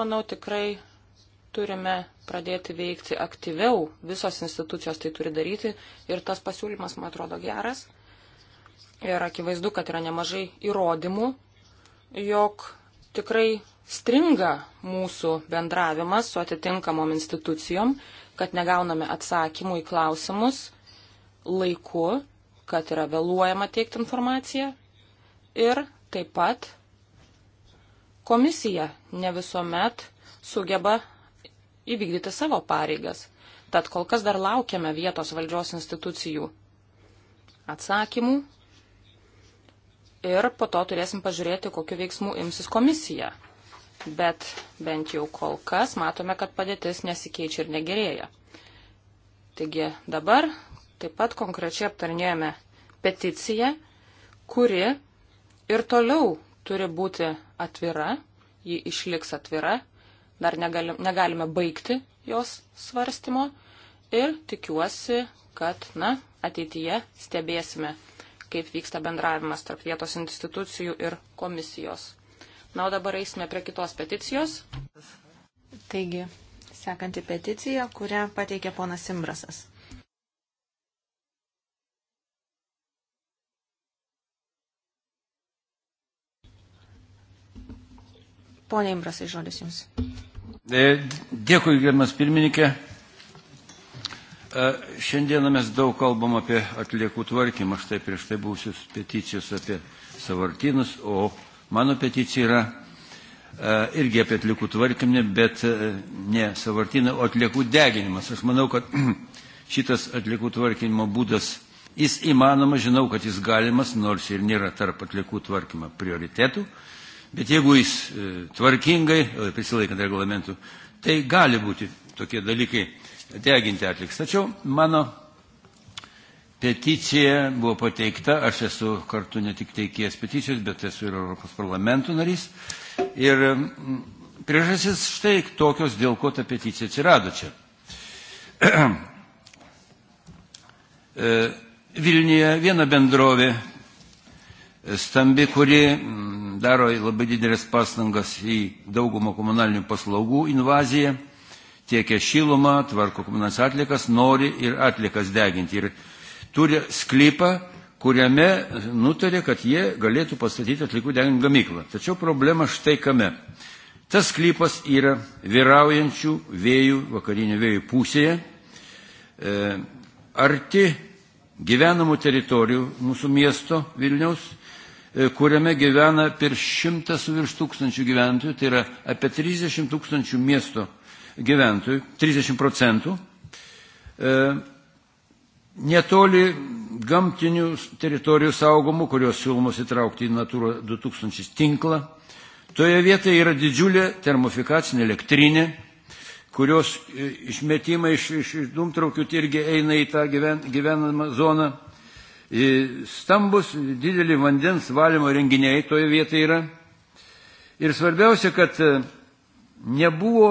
Manau, tikrai turime pradėti veikti aktyviau, visos institucijos tai turi daryti ir tas pasiūlymas, man atrodo, geras. Ir akivaizdu, kad yra nemažai įrodymų, jog tikrai stringa mūsų bendravimas su atitinkamom institucijom, kad negauname atsakymų į klausimus laiku, kad yra vėluojama teikti informaciją ir taip pat komisija ne visuomet sugeba įvykdyti savo pareigas. Tad kol kas dar laukiame vietos valdžios institucijų atsakymų ir po to turėsim pažiūrėti, kokiu veiksmu imsis komisija. Bet bent jau kol kas matome, kad padėtis nesikeičia ir negerėja. Taigi dabar taip pat konkrečiai aptarnėjome peticiją, kuri ir toliau turi būti atvira, ji išliks atvira dar negalim, negalime baigti jos svarstymo ir tikiuosi, kad na, ateityje stebėsime, kaip vyksta bendravimas tarp vietos institucijų ir komisijos. Na, o dabar eisime prie kitos peticijos. Taigi, sekanti peticija, kurią pateikė ponas Simbrasas. Pone Imbrasai, žodis Jums. E, dėkui, gerbiamas pirmininkė. E, šiandieną mes daug kalbam apie atliekų tvarkymą, štai prieš tai būsius peticijos apie savartynus, o mano peticija yra e, irgi apie atliekų tvarkymą, bet ne savartyną, o atliekų deginimas. Aš manau, kad (clears throat) šitas atliekų tvarkymo būdas, jis įmanomas, žinau, kad jis galimas, nors ir nėra tarp atliekų tvarkymo prioritetų, Bet jeigu jis e, tvarkingai, e, prisilaikant reglamentų, tai gali būti tokie dalykai deginti atliks. Tačiau mano peticija buvo pateikta, aš esu kartu ne tik teikėjas peticijos, bet esu ir Europos parlamento narys. Ir mm, priežasis štai tokios, dėl ko ta peticija atsirado čia. (clears throat) E, Vilniuje viena bendrovė stambi, kuri mm, daro labai didelės pastangas į daugumą komunalinių paslaugų invaziją, tiekia šilumą, tvarko komunalines atlikas, nori ir atlikas deginti. Ir turi sklypą, kuriame nutarė, kad jie galėtų pastatyti atlikų deginimo gamyklą. Tačiau problema štai kame. Tas sklypas yra vyraujančių vėjų, vakarinių vėjų pusėje, e, arti gyvenamų teritorijų mūsų miesto Vilniaus E, kuriame gyvena per šimtą su virš tūkstančių gyventojų, tai yra apie 30 tūkstančių miesto gyventojų, 30 procentų, e, netoli gamtinių teritorijų saugomų, kurios siūlomos įtraukti į Natūro 2000 tinklą. Toje vietoje yra didžiulė termofikacinė elektrinė, kurios e, išmetimai iš, iš, iš dumtraukių irgi eina į tą gyven, gyvenamą zoną. Stambus dideli vandens valymo renginiai toje vietoje yra. Ir svarbiausia, kad nebuvo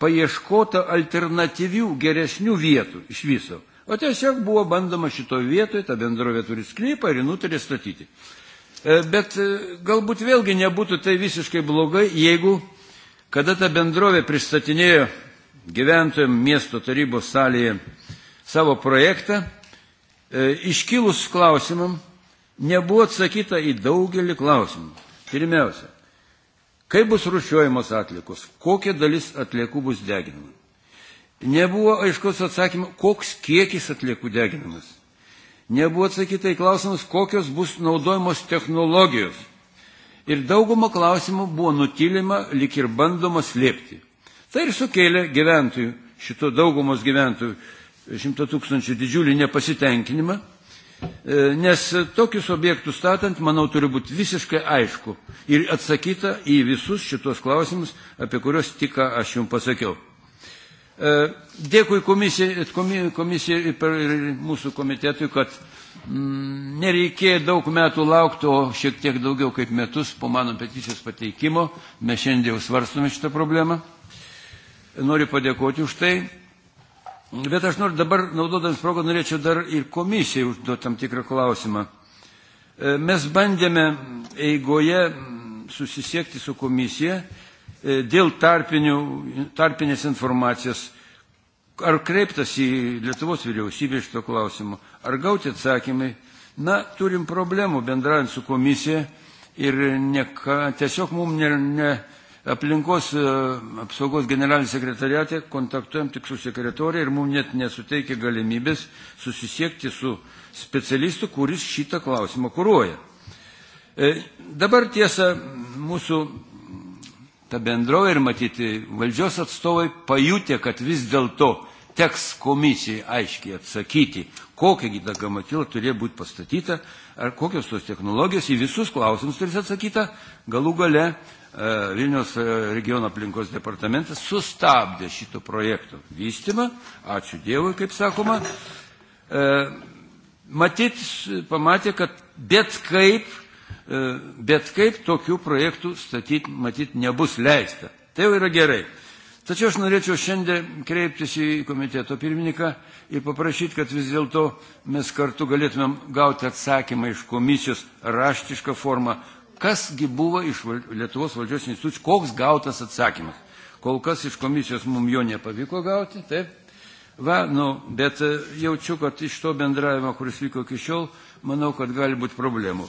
paieškota alternatyvių geresnių vietų iš viso. O tiesiog buvo bandoma šitoje vietoje, ta bendrovė turi sklypą ir nutarė statyti. Bet galbūt vėlgi nebūtų tai visiškai blogai, jeigu kada ta bendrovė pristatinėjo gyventojams miesto tarybos salėje savo projektą, E, iškilus klausimam nebuvo atsakyta į daugelį klausimų. Pirmiausia, kaip bus rušiuojamos atlikos, kokia dalis atliekų bus deginama. Nebuvo aiškus atsakymas, koks kiekis atliekų deginamas. Nebuvo atsakyta į klausimus, kokios bus naudojamos technologijos. Ir daugumą klausimų buvo nutilima, lik ir bandoma slėpti. Tai ir sukėlė gyventojų, šito daugumos gyventojų šimto tūkstančių didžiulį nepasitenkinimą, e, nes tokius objektus statant, manau, turi būti visiškai aišku ir atsakyta į visus šitos klausimus, apie kuriuos tik aš jums pasakiau. E, dėkui komisijai, komisijai ir mūsų komitetui, kad mm, nereikėjo daug metų laukti, o šiek tiek daugiau kaip metus po mano peticijos pateikimo. Mes šiandien jau svarstome šitą problemą. Noriu padėkoti už tai. Bet aš noriu dabar, naudodams progą, norėčiau dar ir komisijai užduoti tam tikrą klausimą. E, mes bandėme eigoje susisiekti su komisija e, dėl tarpinių, tarpinės informacijos. Ar kreiptas į Lietuvos vyriausybę šito klausimu, ar gauti atsakymai. Na, turim problemų bendraujant su komisija ir ne, tiesiog mums ne, ne, Aplinkos e, apsaugos generalinį sekretariatę kontaktuojam tik su sekretorija ir mums net nesuteikia galimybės susisiekti su specialistu, kuris šitą klausimą kūruoja. E, dabar tiesa, mūsų ta bendrovė ir matyti valdžios atstovai pajutė, kad vis dėlto teks komisijai aiškiai atsakyti, kokia ta gamatila turėjo būti pastatyta, ar kokios tos technologijos, į visus klausimus turės atsakyta, galų gale E, Vilniaus e, regiono aplinkos departamentas sustabdė šito projekto vystymą, ačiū Dievui, kaip sakoma, e, matyt, pamatė, kad bet kaip, bet kaip tokių projektų statyti, matyt, nebus leista. Tai jau yra gerai. Tačiau aš norėčiau šiandien kreiptis į komiteto pirmininką ir paprašyti, kad vis dėlto mes kartu galėtumėm gauti atsakymą iš komisijos raštišką formą, kasgi buvo iš Lietuvos valdžios institucijų, koks gautas atsakymas. Kol kas iš komisijos mums jo nepavyko gauti, taip. Va, nu, bet e, jaučiu, kad iš to bendravimo, kuris vyko iki šiol, manau, kad gali būti problemų.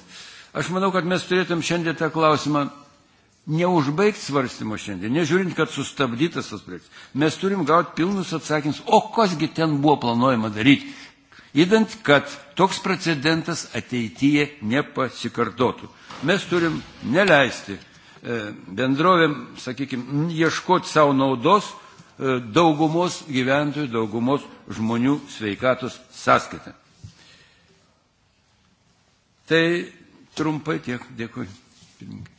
Aš manau, kad mes turėtum šiandien tą klausimą neužbaigti svarstymo šiandien, nežiūrint, kad sustabdytas tas projektas. Mes turim gauti pilnus atsakymus, o kasgi ten buvo planuojama daryti, įdant, kad toks precedentas ateityje nepasikartotų. Mes turim neleisti e, bendrovėm, sakykime, ieškoti savo naudos e, daugumos gyventojų, daugumos žmonių sveikatos sąskaitą. Tai trumpai tiek. Dėkui. Pirmininkai.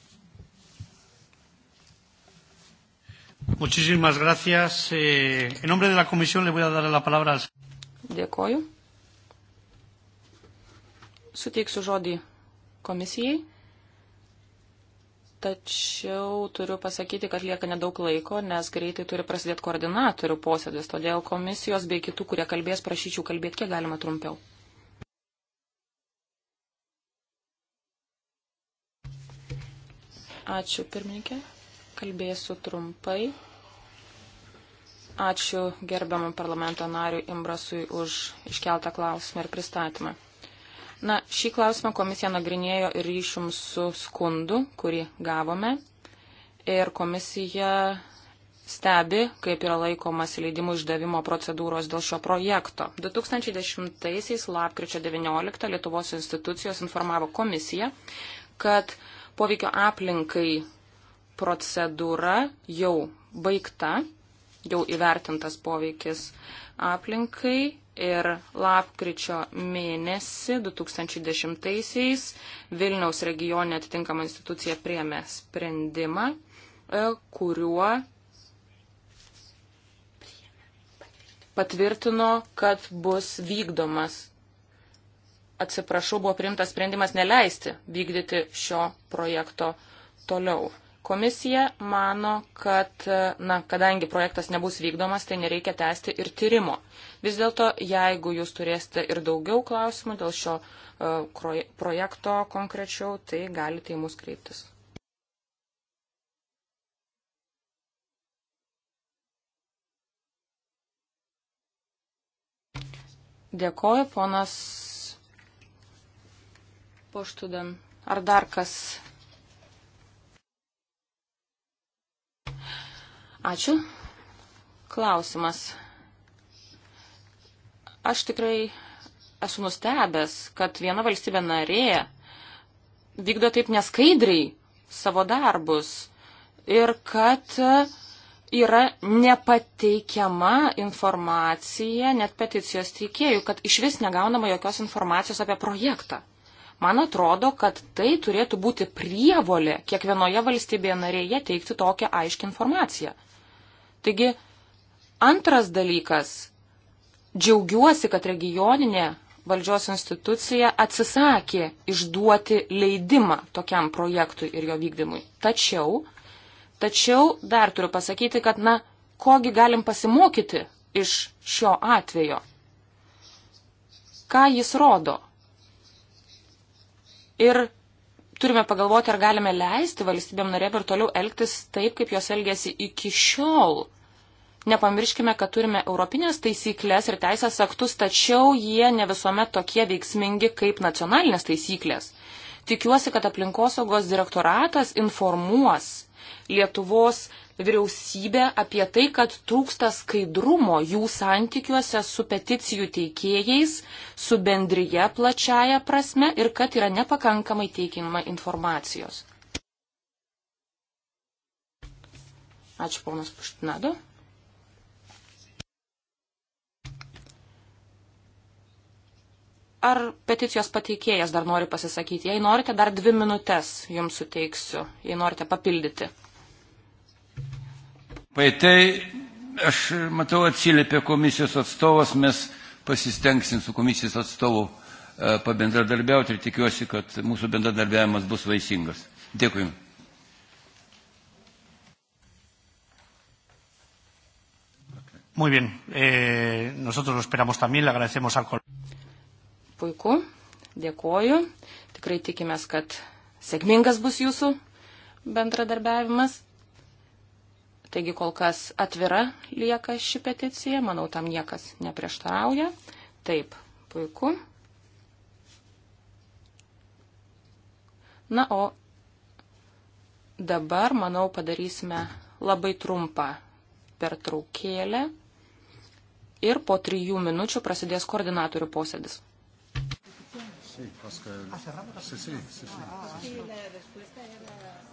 Muchísimas gracias. Eh, en nombre de la comisión le voy a dar la palabra al. Dėkoju. Suteiksiu žodį komisijai, tačiau turiu pasakyti, kad lieka nedaug laiko, nes greitai turi prasidėti koordinatorių posėdis, todėl komisijos bei kitų, kurie kalbės, prašyčiau kalbėti kiek galima trumpiau. Ačiū pirmininkė, kalbėsiu trumpai. Ačiū gerbiamam parlamento nariui Imbrasui už iškeltą klausimą ir pristatymą. Na, šį klausimą komisija nagrinėjo ir ryšium su skundu, kurį gavome. Ir komisija stebi, kaip yra laikomas leidimų išdavimo procedūros dėl šio projekto. 2010 lapkričio 19 Lietuvos institucijos informavo komisiją, kad poveikio aplinkai procedūra jau baigta jau įvertintas poveikis aplinkai ir lapkričio mėnesį 2010-aisiais Vilniaus regione atitinkama institucija priemė sprendimą, e, kuriuo patvirtino, kad bus vykdomas atsiprašau, buvo priimtas sprendimas neleisti vykdyti šio projekto toliau. Komisija mano, kad, na, kadangi projektas nebus vykdomas, tai nereikia tęsti ir tyrimo. Vis dėlto, jeigu jūs turėsite ir daugiau klausimų dėl šio uh, projekto konkrečiau, tai galite į mus kreiptis. Dėkoju, ponas Poštudan. Ar dar kas Ačiū. Klausimas. Aš tikrai esu nustebęs, kad viena valstybė narė vykdo taip neskaidriai savo darbus ir kad yra nepateikiama informacija net peticijos teikėjų, kad iš vis negaunama jokios informacijos apie projektą. Man atrodo, kad tai turėtų būti prievolė kiekvienoje valstybėje narėje teikti tokią aiškę informaciją. Taigi, antras dalykas, džiaugiuosi, kad regioninė valdžios institucija atsisakė išduoti leidimą tokiam projektui ir jo vykdymui. Tačiau, tačiau dar turiu pasakyti, kad, na, kogi galim pasimokyti iš šio atvejo. Ką jis rodo? Ir turime pagalvoti, ar galime leisti valstybėm narėm ir toliau elgtis taip, kaip jos elgėsi iki šiol. Nepamirškime, kad turime europinės taisyklės ir teisės aktus, tačiau jie ne visuomet tokie veiksmingi kaip nacionalinės taisyklės. Tikiuosi, kad aplinkosaugos direktoratas informuos Lietuvos vyriausybę apie tai, kad trūksta skaidrumo jų santykiuose su peticijų teikėjais, su bendryje plačiaja prasme ir kad yra nepakankamai teikiama informacijos. Ačiū, ponas Puštinado. Ar peticijos pateikėjas dar nori pasisakyti? Jei norite, dar dvi minutės jums suteiksiu, jei norite papildyti. Paitai, aš matau atsiliepė komisijos atstovas, mes pasistengsim su komisijos atstovu e, pabendradarbiauti ir tikiuosi, kad mūsų bendradarbiavimas bus vaisingas. Dėkui. Muy bien. Eh, nosotros lo esperamos también. Le agradecemos al colega. Puiku, dėkoju. Tikrai tikimės, kad sėkmingas bus jūsų bendradarbiavimas. Taigi kol kas atvira lieka ši peticija, manau, tam niekas neprieštarauja. Taip, puiku. Na, o dabar, manau, padarysime labai trumpą pertraukėlę ir po trijų minučių prasidės koordinatorių posėdis. Sí, parce que... Ah, cerramos la Sí, sí, sí. sí, ah, sí. sí. la respuesta era...